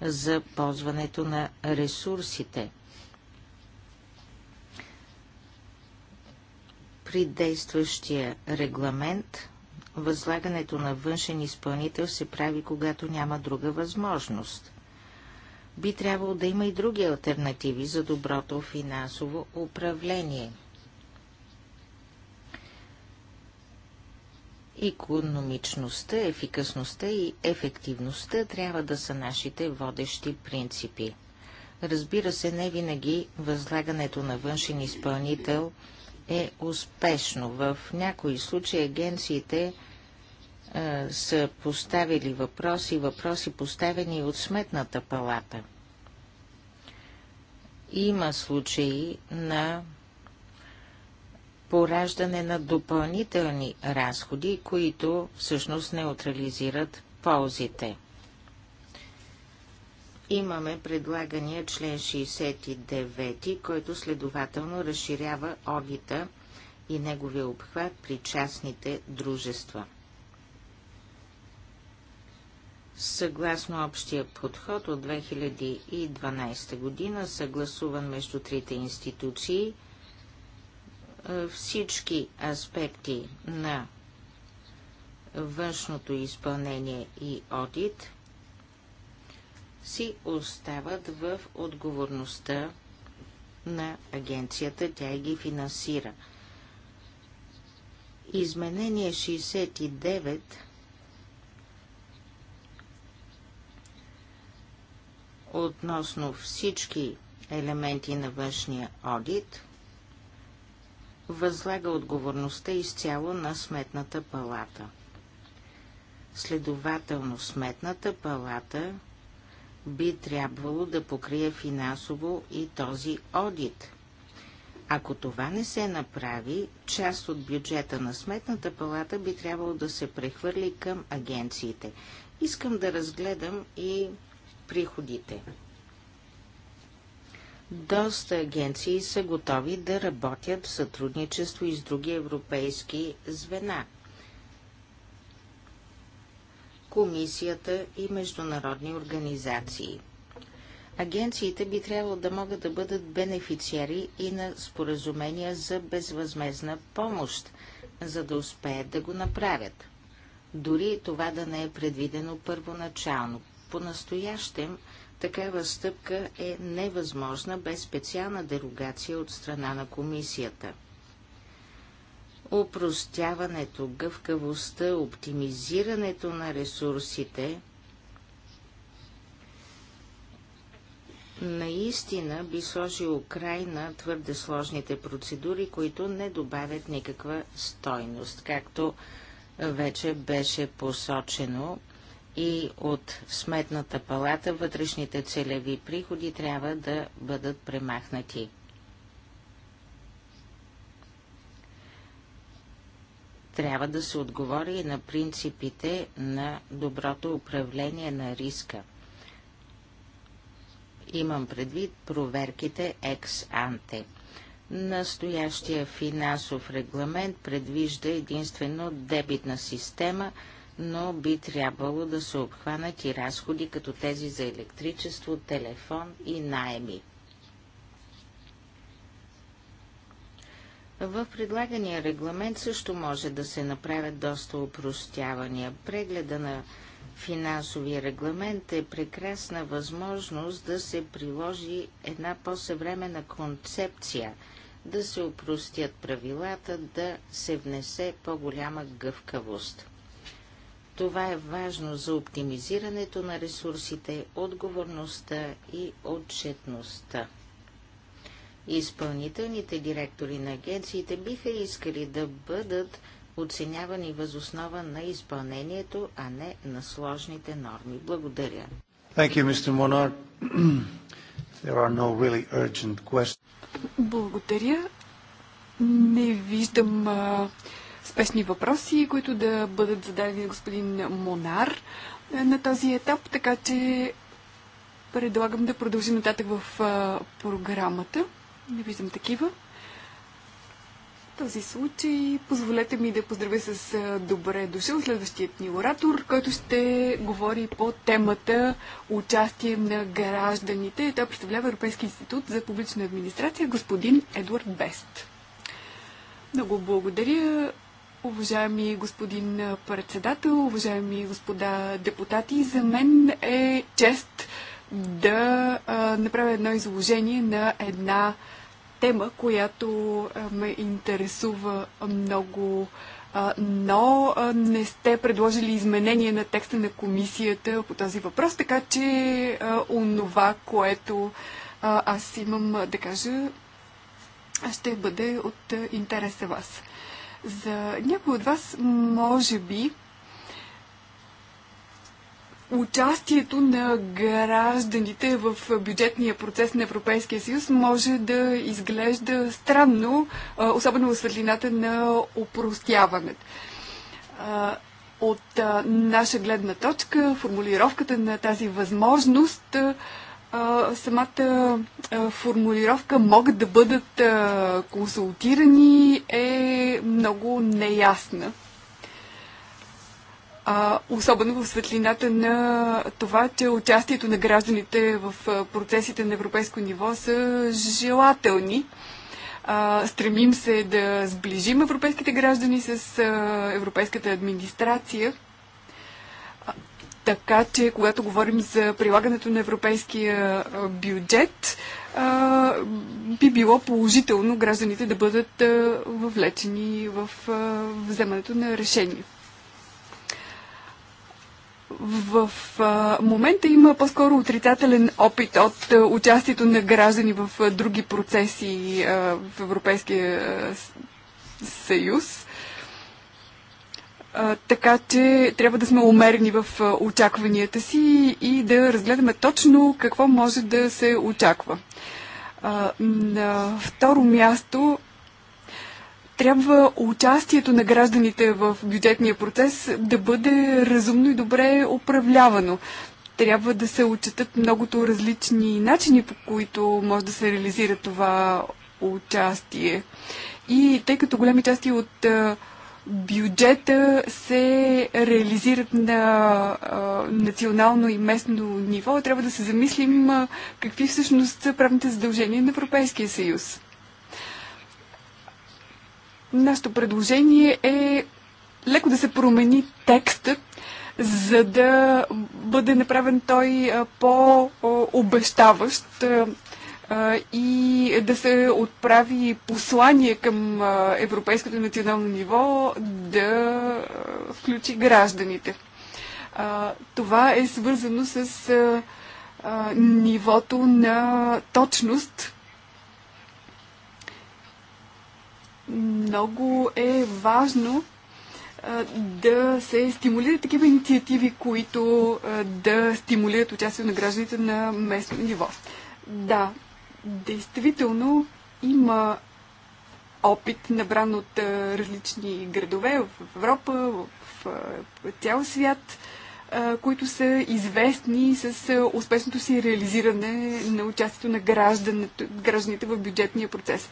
за ползването на ресурсите – При действащия регламент възлагането на външен изпълнител се прави, когато няма друга възможност. Би трябвало да има и други альтернативи за доброто финансово управление. Икономичността, ефикасността и ефективността трябва да са нашите водещи принципи. Разбира се, не винаги възлагането на външен изпълнител – е успешно. В някои случаи агенциите а, е, са поставили въпроси, въпроси поставени от сметната палата. Има случаи на пораждане на допълнителни разходи, които всъщност неутрализират ползите. Имаме предлагания член 69, който следователно разширява одита и неговия обхват при частните дружества. Съгласно общия подход от 2012 година, съгласуван между трите институции, е, всички аспекти на външното изпълнение и одит – си остават в отговорността на агенцията, тя и ги финансира. Изменение 69 относно всички елементи на външния одит възлага отговорността изцяло на Сметната палата. Следователно Сметната палата би трябвало да покрие финансово и този одит. Ако това не се направи, част от бюджета на Сметната палата би трябвало да се прехвърли към агенциите. Искам да разгледам и приходите. Доста агенции са готови да работят в сътрудничество и с други европейски звена – комисията и международни организации. Агенциите би трябвало да могат да бъдат бенефициери и на споразумения за безвъзмезна помощ, за да успеят да го направят. Дори това да не е предвидено първоначално. По-настоящем такава стъпка е невъзможна без специална дерогация от страна на комисията. Опростяването, гъвкавостта, оптимизирането на ресурсите наистина би сложило край на твърде сложните процедури, които не добавят никаква стойност, както вече беше посочено и от Сметната палата вътрешните целеви приходи трябва да бъдат премахнати. трябва да се отговори на принципите на доброто управление на риска. Имам предвид проверките екс-анте. Настоящия финансов регламент предвижда единствено дебитна система, но би трябвало да се обхванат и разходи, като тези за електричество, телефон и найеми. В предлагания регламент също може да се направят доста упростявания. Прегледа на финансовия регламент е прекрасна възможност да се приложи една по-съвременна концепция, да се упростят правилата, да се внесе по-голяма гъвкавост. Това е важно за оптимизирането на ресурсите, отговорността и отчетността изпълнителните директори на агенциите биха искали да бъдат оценявани възоснова на изпълнението, а не на сложните норми. Благодаря. Thank you, Mr. Monarch. There are no really urgent questions. Благодаря. Не виждам а, спешни въпроси, които да бъдат зададени на господин Монар на този етап, така че предлагам да продължим нататък в а, програмата. Не виждам такива. В този случай позволете ми да поздравя с добре дошъл следващият ни оратор, който ще говори по темата участие на гражданите. Той представлява Европейски институт за публична администрация, господин Едуард Бест. Много благодаря, уважаеми господин председател, уважаеми господа депутати. За мен е чест да а, направя едно изложение на една тема, която а, ме интересува много, а, но а, не сте предложили изменение на текста на комисията по този въпрос, така че а, онова, което а, аз имам да кажа, ще бъде от интерес за вас. За някои от вас, може би, участието на гражданите в бюджетния процес на Европейския съюз може да изглежда странно, особено в светлината на опростяването. От наша гледна точка, формулировката на тази възможност, самата формулировка могат да бъдат консултирани е много неясна а, особено в светлината на това, че участието на гражданите в процесите на европейско ниво са желателни. А, стремим се да сближим европейските граждани с а, европейската администрация. така че, когато говорим за прилагането на европейския бюджет, би било положително гражданите да бъдат въвлечени в вземането на решения. В а, момента има по-скоро отрицателен опит от а, участието на граждани в а, други процеси а, в Европейския а, съюз. А, така че трябва да сме умерени в а, очакванията си и да разгледаме точно какво може да се очаква. А, на второ място трябва участието на гражданите в бюджетния процес да бъде разумно и добре управлявано. Трябва да се отчитат многото различни начини, по които може да се реализира това участие. И тъй като големи части от бюджета се реализират на а, национално и местно ниво, трябва да се замислим а, какви всъщност са правните задължения на Европейския съюз. Нашето предложение е леко да се промени текстът, за да бъде направен той по-обещаващ и да се отправи послание към европейското национално ниво да включи гражданите. Това е свързано с нивото на точност, много е важно да се стимулират такива инициативи, които да стимулират участие на гражданите на местно ниво. Да, действително има опит, набран от различни градове в Европа, в цял свят, които са известни с успешното си реализиране на участието на гражданите в бюджетния процес.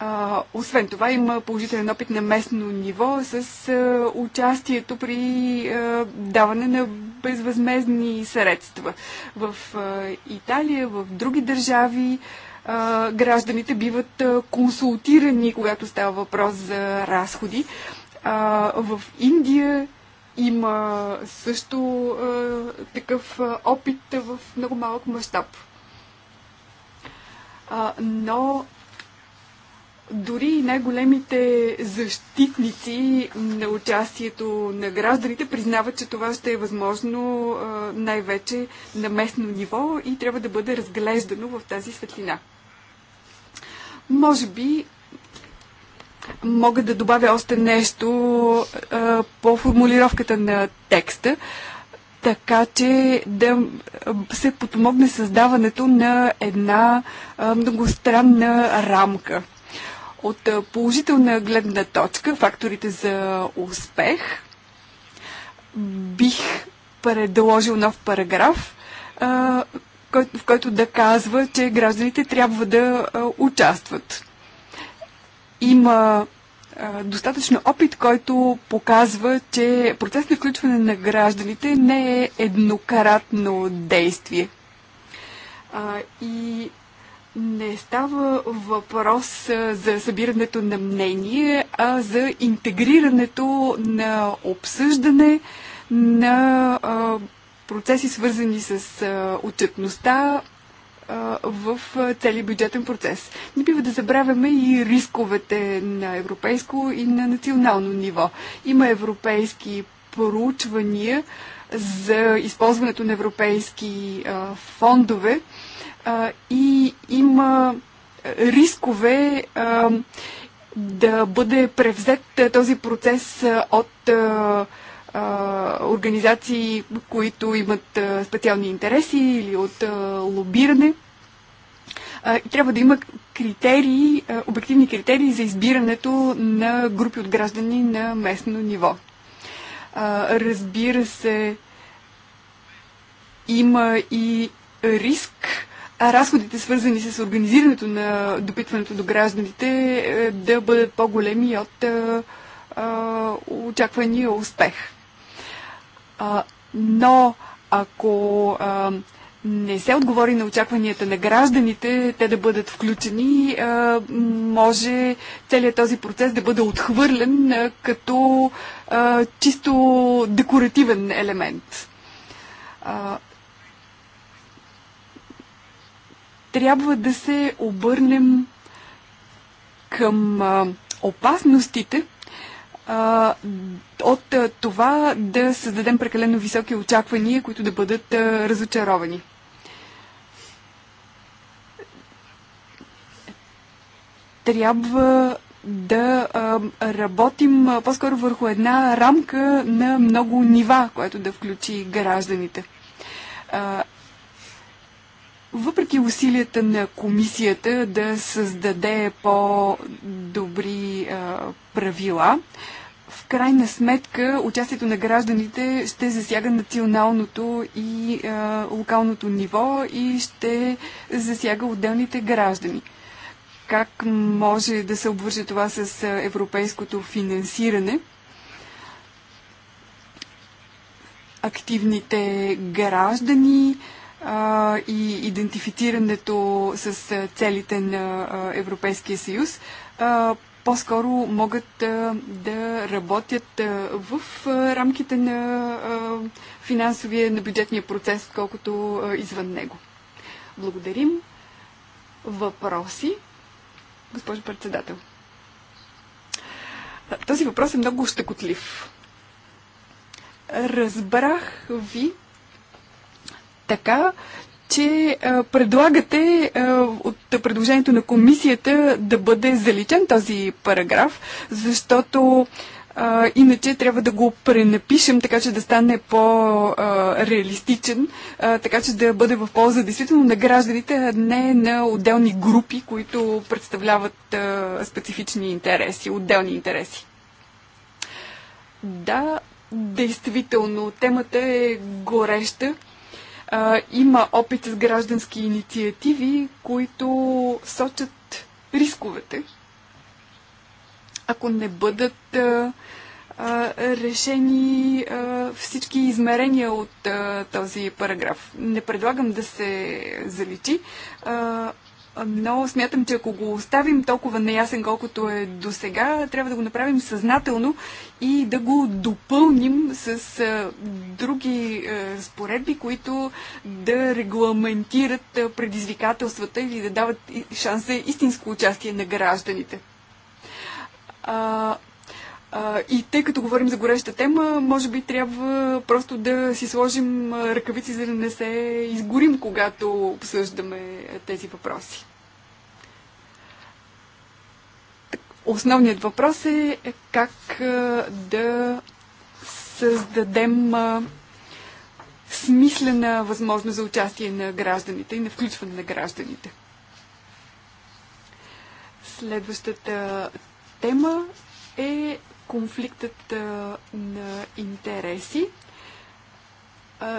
А, освен това има положителен опит на местно ниво с а, участието при а, даване на безвъзмезни средства. В а, Италия, в други държави а, гражданите биват а, консултирани, когато става въпрос за разходи. А, в Индия има също а, такъв а, опит в много малък мащаб. но дори и най-големите защитници на участието на гражданите признават, че това ще е възможно най-вече на местно ниво и трябва да бъде разглеждано в тази светлина. Може би мога да добавя още нещо по формулировката на текста, така че да се подпомогне създаването на една многостранна рамка – от положителна гледна точка, факторите за успех, бих предложил нов параграф, в който да казва, че гражданите трябва да участват. Има достатъчно опит, който показва, че процес на включване на гражданите не е еднократно действие. и не става въпрос за събирането на мнение, а за интегрирането на обсъждане на процеси, свързани с отчетността в целия бюджетен процес. Не бива да забравяме и рисковете на европейско и на национално ниво. Има европейски проучвания за използването на европейски фондове, а, и има е, рискове а, да бъде превзет е, този процес е, от а, организации, които имат специални интереси или от лобиране. Трябва да има критерии, обективни критерии за избирането на групи от граждани на местно ниво. Разбира се, има и риск а разходите, свързани с организирането на допитването до гражданите, е, да бъдат по-големи от е, е, очаквания успех. Но ако не се отговори на очакванията на гражданите, те да бъдат включени, може целият този процес да бъде отхвърлен като чисто декоративен елемент. трябва да се обърнем към опасностите от това да създадем прекалено високи очаквания, които да бъдат разочаровани. Трябва да работим по-скоро върху една рамка на много нива, която да включи гражданите въпреки усилията на комисията да създаде по-добри правила, в крайна сметка участието на гражданите ще засяга националното и а, локалното ниво и ще засяга отделните граждани. Как може да се обвърже това с европейското финансиране? Активните граждани, а, а, и идентифицирането с целите на Европейския съюз, по-скоро могат а, да работят а, в а, рамките на а, финансовия, на бюджетния процес, колкото а, извън него. Благодарим. Въпроси? Госпожо председател. Този въпрос е много щекотлив. Разбрах ви, така, че а, предлагате а, от предложението на комисията да бъде заличен този параграф, защото а, иначе трябва да го пренапишем, така че да стане по-реалистичен, така че да бъде в полза действително на гражданите, а не на отделни групи, които представляват а, специфични интереси, отделни интереси. Да, действително, темата е гореща а, има опит с граждански инициативи, които сочат рисковете, ако не бъдат а, а, решени а, всички измерения от а, този параграф. Не предлагам да се заличи. А, но смятам, че ако го оставим толкова неясен, колкото е до сега, трябва да го направим съзнателно и да го допълним с а, други а, споредби, които да регламентират а, предизвикателствата или да дават шанс за истинско участие на гражданите. А, а, и тъй като говорим за гореща тема, може би трябва просто да си сложим ръкавици, за да не се изгорим, когато обсъждаме тези въпроси. Основният въпрос е, е как да създадем смислена възможност за участие на гражданите и на включване на гражданите. Следващата тема е конфликтът на интереси.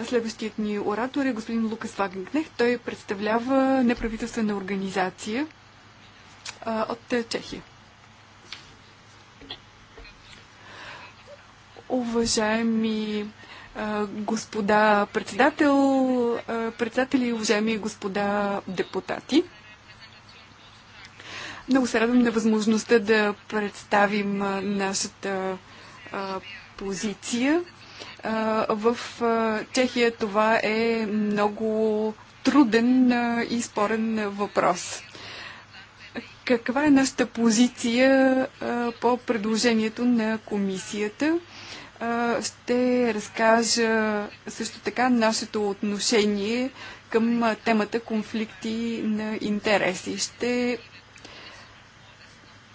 Следващият ни оратор е господин Лукас Вагенкнех. Той представлява неправителствена организация от Чехия. Уважаеми господа председател, председатели, уважаеми господа депутати. Много се радвам на възможността да представим нашата позиция. В Чехия това е много труден и спорен въпрос. Каква е нашата позиция по предложението на комисията? Ще разкажа също така нашето отношение към темата конфликти на интереси. Ще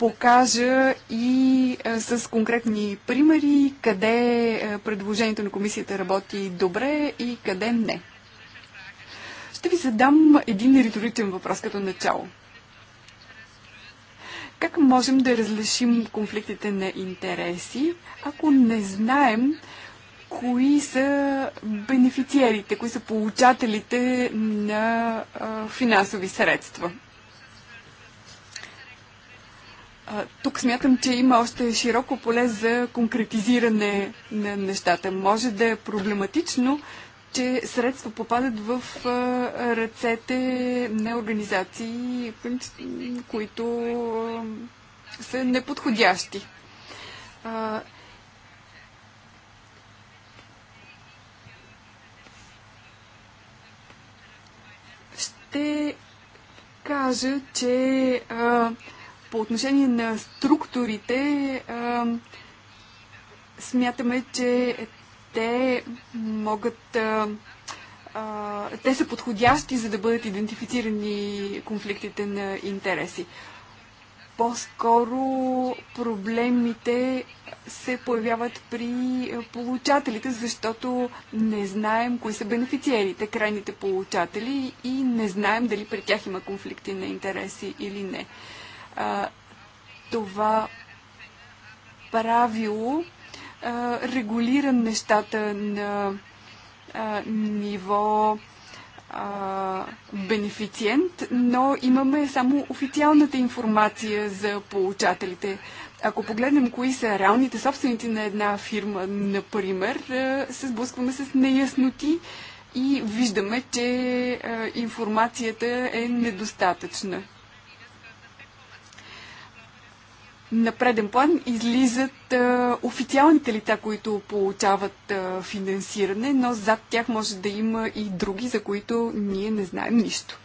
покажа и е, с конкретни примери къде е, предложението на комисията работи добре и къде не. Ще ви задам един риторичен въпрос като начало. Как можем да разрешим конфликтите на интереси, ако не знаем кои са бенефициерите, кои са получателите на а, финансови средства? Тук смятам, че има още широко поле за конкретизиране на нещата. Може да е проблематично, че средства попадат в ръцете на организации, които са неподходящи. Ще кажа, че а, по отношение на структурите, а, смятаме, че те могат. А, а, те са подходящи, за да бъдат идентифицирани конфликтите на интереси. По-скоро проблемите се появяват при получателите, защото не знаем кои са бенефициерите, крайните получатели и не знаем дали при тях има конфликти на интереси или не а, това правило а, регулира нещата на а, ниво а, бенефициент, но имаме само официалната информация за получателите. Ако погледнем кои са реалните собственици на една фирма, например, се сблъскваме с неясноти и виждаме, че информацията е недостатъчна. на преден план излизат а, официалните лица, които получават а, финансиране, но зад тях може да има и други, за които ние не знаем нищо.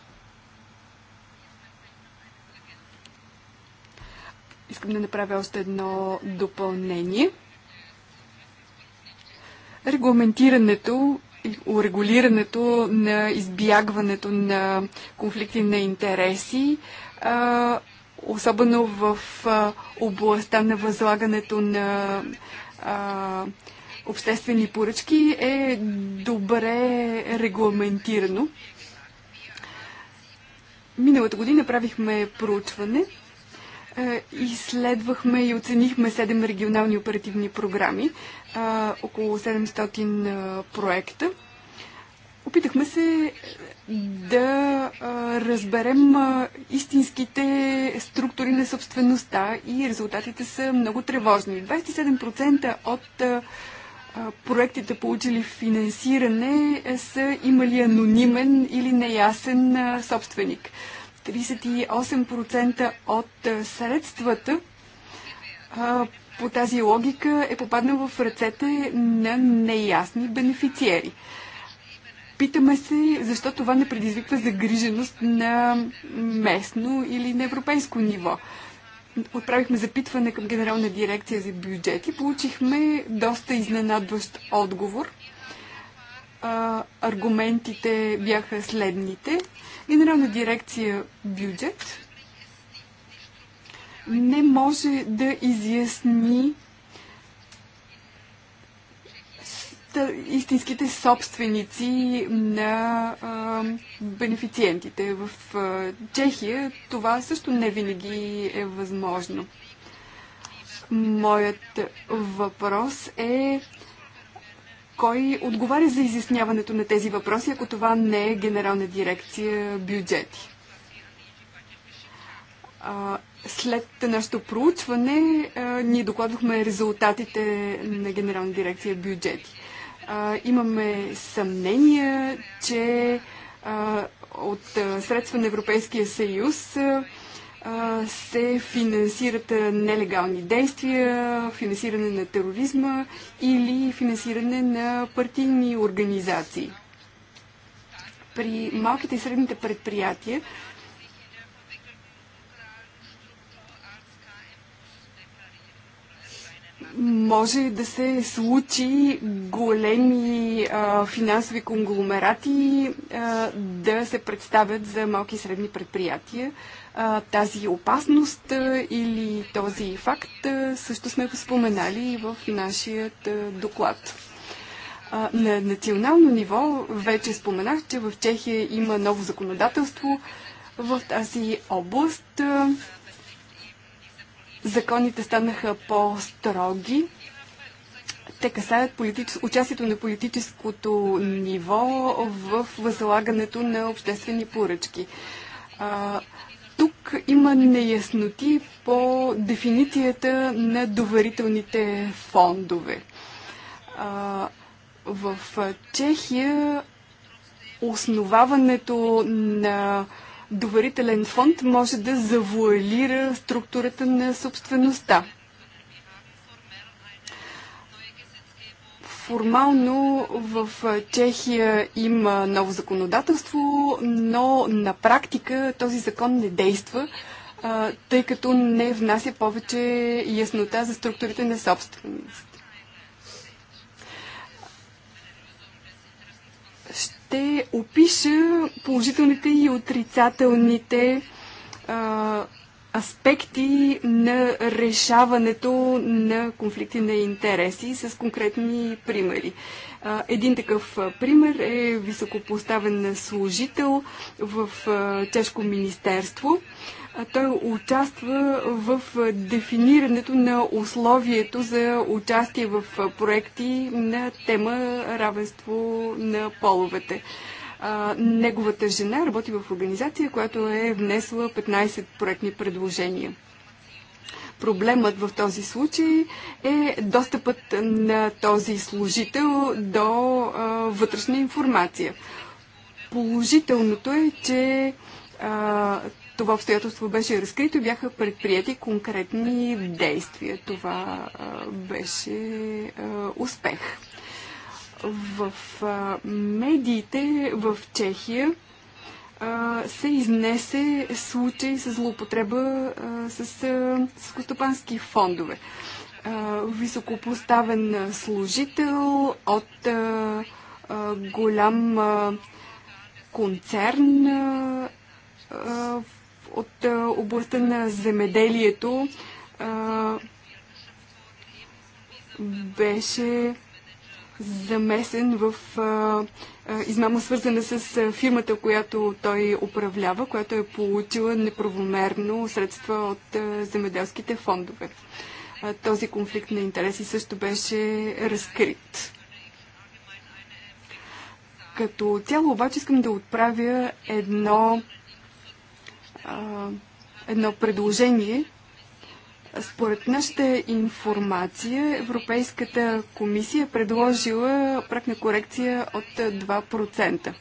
Искам да направя още едно допълнение. Регламентирането и урегулирането на избягването на конфликти на интереси а, особено в а, областта на възлагането на а, обществени поръчки, е добре регламентирано. Миналата година правихме проучване, изследвахме и оценихме 7 регионални оперативни програми, около 700 проекта. Опитахме се е, да разберем истинските структури на собствеността и резултатите са много тревожни. 27% от проектите, получили финансиране, е, са имали анонимен или неясен собственик. 38% от средствата по тази логика е попаднал в ръцете на неясни бенефициери. Питаме се защо това не предизвиква загриженост на местно или на европейско ниво. Отправихме запитване към Генерална дирекция за бюджет и получихме доста изненадващ отговор. А, аргументите бяха следните. Генерална дирекция бюджет не може да изясни истинските собственици на а, бенефициентите. В а, Чехия това също не винаги е възможно. Моят въпрос е кой отговаря за изясняването на тези въпроси, ако това не е Генерална дирекция бюджети? А, след нашето проучване а, ние докладвахме резултатите на Генерална дирекция бюджети а, имаме съмнение, че а, от а, средства на Европейския съюз а, се финансират нелегални действия, финансиране на тероризма или финансиране на партийни организации. При малките и средните предприятия може да се случи големи а, финансови конгломерати а, да се представят за малки и средни предприятия. А, тази опасност а, или този факт а, също сме споменали и в нашият а, доклад. А, на национално ниво вече споменах, че в Чехия има ново законодателство в тази област. А, Законите станаха по-строги. Те касаят участието на политическото ниво в възлагането на обществени поръчки. А, тук има неясноти по дефиницията на доверителните фондове. А, в Чехия основаването на доверителен фонд може да завуалира структурата на собствеността. Формално в Чехия има ново законодателство, но на практика този закон не действа, тъй като не внася повече яснота за структурите на собственост. ще опиша положителните и отрицателните а, аспекти на решаването на конфликти на интереси с конкретни примери. Един такъв пример е високопоставен служител в чешко министерство, той участва в дефинирането на условието за участие в проекти на тема равенство на половете. Неговата жена работи в организация, която е внесла 15 проектни предложения. Проблемът в този случай е достъпът на този служител до вътрешна информация. Положителното е, че това обстоятелство беше разкрито и бяха предприяти конкретни действия. Това беше успех. В медиите в Чехия се изнесе случай с злоупотреба с скостопански фондове. Високопоставен служител от голям концерн от областта на земеделието беше замесен в измама, свързана с фирмата, която той управлява, която е получила неправомерно средства от земеделските фондове. Този конфликт на интереси също беше разкрит. Като цяло обаче искам да отправя едно а, едно предложение. Според нашата информация, Европейската комисия е предложила прак на корекция от 2%.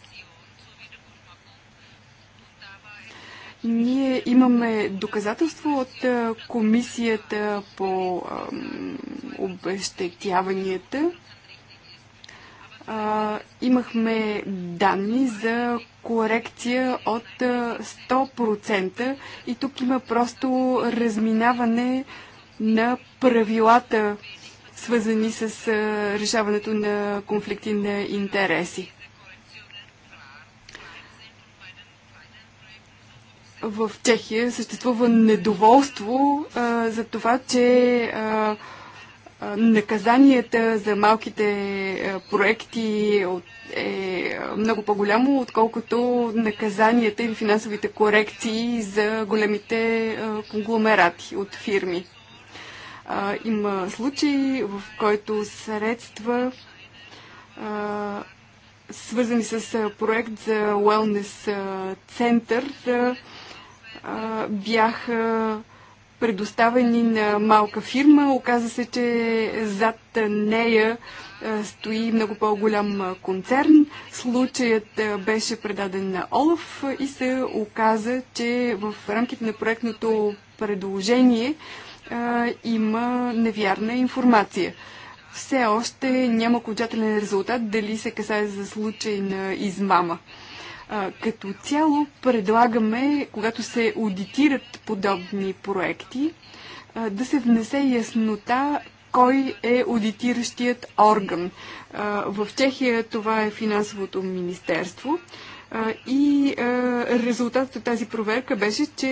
Ние имаме доказателство от комисията по обещетяванията, а, имахме данни за корекция от 100% и тук има просто разминаване на правилата, свързани с а, решаването на конфликти на интереси. В Чехия съществува недоволство а, за това, че а, наказанията за малките е, проекти е много по-голямо, отколкото наказанията и финансовите корекции за големите е, конгломерати от фирми. Има случаи, в който средства свързани с е, проект за Wellness Center бяха предоставени на малка фирма. Оказа се, че зад нея е, стои много по-голям е, концерн. Случаят е, беше предаден на Олаф и се оказа, че в рамките на проектното предложение а, има невярна информация. Все още няма окончателен резултат дали се касае за случай на измама. Като цяло предлагаме, когато се аудитират подобни проекти, да се внесе яснота кой е аудитиращият орган. В Чехия това е финансовото министерство. И резултатът от тази проверка беше, че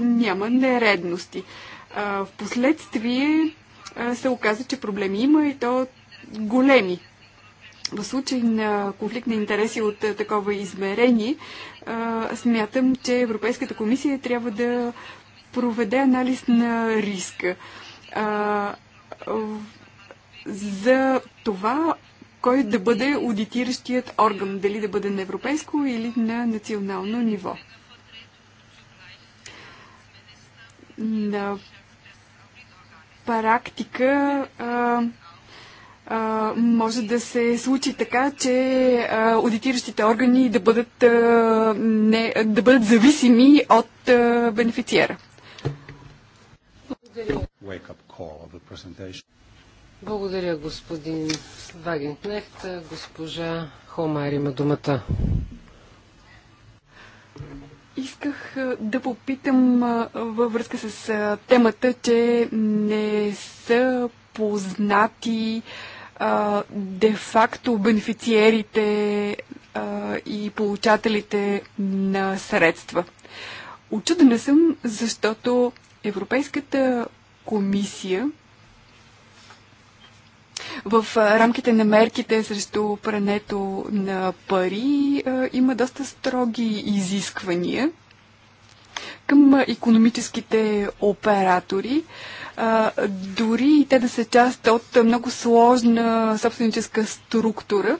няма нередности. Впоследствие се оказа, че проблеми има и то големи в случай на конфликт на интереси от е, такова измерение, е, смятам, че Европейската комисия трябва да проведе анализ на риска е, за това кой да бъде аудитиращият орган, дали да бъде на европейско или на национално ниво. На практика а, а, може да се случи така, че а, аудитиращите органи да бъдат, а, не, да бъдат зависими от а, бенефициера. Благодаря. Благодаря, господин Вагенкнехт. Госпожа Холмайер има думата. Исках да попитам във връзка с темата, че не са познати де-факто бенефициерите а, и получателите на средства. Очудена съм, защото Европейската комисия в рамките на мерките срещу прането на пари има доста строги изисквания към економическите оператори а, дори и те да са част от много сложна собственическа структура,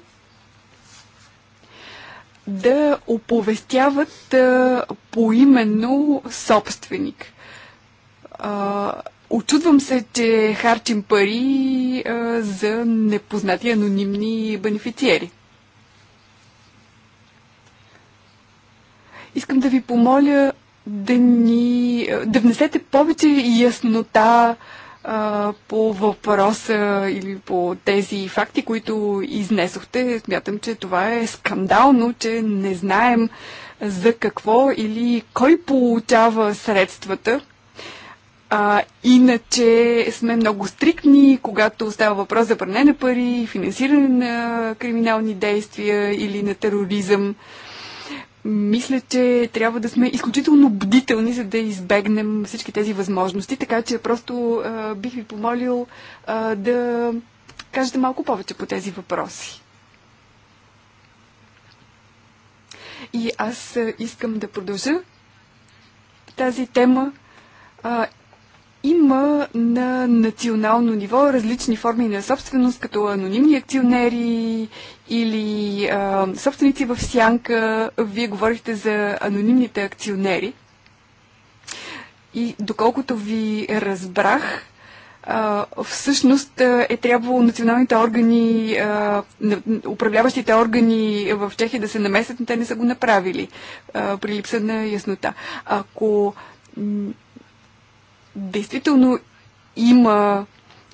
да оповестяват а, поименно собственик. А, очудвам се, че харчим пари а, за непознати анонимни бенефициери. Искам да ви помоля да, ни, да внесете повече яснота а, по въпроса или по тези факти, които изнесохте. Смятам, че това е скандално, че не знаем за какво или кой получава средствата. А, иначе сме много стриктни, когато става въпрос за пране на пари, финансиране на криминални действия или на тероризъм. Мисля, че трябва да сме изключително бдителни, за да избегнем всички тези възможности, така че просто а, бих ви помолил а, да кажете малко повече по тези въпроси. И аз искам да продължа тази тема а, има на национално ниво различни форми на собственост, като анонимни акционери или а, собственици в сянка. Вие говорихте за анонимните акционери. И доколкото ви разбрах, всъщност е трябвало националните органи, управляващите органи в Чехия да се намесят, но те не са го направили при липса на яснота. Ако Действително има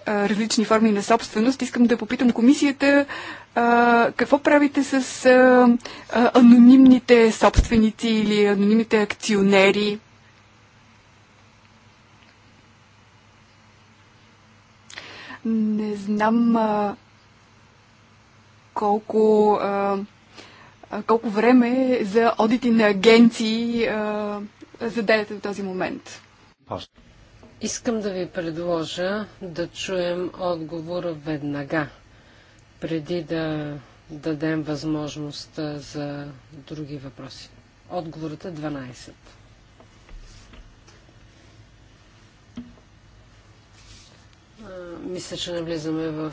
а, различни форми на собственост. Искам да попитам комисията а, какво правите с а, а, анонимните собственици или анонимните акционери? Не знам а, колко, а, колко време е за одити на агенции а, заделяте до този момент. Искам да ви предложа да чуем отговора веднага, преди да дадем възможност за други въпроси. Отговорът е 12. Мисля, че навлизаме в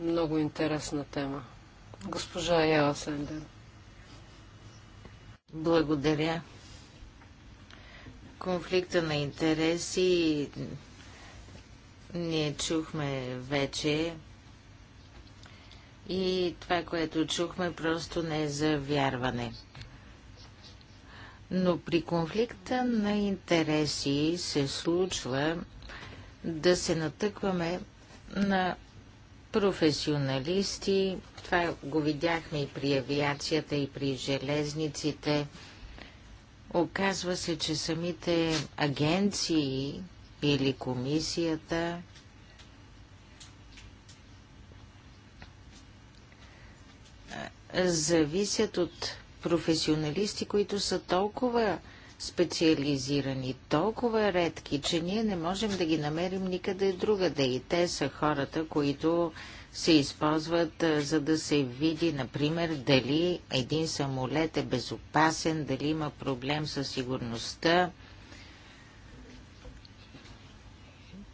много интересна тема. Госпожа Яла Сендер. Благодаря. Конфликта на интереси ние чухме вече и това, което чухме, просто не е за вярване. Но при конфликта на интереси се случва да се натъкваме на професионалисти. Това го видяхме и при авиацията, и при железниците – Оказва се, че самите агенции или комисията зависят от професионалисти, които са толкова специализирани, толкова редки, че ние не можем да ги намерим никъде другаде. И те са хората, които се използват, за да се види, например, дали един самолет е безопасен, дали има проблем със сигурността.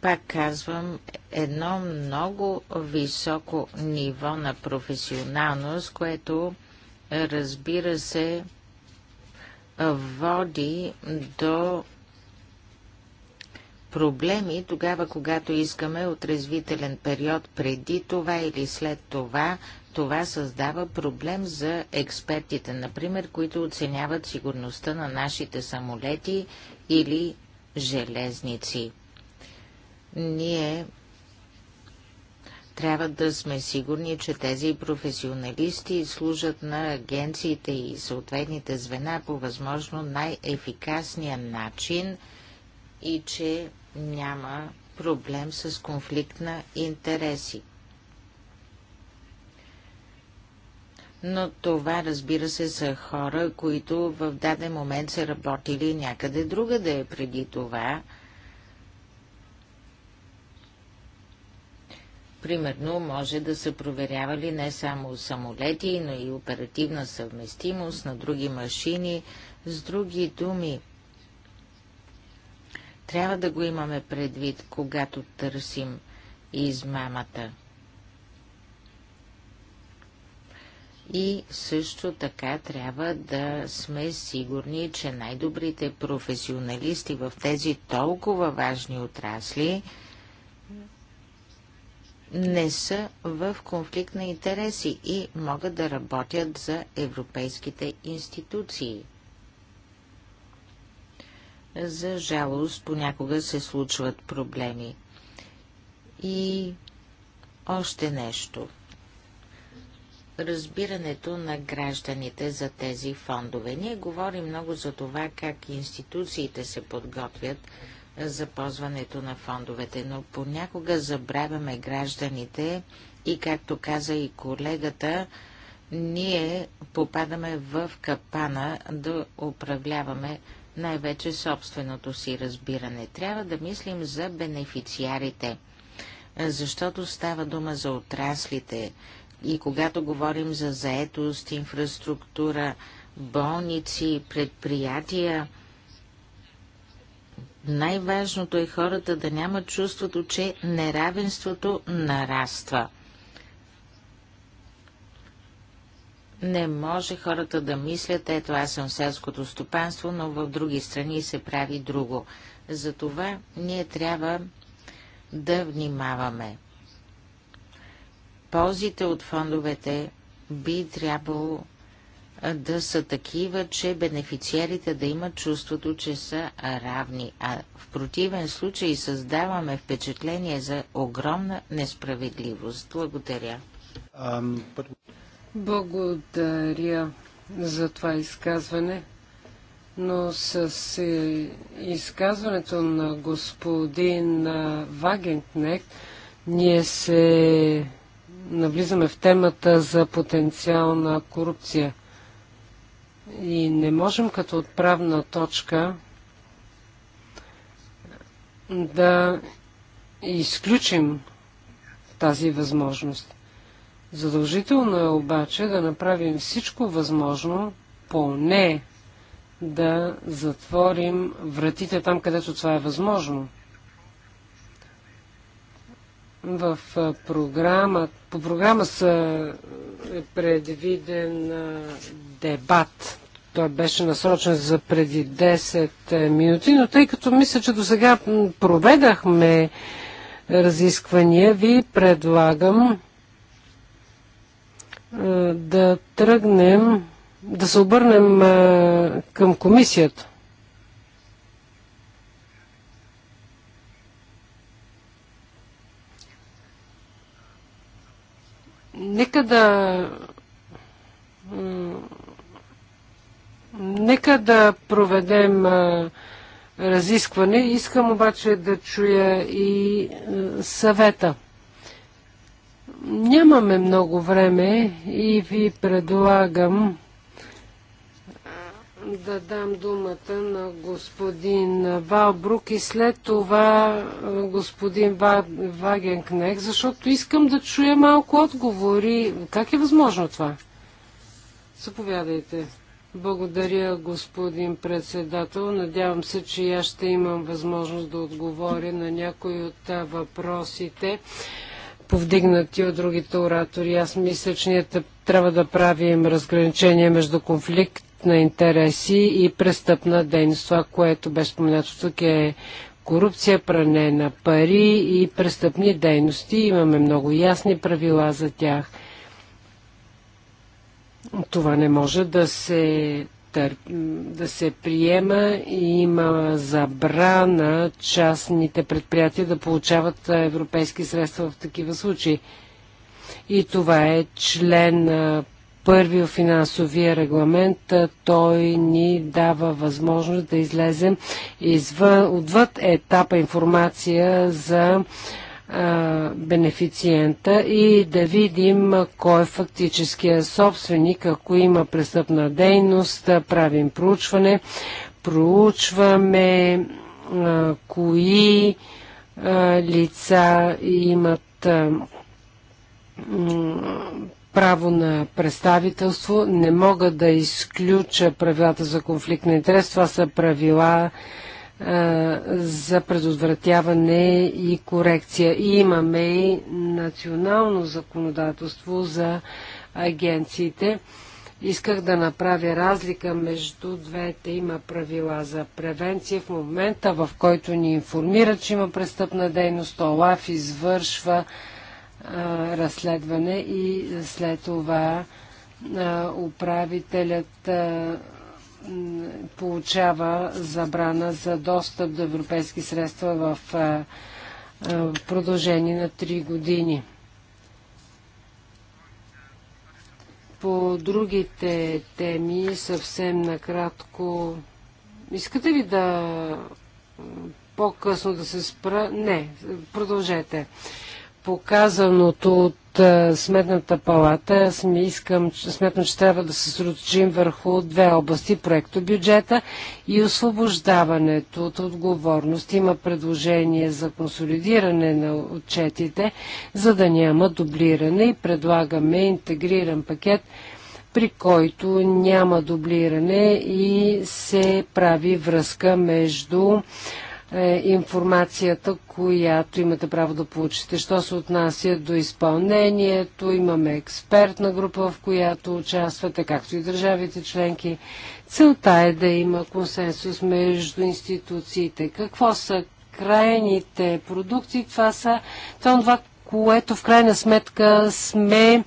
Пак казвам, едно много високо ниво на професионалност, което разбира се води до проблеми тогава, когато искаме отрезвителен период преди това или след това, това създава проблем за експертите, например, които оценяват сигурността на нашите самолети или железници. Ние трябва да сме сигурни, че тези професионалисти служат на агенциите и съответните звена по възможно най-ефикасния начин и че няма проблем с конфликт на интереси. Но това, разбира се, са хора, които в даден момент са работили някъде е преди това. Примерно, може да са проверявали не само самолети, но и оперативна съвместимост на други машини. С други думи, трябва да го имаме предвид, когато търсим измамата. И също така трябва да сме сигурни, че най-добрите професионалисти в тези толкова важни отрасли не са в конфликт на интереси и могат да работят за европейските институции. За жалост, понякога се случват проблеми. И още нещо. Разбирането на гражданите за тези фондове. Ние говорим много за това, как институциите се подготвят за ползването на фондовете, но понякога забравяме гражданите и, както каза и колегата, ние попадаме в капана да управляваме най-вече собственото си разбиране. Трябва да мислим за бенефициарите, защото става дума за отраслите. И когато говорим за заетост, инфраструктура, болници, предприятия, най-важното е хората да нямат чувството, че неравенството нараства – Не може хората да мислят, ето аз съм селското стопанство, но в други страни се прави друго. Затова ние трябва да внимаваме. Ползите от фондовете би трябвало да са такива, че бенефициерите да имат чувството, че са равни, а в противен случай създаваме впечатление за огромна несправедливост. Благодаря. Um, but... Благодаря за това изказване, но с е, изказването на господин Вагентнек ние се навлизаме в темата за потенциална корупция. И не можем като отправна точка да изключим тази възможност. Задължително е обаче да направим всичко възможно, поне да затворим вратите там, където това е възможно. В програма, по програма са е предвиден дебат. Той беше насрочен за преди 10 е, минути, но тъй като мисля, че до сега проведахме разисквания, ви предлагам е, да тръгнем, да се обърнем е, към комисията. Нека да. Е, нека да проведем а, разискване. Искам обаче да чуя и а, съвета. Нямаме много време и ви предлагам да дам думата на господин Валбрук и след това господин Вагенкнех, защото искам да чуя малко отговори. Как е възможно това? Заповядайте. Благодаря, господин председател. Надявам се, че аз ще имам възможност да отговоря на някои от въпросите повдигнати от другите оратори. Аз мисля, че ние трябва да правим разграничение между конфликт на интереси и престъпна дейност. Това, което бе споменато тук е корупция, пране на пари и престъпни дейности. Имаме много ясни правила за тях. Това не може да се тър... да се приема и има забрана частните предприятия да получават европейски средства в такива случаи. И това е член първи в финансовия регламент. Той ни дава възможност да излезем извън, отвъд етапа информация за бенефициента и да видим кой е фактическия собственик. Ако има престъпна дейност, правим проучване, проучваме а, кои а, лица имат а, право на представителство. Не мога да изключа правилата за конфликт на интерес. Това са правила, за предотвратяване и корекция. И имаме и национално законодателство за агенциите. Исках да направя разлика между двете. Има правила за превенция. В момента, в който ни информират, че има престъпна дейност, ОЛАФ извършва а, разследване и след това а, управителят а, получава забрана за достъп до европейски средства в е, е, продължение на 3 години. По другите теми съвсем накратко. Искате ли да е, по-късно да се спра? Не, продължете. Показаното от е, Сметната палата. Аз ми искам, сметно, че трябва да се срочим върху две области. Проекто бюджета и освобождаването от отговорност. Има предложение за консолидиране на отчетите, за да няма дублиране и предлагаме интегриран пакет при който няма дублиране и се прави връзка между е информацията, която имате право да получите. Що се отнася до изпълнението, имаме експертна група, в която участвате, както и държавите членки. Целта е да има консенсус между институциите. Какво са крайните продукти? Това са това, е което в крайна сметка сме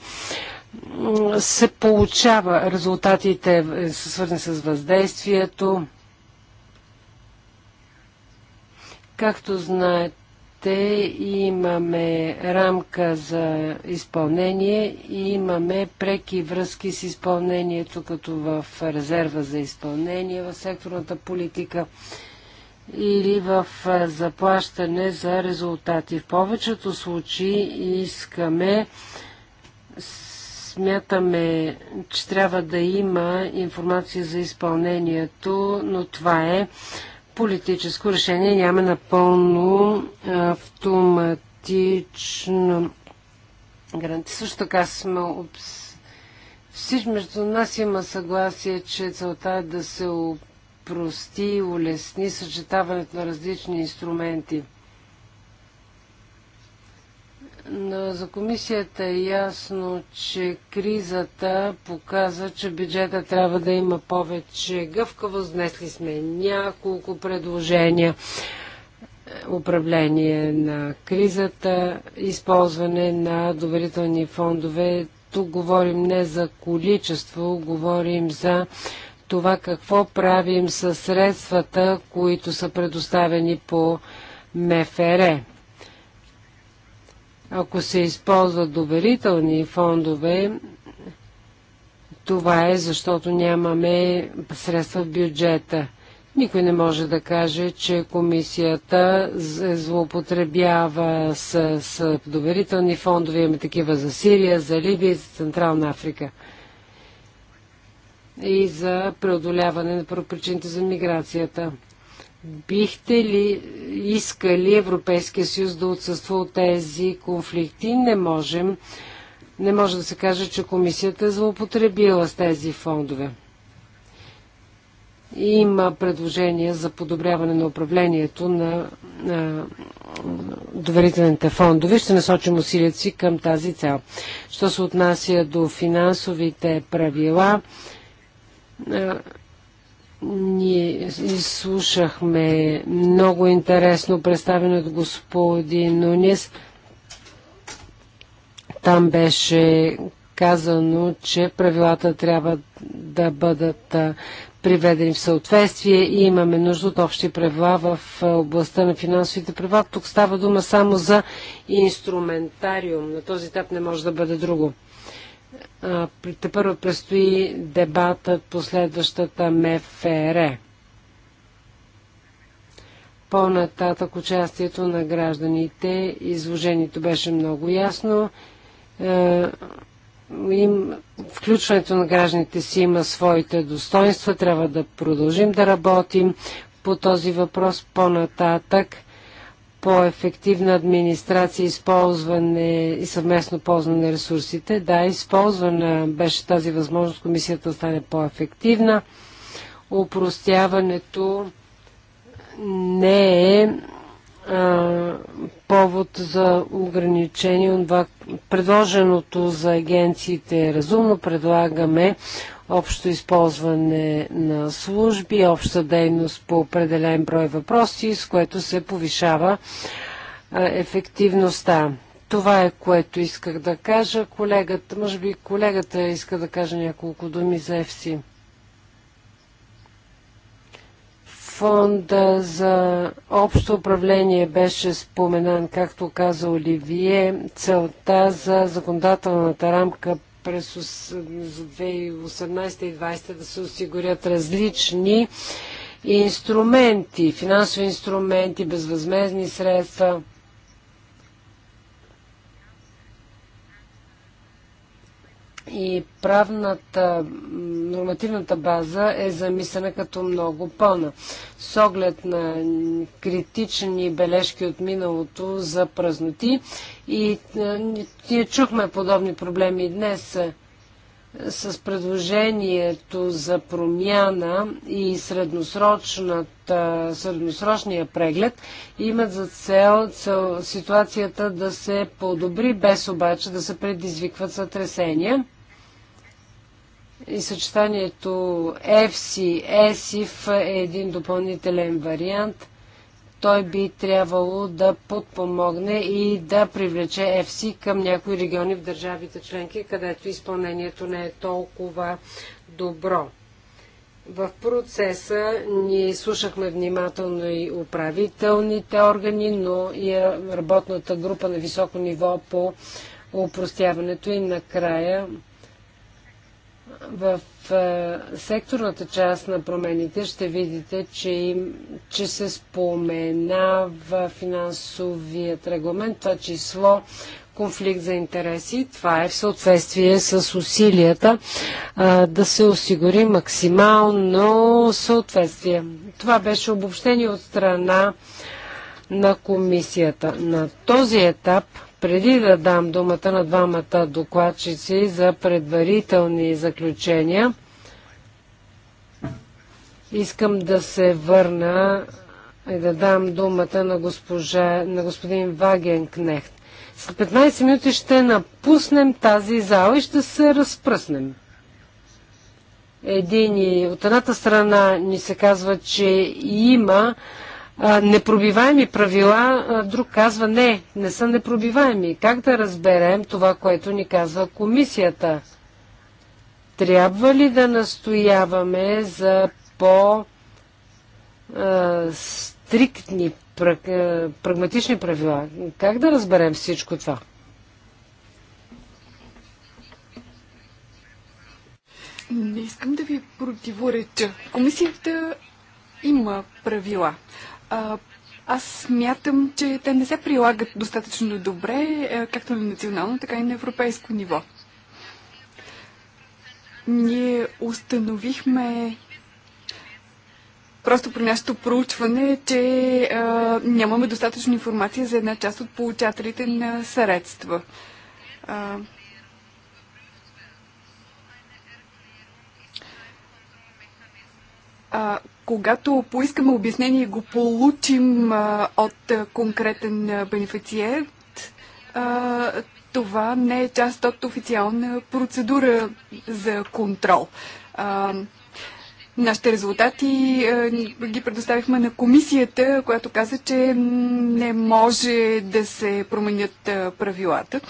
се получава. Резултатите е, свързани с въздействието, Както знаете, имаме рамка за изпълнение и имаме преки връзки с изпълнението, като в резерва за изпълнение в секторната политика или в заплащане за резултати. В повечето случаи искаме, смятаме, че трябва да има информация за изпълнението, но това е политическо решение. Няма напълно автоматично гаранти. Също така сме обс... Всички между нас има съгласие, че целта е да се опрости и улесни съчетаването на различни инструменти. За комисията е ясно, че кризата показа, че бюджета трябва да има повече гъвкавост. Внесли сме няколко предложения. Управление на кризата, използване на доверителни фондове. Тук говорим не за количество, говорим за това какво правим със средствата, които са предоставени по МФР ако се използват доверителни фондове, това е защото нямаме средства в бюджета. Никой не може да каже, че комисията злоупотребява с, с доверителни фондове. Имаме такива за Сирия, за Либия и за Централна Африка. И за преодоляване на причините за миграцията. Бихте ли искали Европейския съюз да отсъства от тези конфликти? Не можем. Не може да се каже, че комисията е злоупотребила с тези фондове. Има предложения за подобряване на управлението на, на доверителните фондове. Ще насочим усилията си към тази цел. Що се отнася до финансовите правила, ние изслушахме много интересно представено от господин Нунис. Там беше казано, че правилата трябва да бъдат приведени в съответствие и имаме нужда от общи правила в областта на финансовите права. Тук става дума само за инструментариум. На този етап не може да бъде друго. Те първо предстои дебатът по следващата МФР. По-нататък участието на гражданите. Изложението беше много ясно. Е, им, включването на гражданите си има своите достоинства. Трябва да продължим да работим по този въпрос по-нататък по-ефективна администрация, използване и съвместно ползване на ресурсите. Да, използвана беше тази възможност комисията да стане по-ефективна. Упростяването не е повод за ограничение. Предложеното за агенциите е разумно. Предлагаме общо използване на служби, обща дейност по определен брой въпроси, с което се повишава ефективността. Това е което исках да кажа. Колегата, може би колегата иска да каже няколко думи за ЕФСИ. Фонда за общо управление беше споменан, както каза Оливие, целта за законодателната рамка през 2018 и 2020 да се осигурят различни инструменти, финансови инструменти, безвъзмезни средства – и правната нормативната база е замислена като много пълна. С оглед на критични бележки от миналото за празноти и ние чухме подобни проблеми днес с предложението за промяна и средносрочния преглед имат за цел, цел ситуацията да се подобри, без обаче да се предизвикват сътресения и съчетанието FC, ESIF е един допълнителен вариант. Той би трябвало да подпомогне и да привлече FC към някои региони в държавите членки, където изпълнението не е толкова добро. В процеса ние слушахме внимателно и управителните органи, но и работната група на високо ниво по упростяването и накрая в е, секторната част на промените ще видите, че, им, че се споменава финансовият регламент, това число конфликт за интереси. Това е в съответствие с усилията а, да се осигури максимално съответствие. Това беше обобщение от страна на комисията. На този етап преди да дам думата на двамата докладчици за предварителни заключения, искам да се върна и да дам думата на, госпожа, на господин Вагенкнехт. След 15 минути ще напуснем тази зала и ще се разпръснем. Един и от едната страна ни се казва, че има непробиваеми правила, друг казва не, не са непробиваеми. Как да разберем това, което ни казва комисията? Трябва ли да настояваме за по- стриктни, прагматични правила. Как да разберем всичко това? Не искам да ви противореча. Комисията има правила аз смятам, че те не се прилагат достатъчно добре, е, както на национално, така и на европейско ниво. Ние установихме просто при нашето проучване, че а, нямаме достатъчно информация за една част от получателите на средства. А, А, когато поискаме обяснение и го получим а, от конкретен бенефициент, а, това не е част от официална процедура за контрол. А, Нашите резултати ги предоставихме на комисията, която каза, че не може да се променят правилата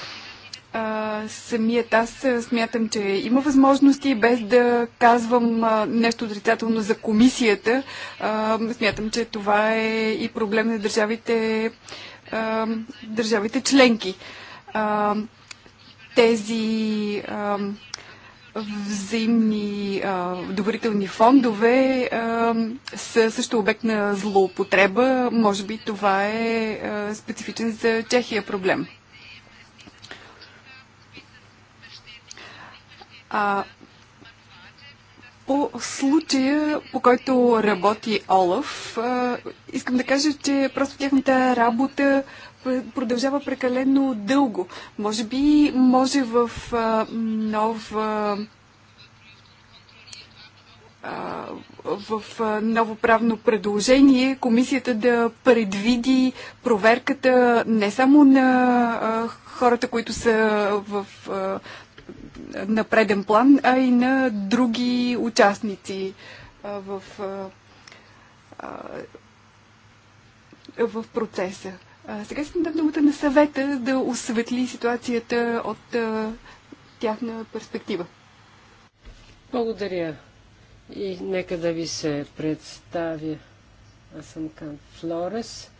самият аз смятам, че има възможности, без да казвам а, нещо отрицателно за комисията. А, смятам, че това е и проблем на държавите, а, държавите членки. А, тези а, взаимни а, доверителни фондове а, са също обект на злоупотреба. Може би това е а, специфичен за Чехия проблем. А, по случая, по който работи Олаф, а, искам да кажа, че просто тяхната работа продължава прекалено дълго. Може би може в а, в ново правно предложение комисията да предвиди проверката не само на хората, които са в на преден план, а и на други участници в, в процеса. Сега искам да думата на съвета да осветли ситуацията от тяхна перспектива. Благодаря. И нека да ви се представя. Аз съм Кан Флорес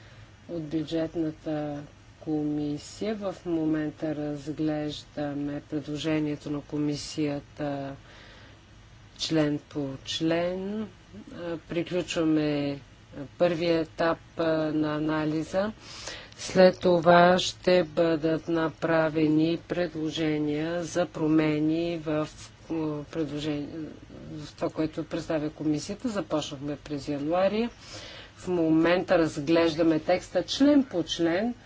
от бюджетната комисия. В момента разглеждаме предложението на комисията член по член. Приключваме първия етап на анализа. След това ще бъдат направени предложения за промени в, в това, което представя комисията. Започнахме през януари. В момента разглеждаме текста член по член –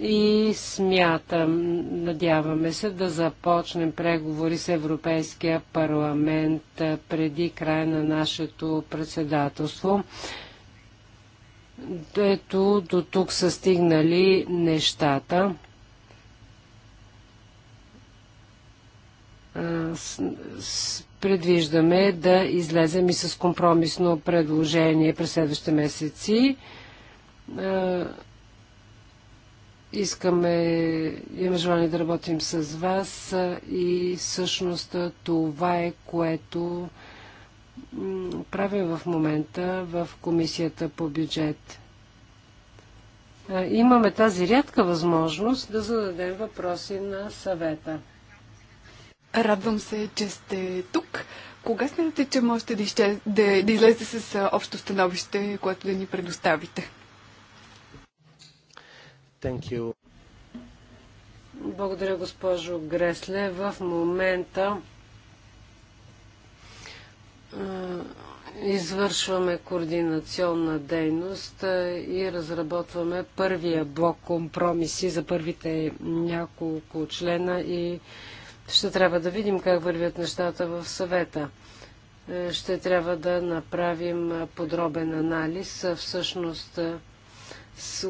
и смятам, надяваме се да започнем преговори с Европейския парламент преди края на нашето председателство. Ето до тук са стигнали нещата. Предвиждаме да излезем и с компромисно предложение през следващите месеци Искаме, имаме желание да работим с вас и всъщност това е което правим в момента в Комисията по бюджет. Имаме тази рядка възможност да зададем въпроси на съвета. Радвам се, че сте тук. Кога смятате, че можете да, изчез... да, да излезете с общо становище, което да ни предоставите? Thank you. Благодаря, госпожо Гресле. В момента извършваме координационна дейност и разработваме първия блок компромиси за първите няколко члена и ще трябва да видим как вървят нещата в съвета. Е, ще трябва да направим подробен анализ. Всъщност,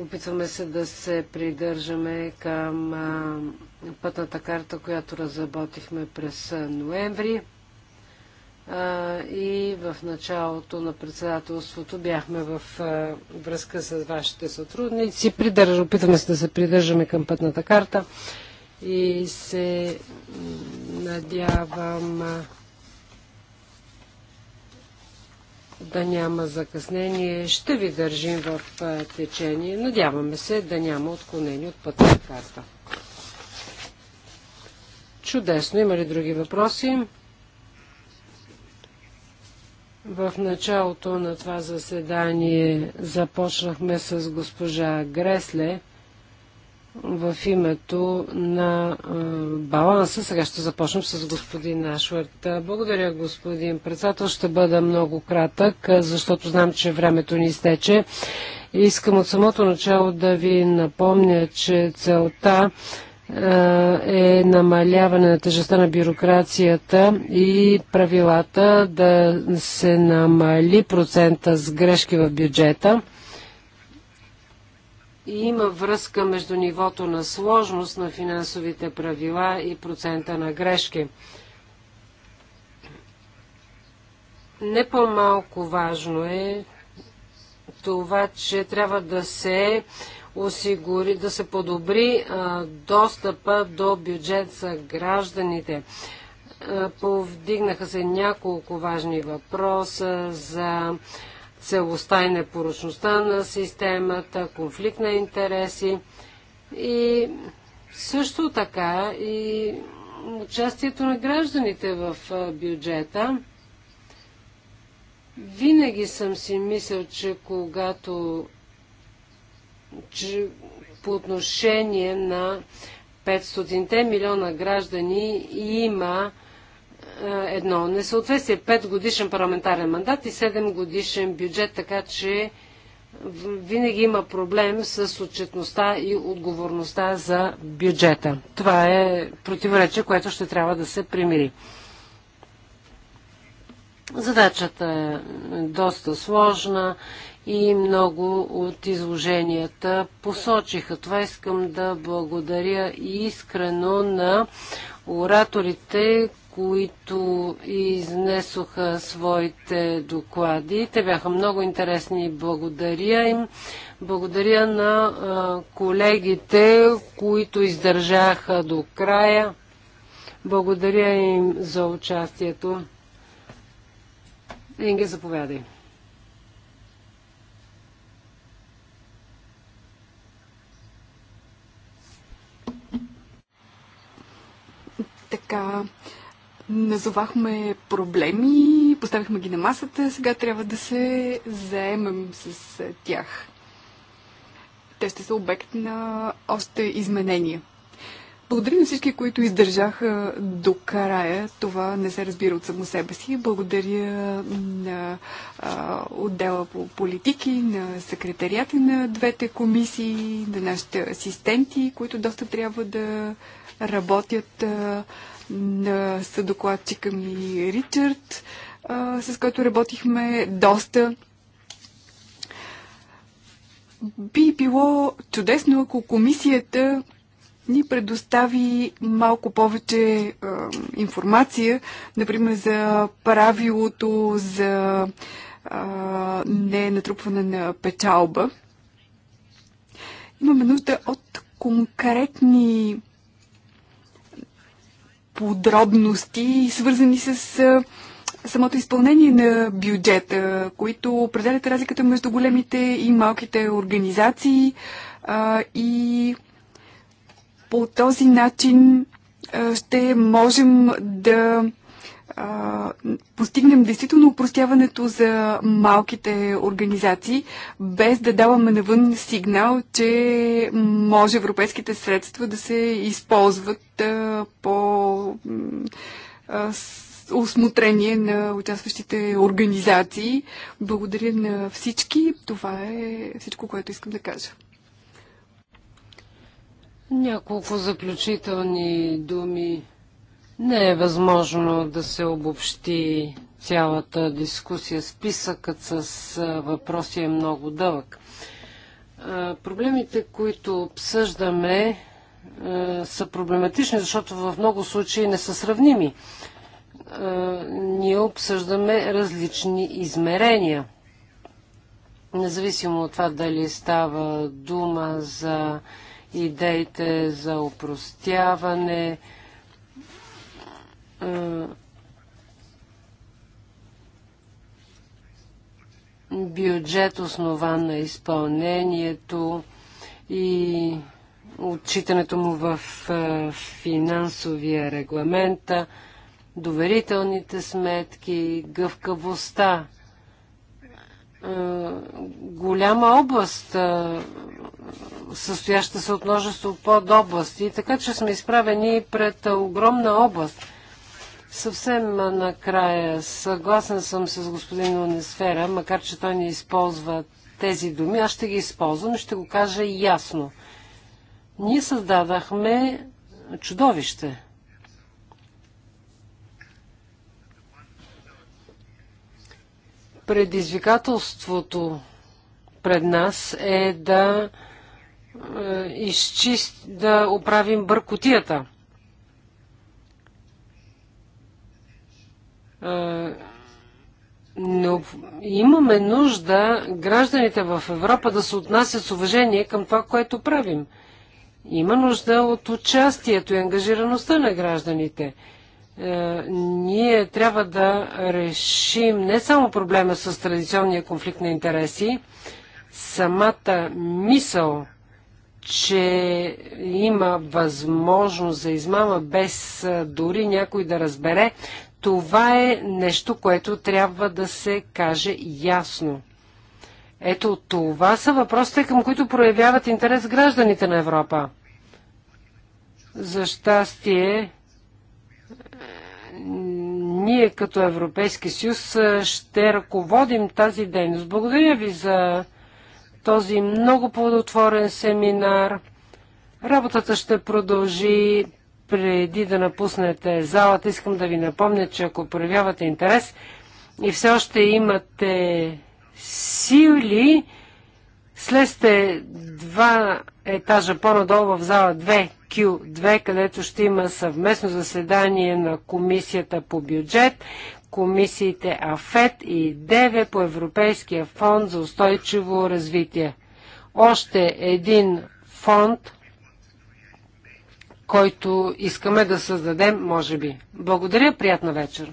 Опитваме се да се придържаме към пътната карта, която разработихме през ноември. И в началото на председателството бяхме в връзка с вашите сътрудници. Придържа, опитваме се да се придържаме към пътната карта и се надявам да няма закъснение. Ще ви държим в течение. Надяваме се да няма отклонение от пътна карта. Чудесно. Има ли други въпроси? В началото на това заседание започнахме с госпожа Гресле в името на баланса. Сега ще започнем с господин Ашвард. Благодаря, господин председател. Ще бъда много кратък, защото знам, че времето ни изтече. Искам от самото начало да ви напомня, че целта е намаляване на тежестта на бюрокрацията и правилата да се намали процента с грешки в бюджета и има връзка между нивото на сложност на финансовите правила и процента на грешки. Не по-малко важно е това, че трябва да се осигури, да се подобри а, достъпа до бюджет за гражданите. А, повдигнаха се няколко важни въпроса за целостта и непорочността на системата, конфликт на интереси и също така и участието на гражданите в бюджета. Винаги съм си мислил, че когато че по отношение на 500-те милиона граждани има е, едно несъответствие. 5 годишен парламентарен мандат и 7 годишен бюджет, така че винаги има проблем с отчетността и отговорността за бюджета. Това е противоречие, което ще трябва да се примири. Задачата е доста сложна и много от изложенията посочиха. Това искам да благодаря искрено на ораторите, които изнесоха своите доклади. Те бяха много интересни. Благодаря им. Благодаря на колегите, които издържаха до края. Благодаря им за участието. Инге, заповядай. Така, назовахме проблеми, поставихме ги на масата, сега трябва да се заемем с е, тях. Те ще са обект на още изменения. Благодаря на всички, които издържаха до края. Това не се разбира от само себе си. Благодаря на а, отдела по политики, на секретарията на двете комисии, на нашите асистенти, които доста трябва да работят. А, на съдокладчика ми Ричард, а, с който работихме доста. Би било чудесно, ако комисията ни предостави малко повече е, информация, например за правилото за е, ненатрупване на печалба. Имаме нужда от конкретни подробности, свързани с самото изпълнение на бюджета, които определят разликата между големите и малките организации а, и по този начин а, ще можем да а, постигнем действително упростяването за малките организации, без да даваме навън сигнал, че може европейските средства да се използват а, по а, осмотрение на участващите организации. Благодаря на всички. Това е всичко, което искам да кажа. Няколко заключителни думи не е възможно да се обобщи цялата дискусия. Списъкът с въпроси е много дълъг. Проблемите, които обсъждаме, са проблематични, защото в много случаи не са сравними. Ние обсъждаме различни измерения. Независимо от това дали става дума за идеите за упростяване, бюджет, основан на изпълнението и отчитането му в финансовия регламент, доверителните сметки, гъвкавостта. Голяма област, състояща се от множество под области, така че сме изправени пред огромна област – Съвсем накрая съгласен съм с господин Унисфера, макар че той не използва тези думи, аз ще ги използвам и ще го кажа ясно. Ние създадахме чудовище. Предизвикателството пред нас е да, е, изчисти, да оправим бъркотията. но имаме нужда гражданите в Европа да се отнасят с уважение към това, което правим. Има нужда от участието и ангажираността на гражданите. Е, ние трябва да решим не само проблема с традиционния конфликт на интереси, самата мисъл, че има възможност за измама без дори някой да разбере това е нещо, което трябва да се каже ясно. Ето това са въпросите, към които проявяват интерес гражданите на Европа. За щастие, ние като Европейски съюз ще ръководим тази дейност. Благодаря ви за този много плодотворен семинар. Работата ще продължи преди да напуснете залата, искам да ви напомня, че ако проявявате интерес и все още имате сили, слезте два етажа по-надолу в зала 2Q2, където ще има съвместно заседание на Комисията по бюджет, комисиите АФЕТ и ДЕВЕ по Европейския фонд за устойчиво развитие. Още един фонд – който искаме да създадем, може би. Благодаря, приятна вечер!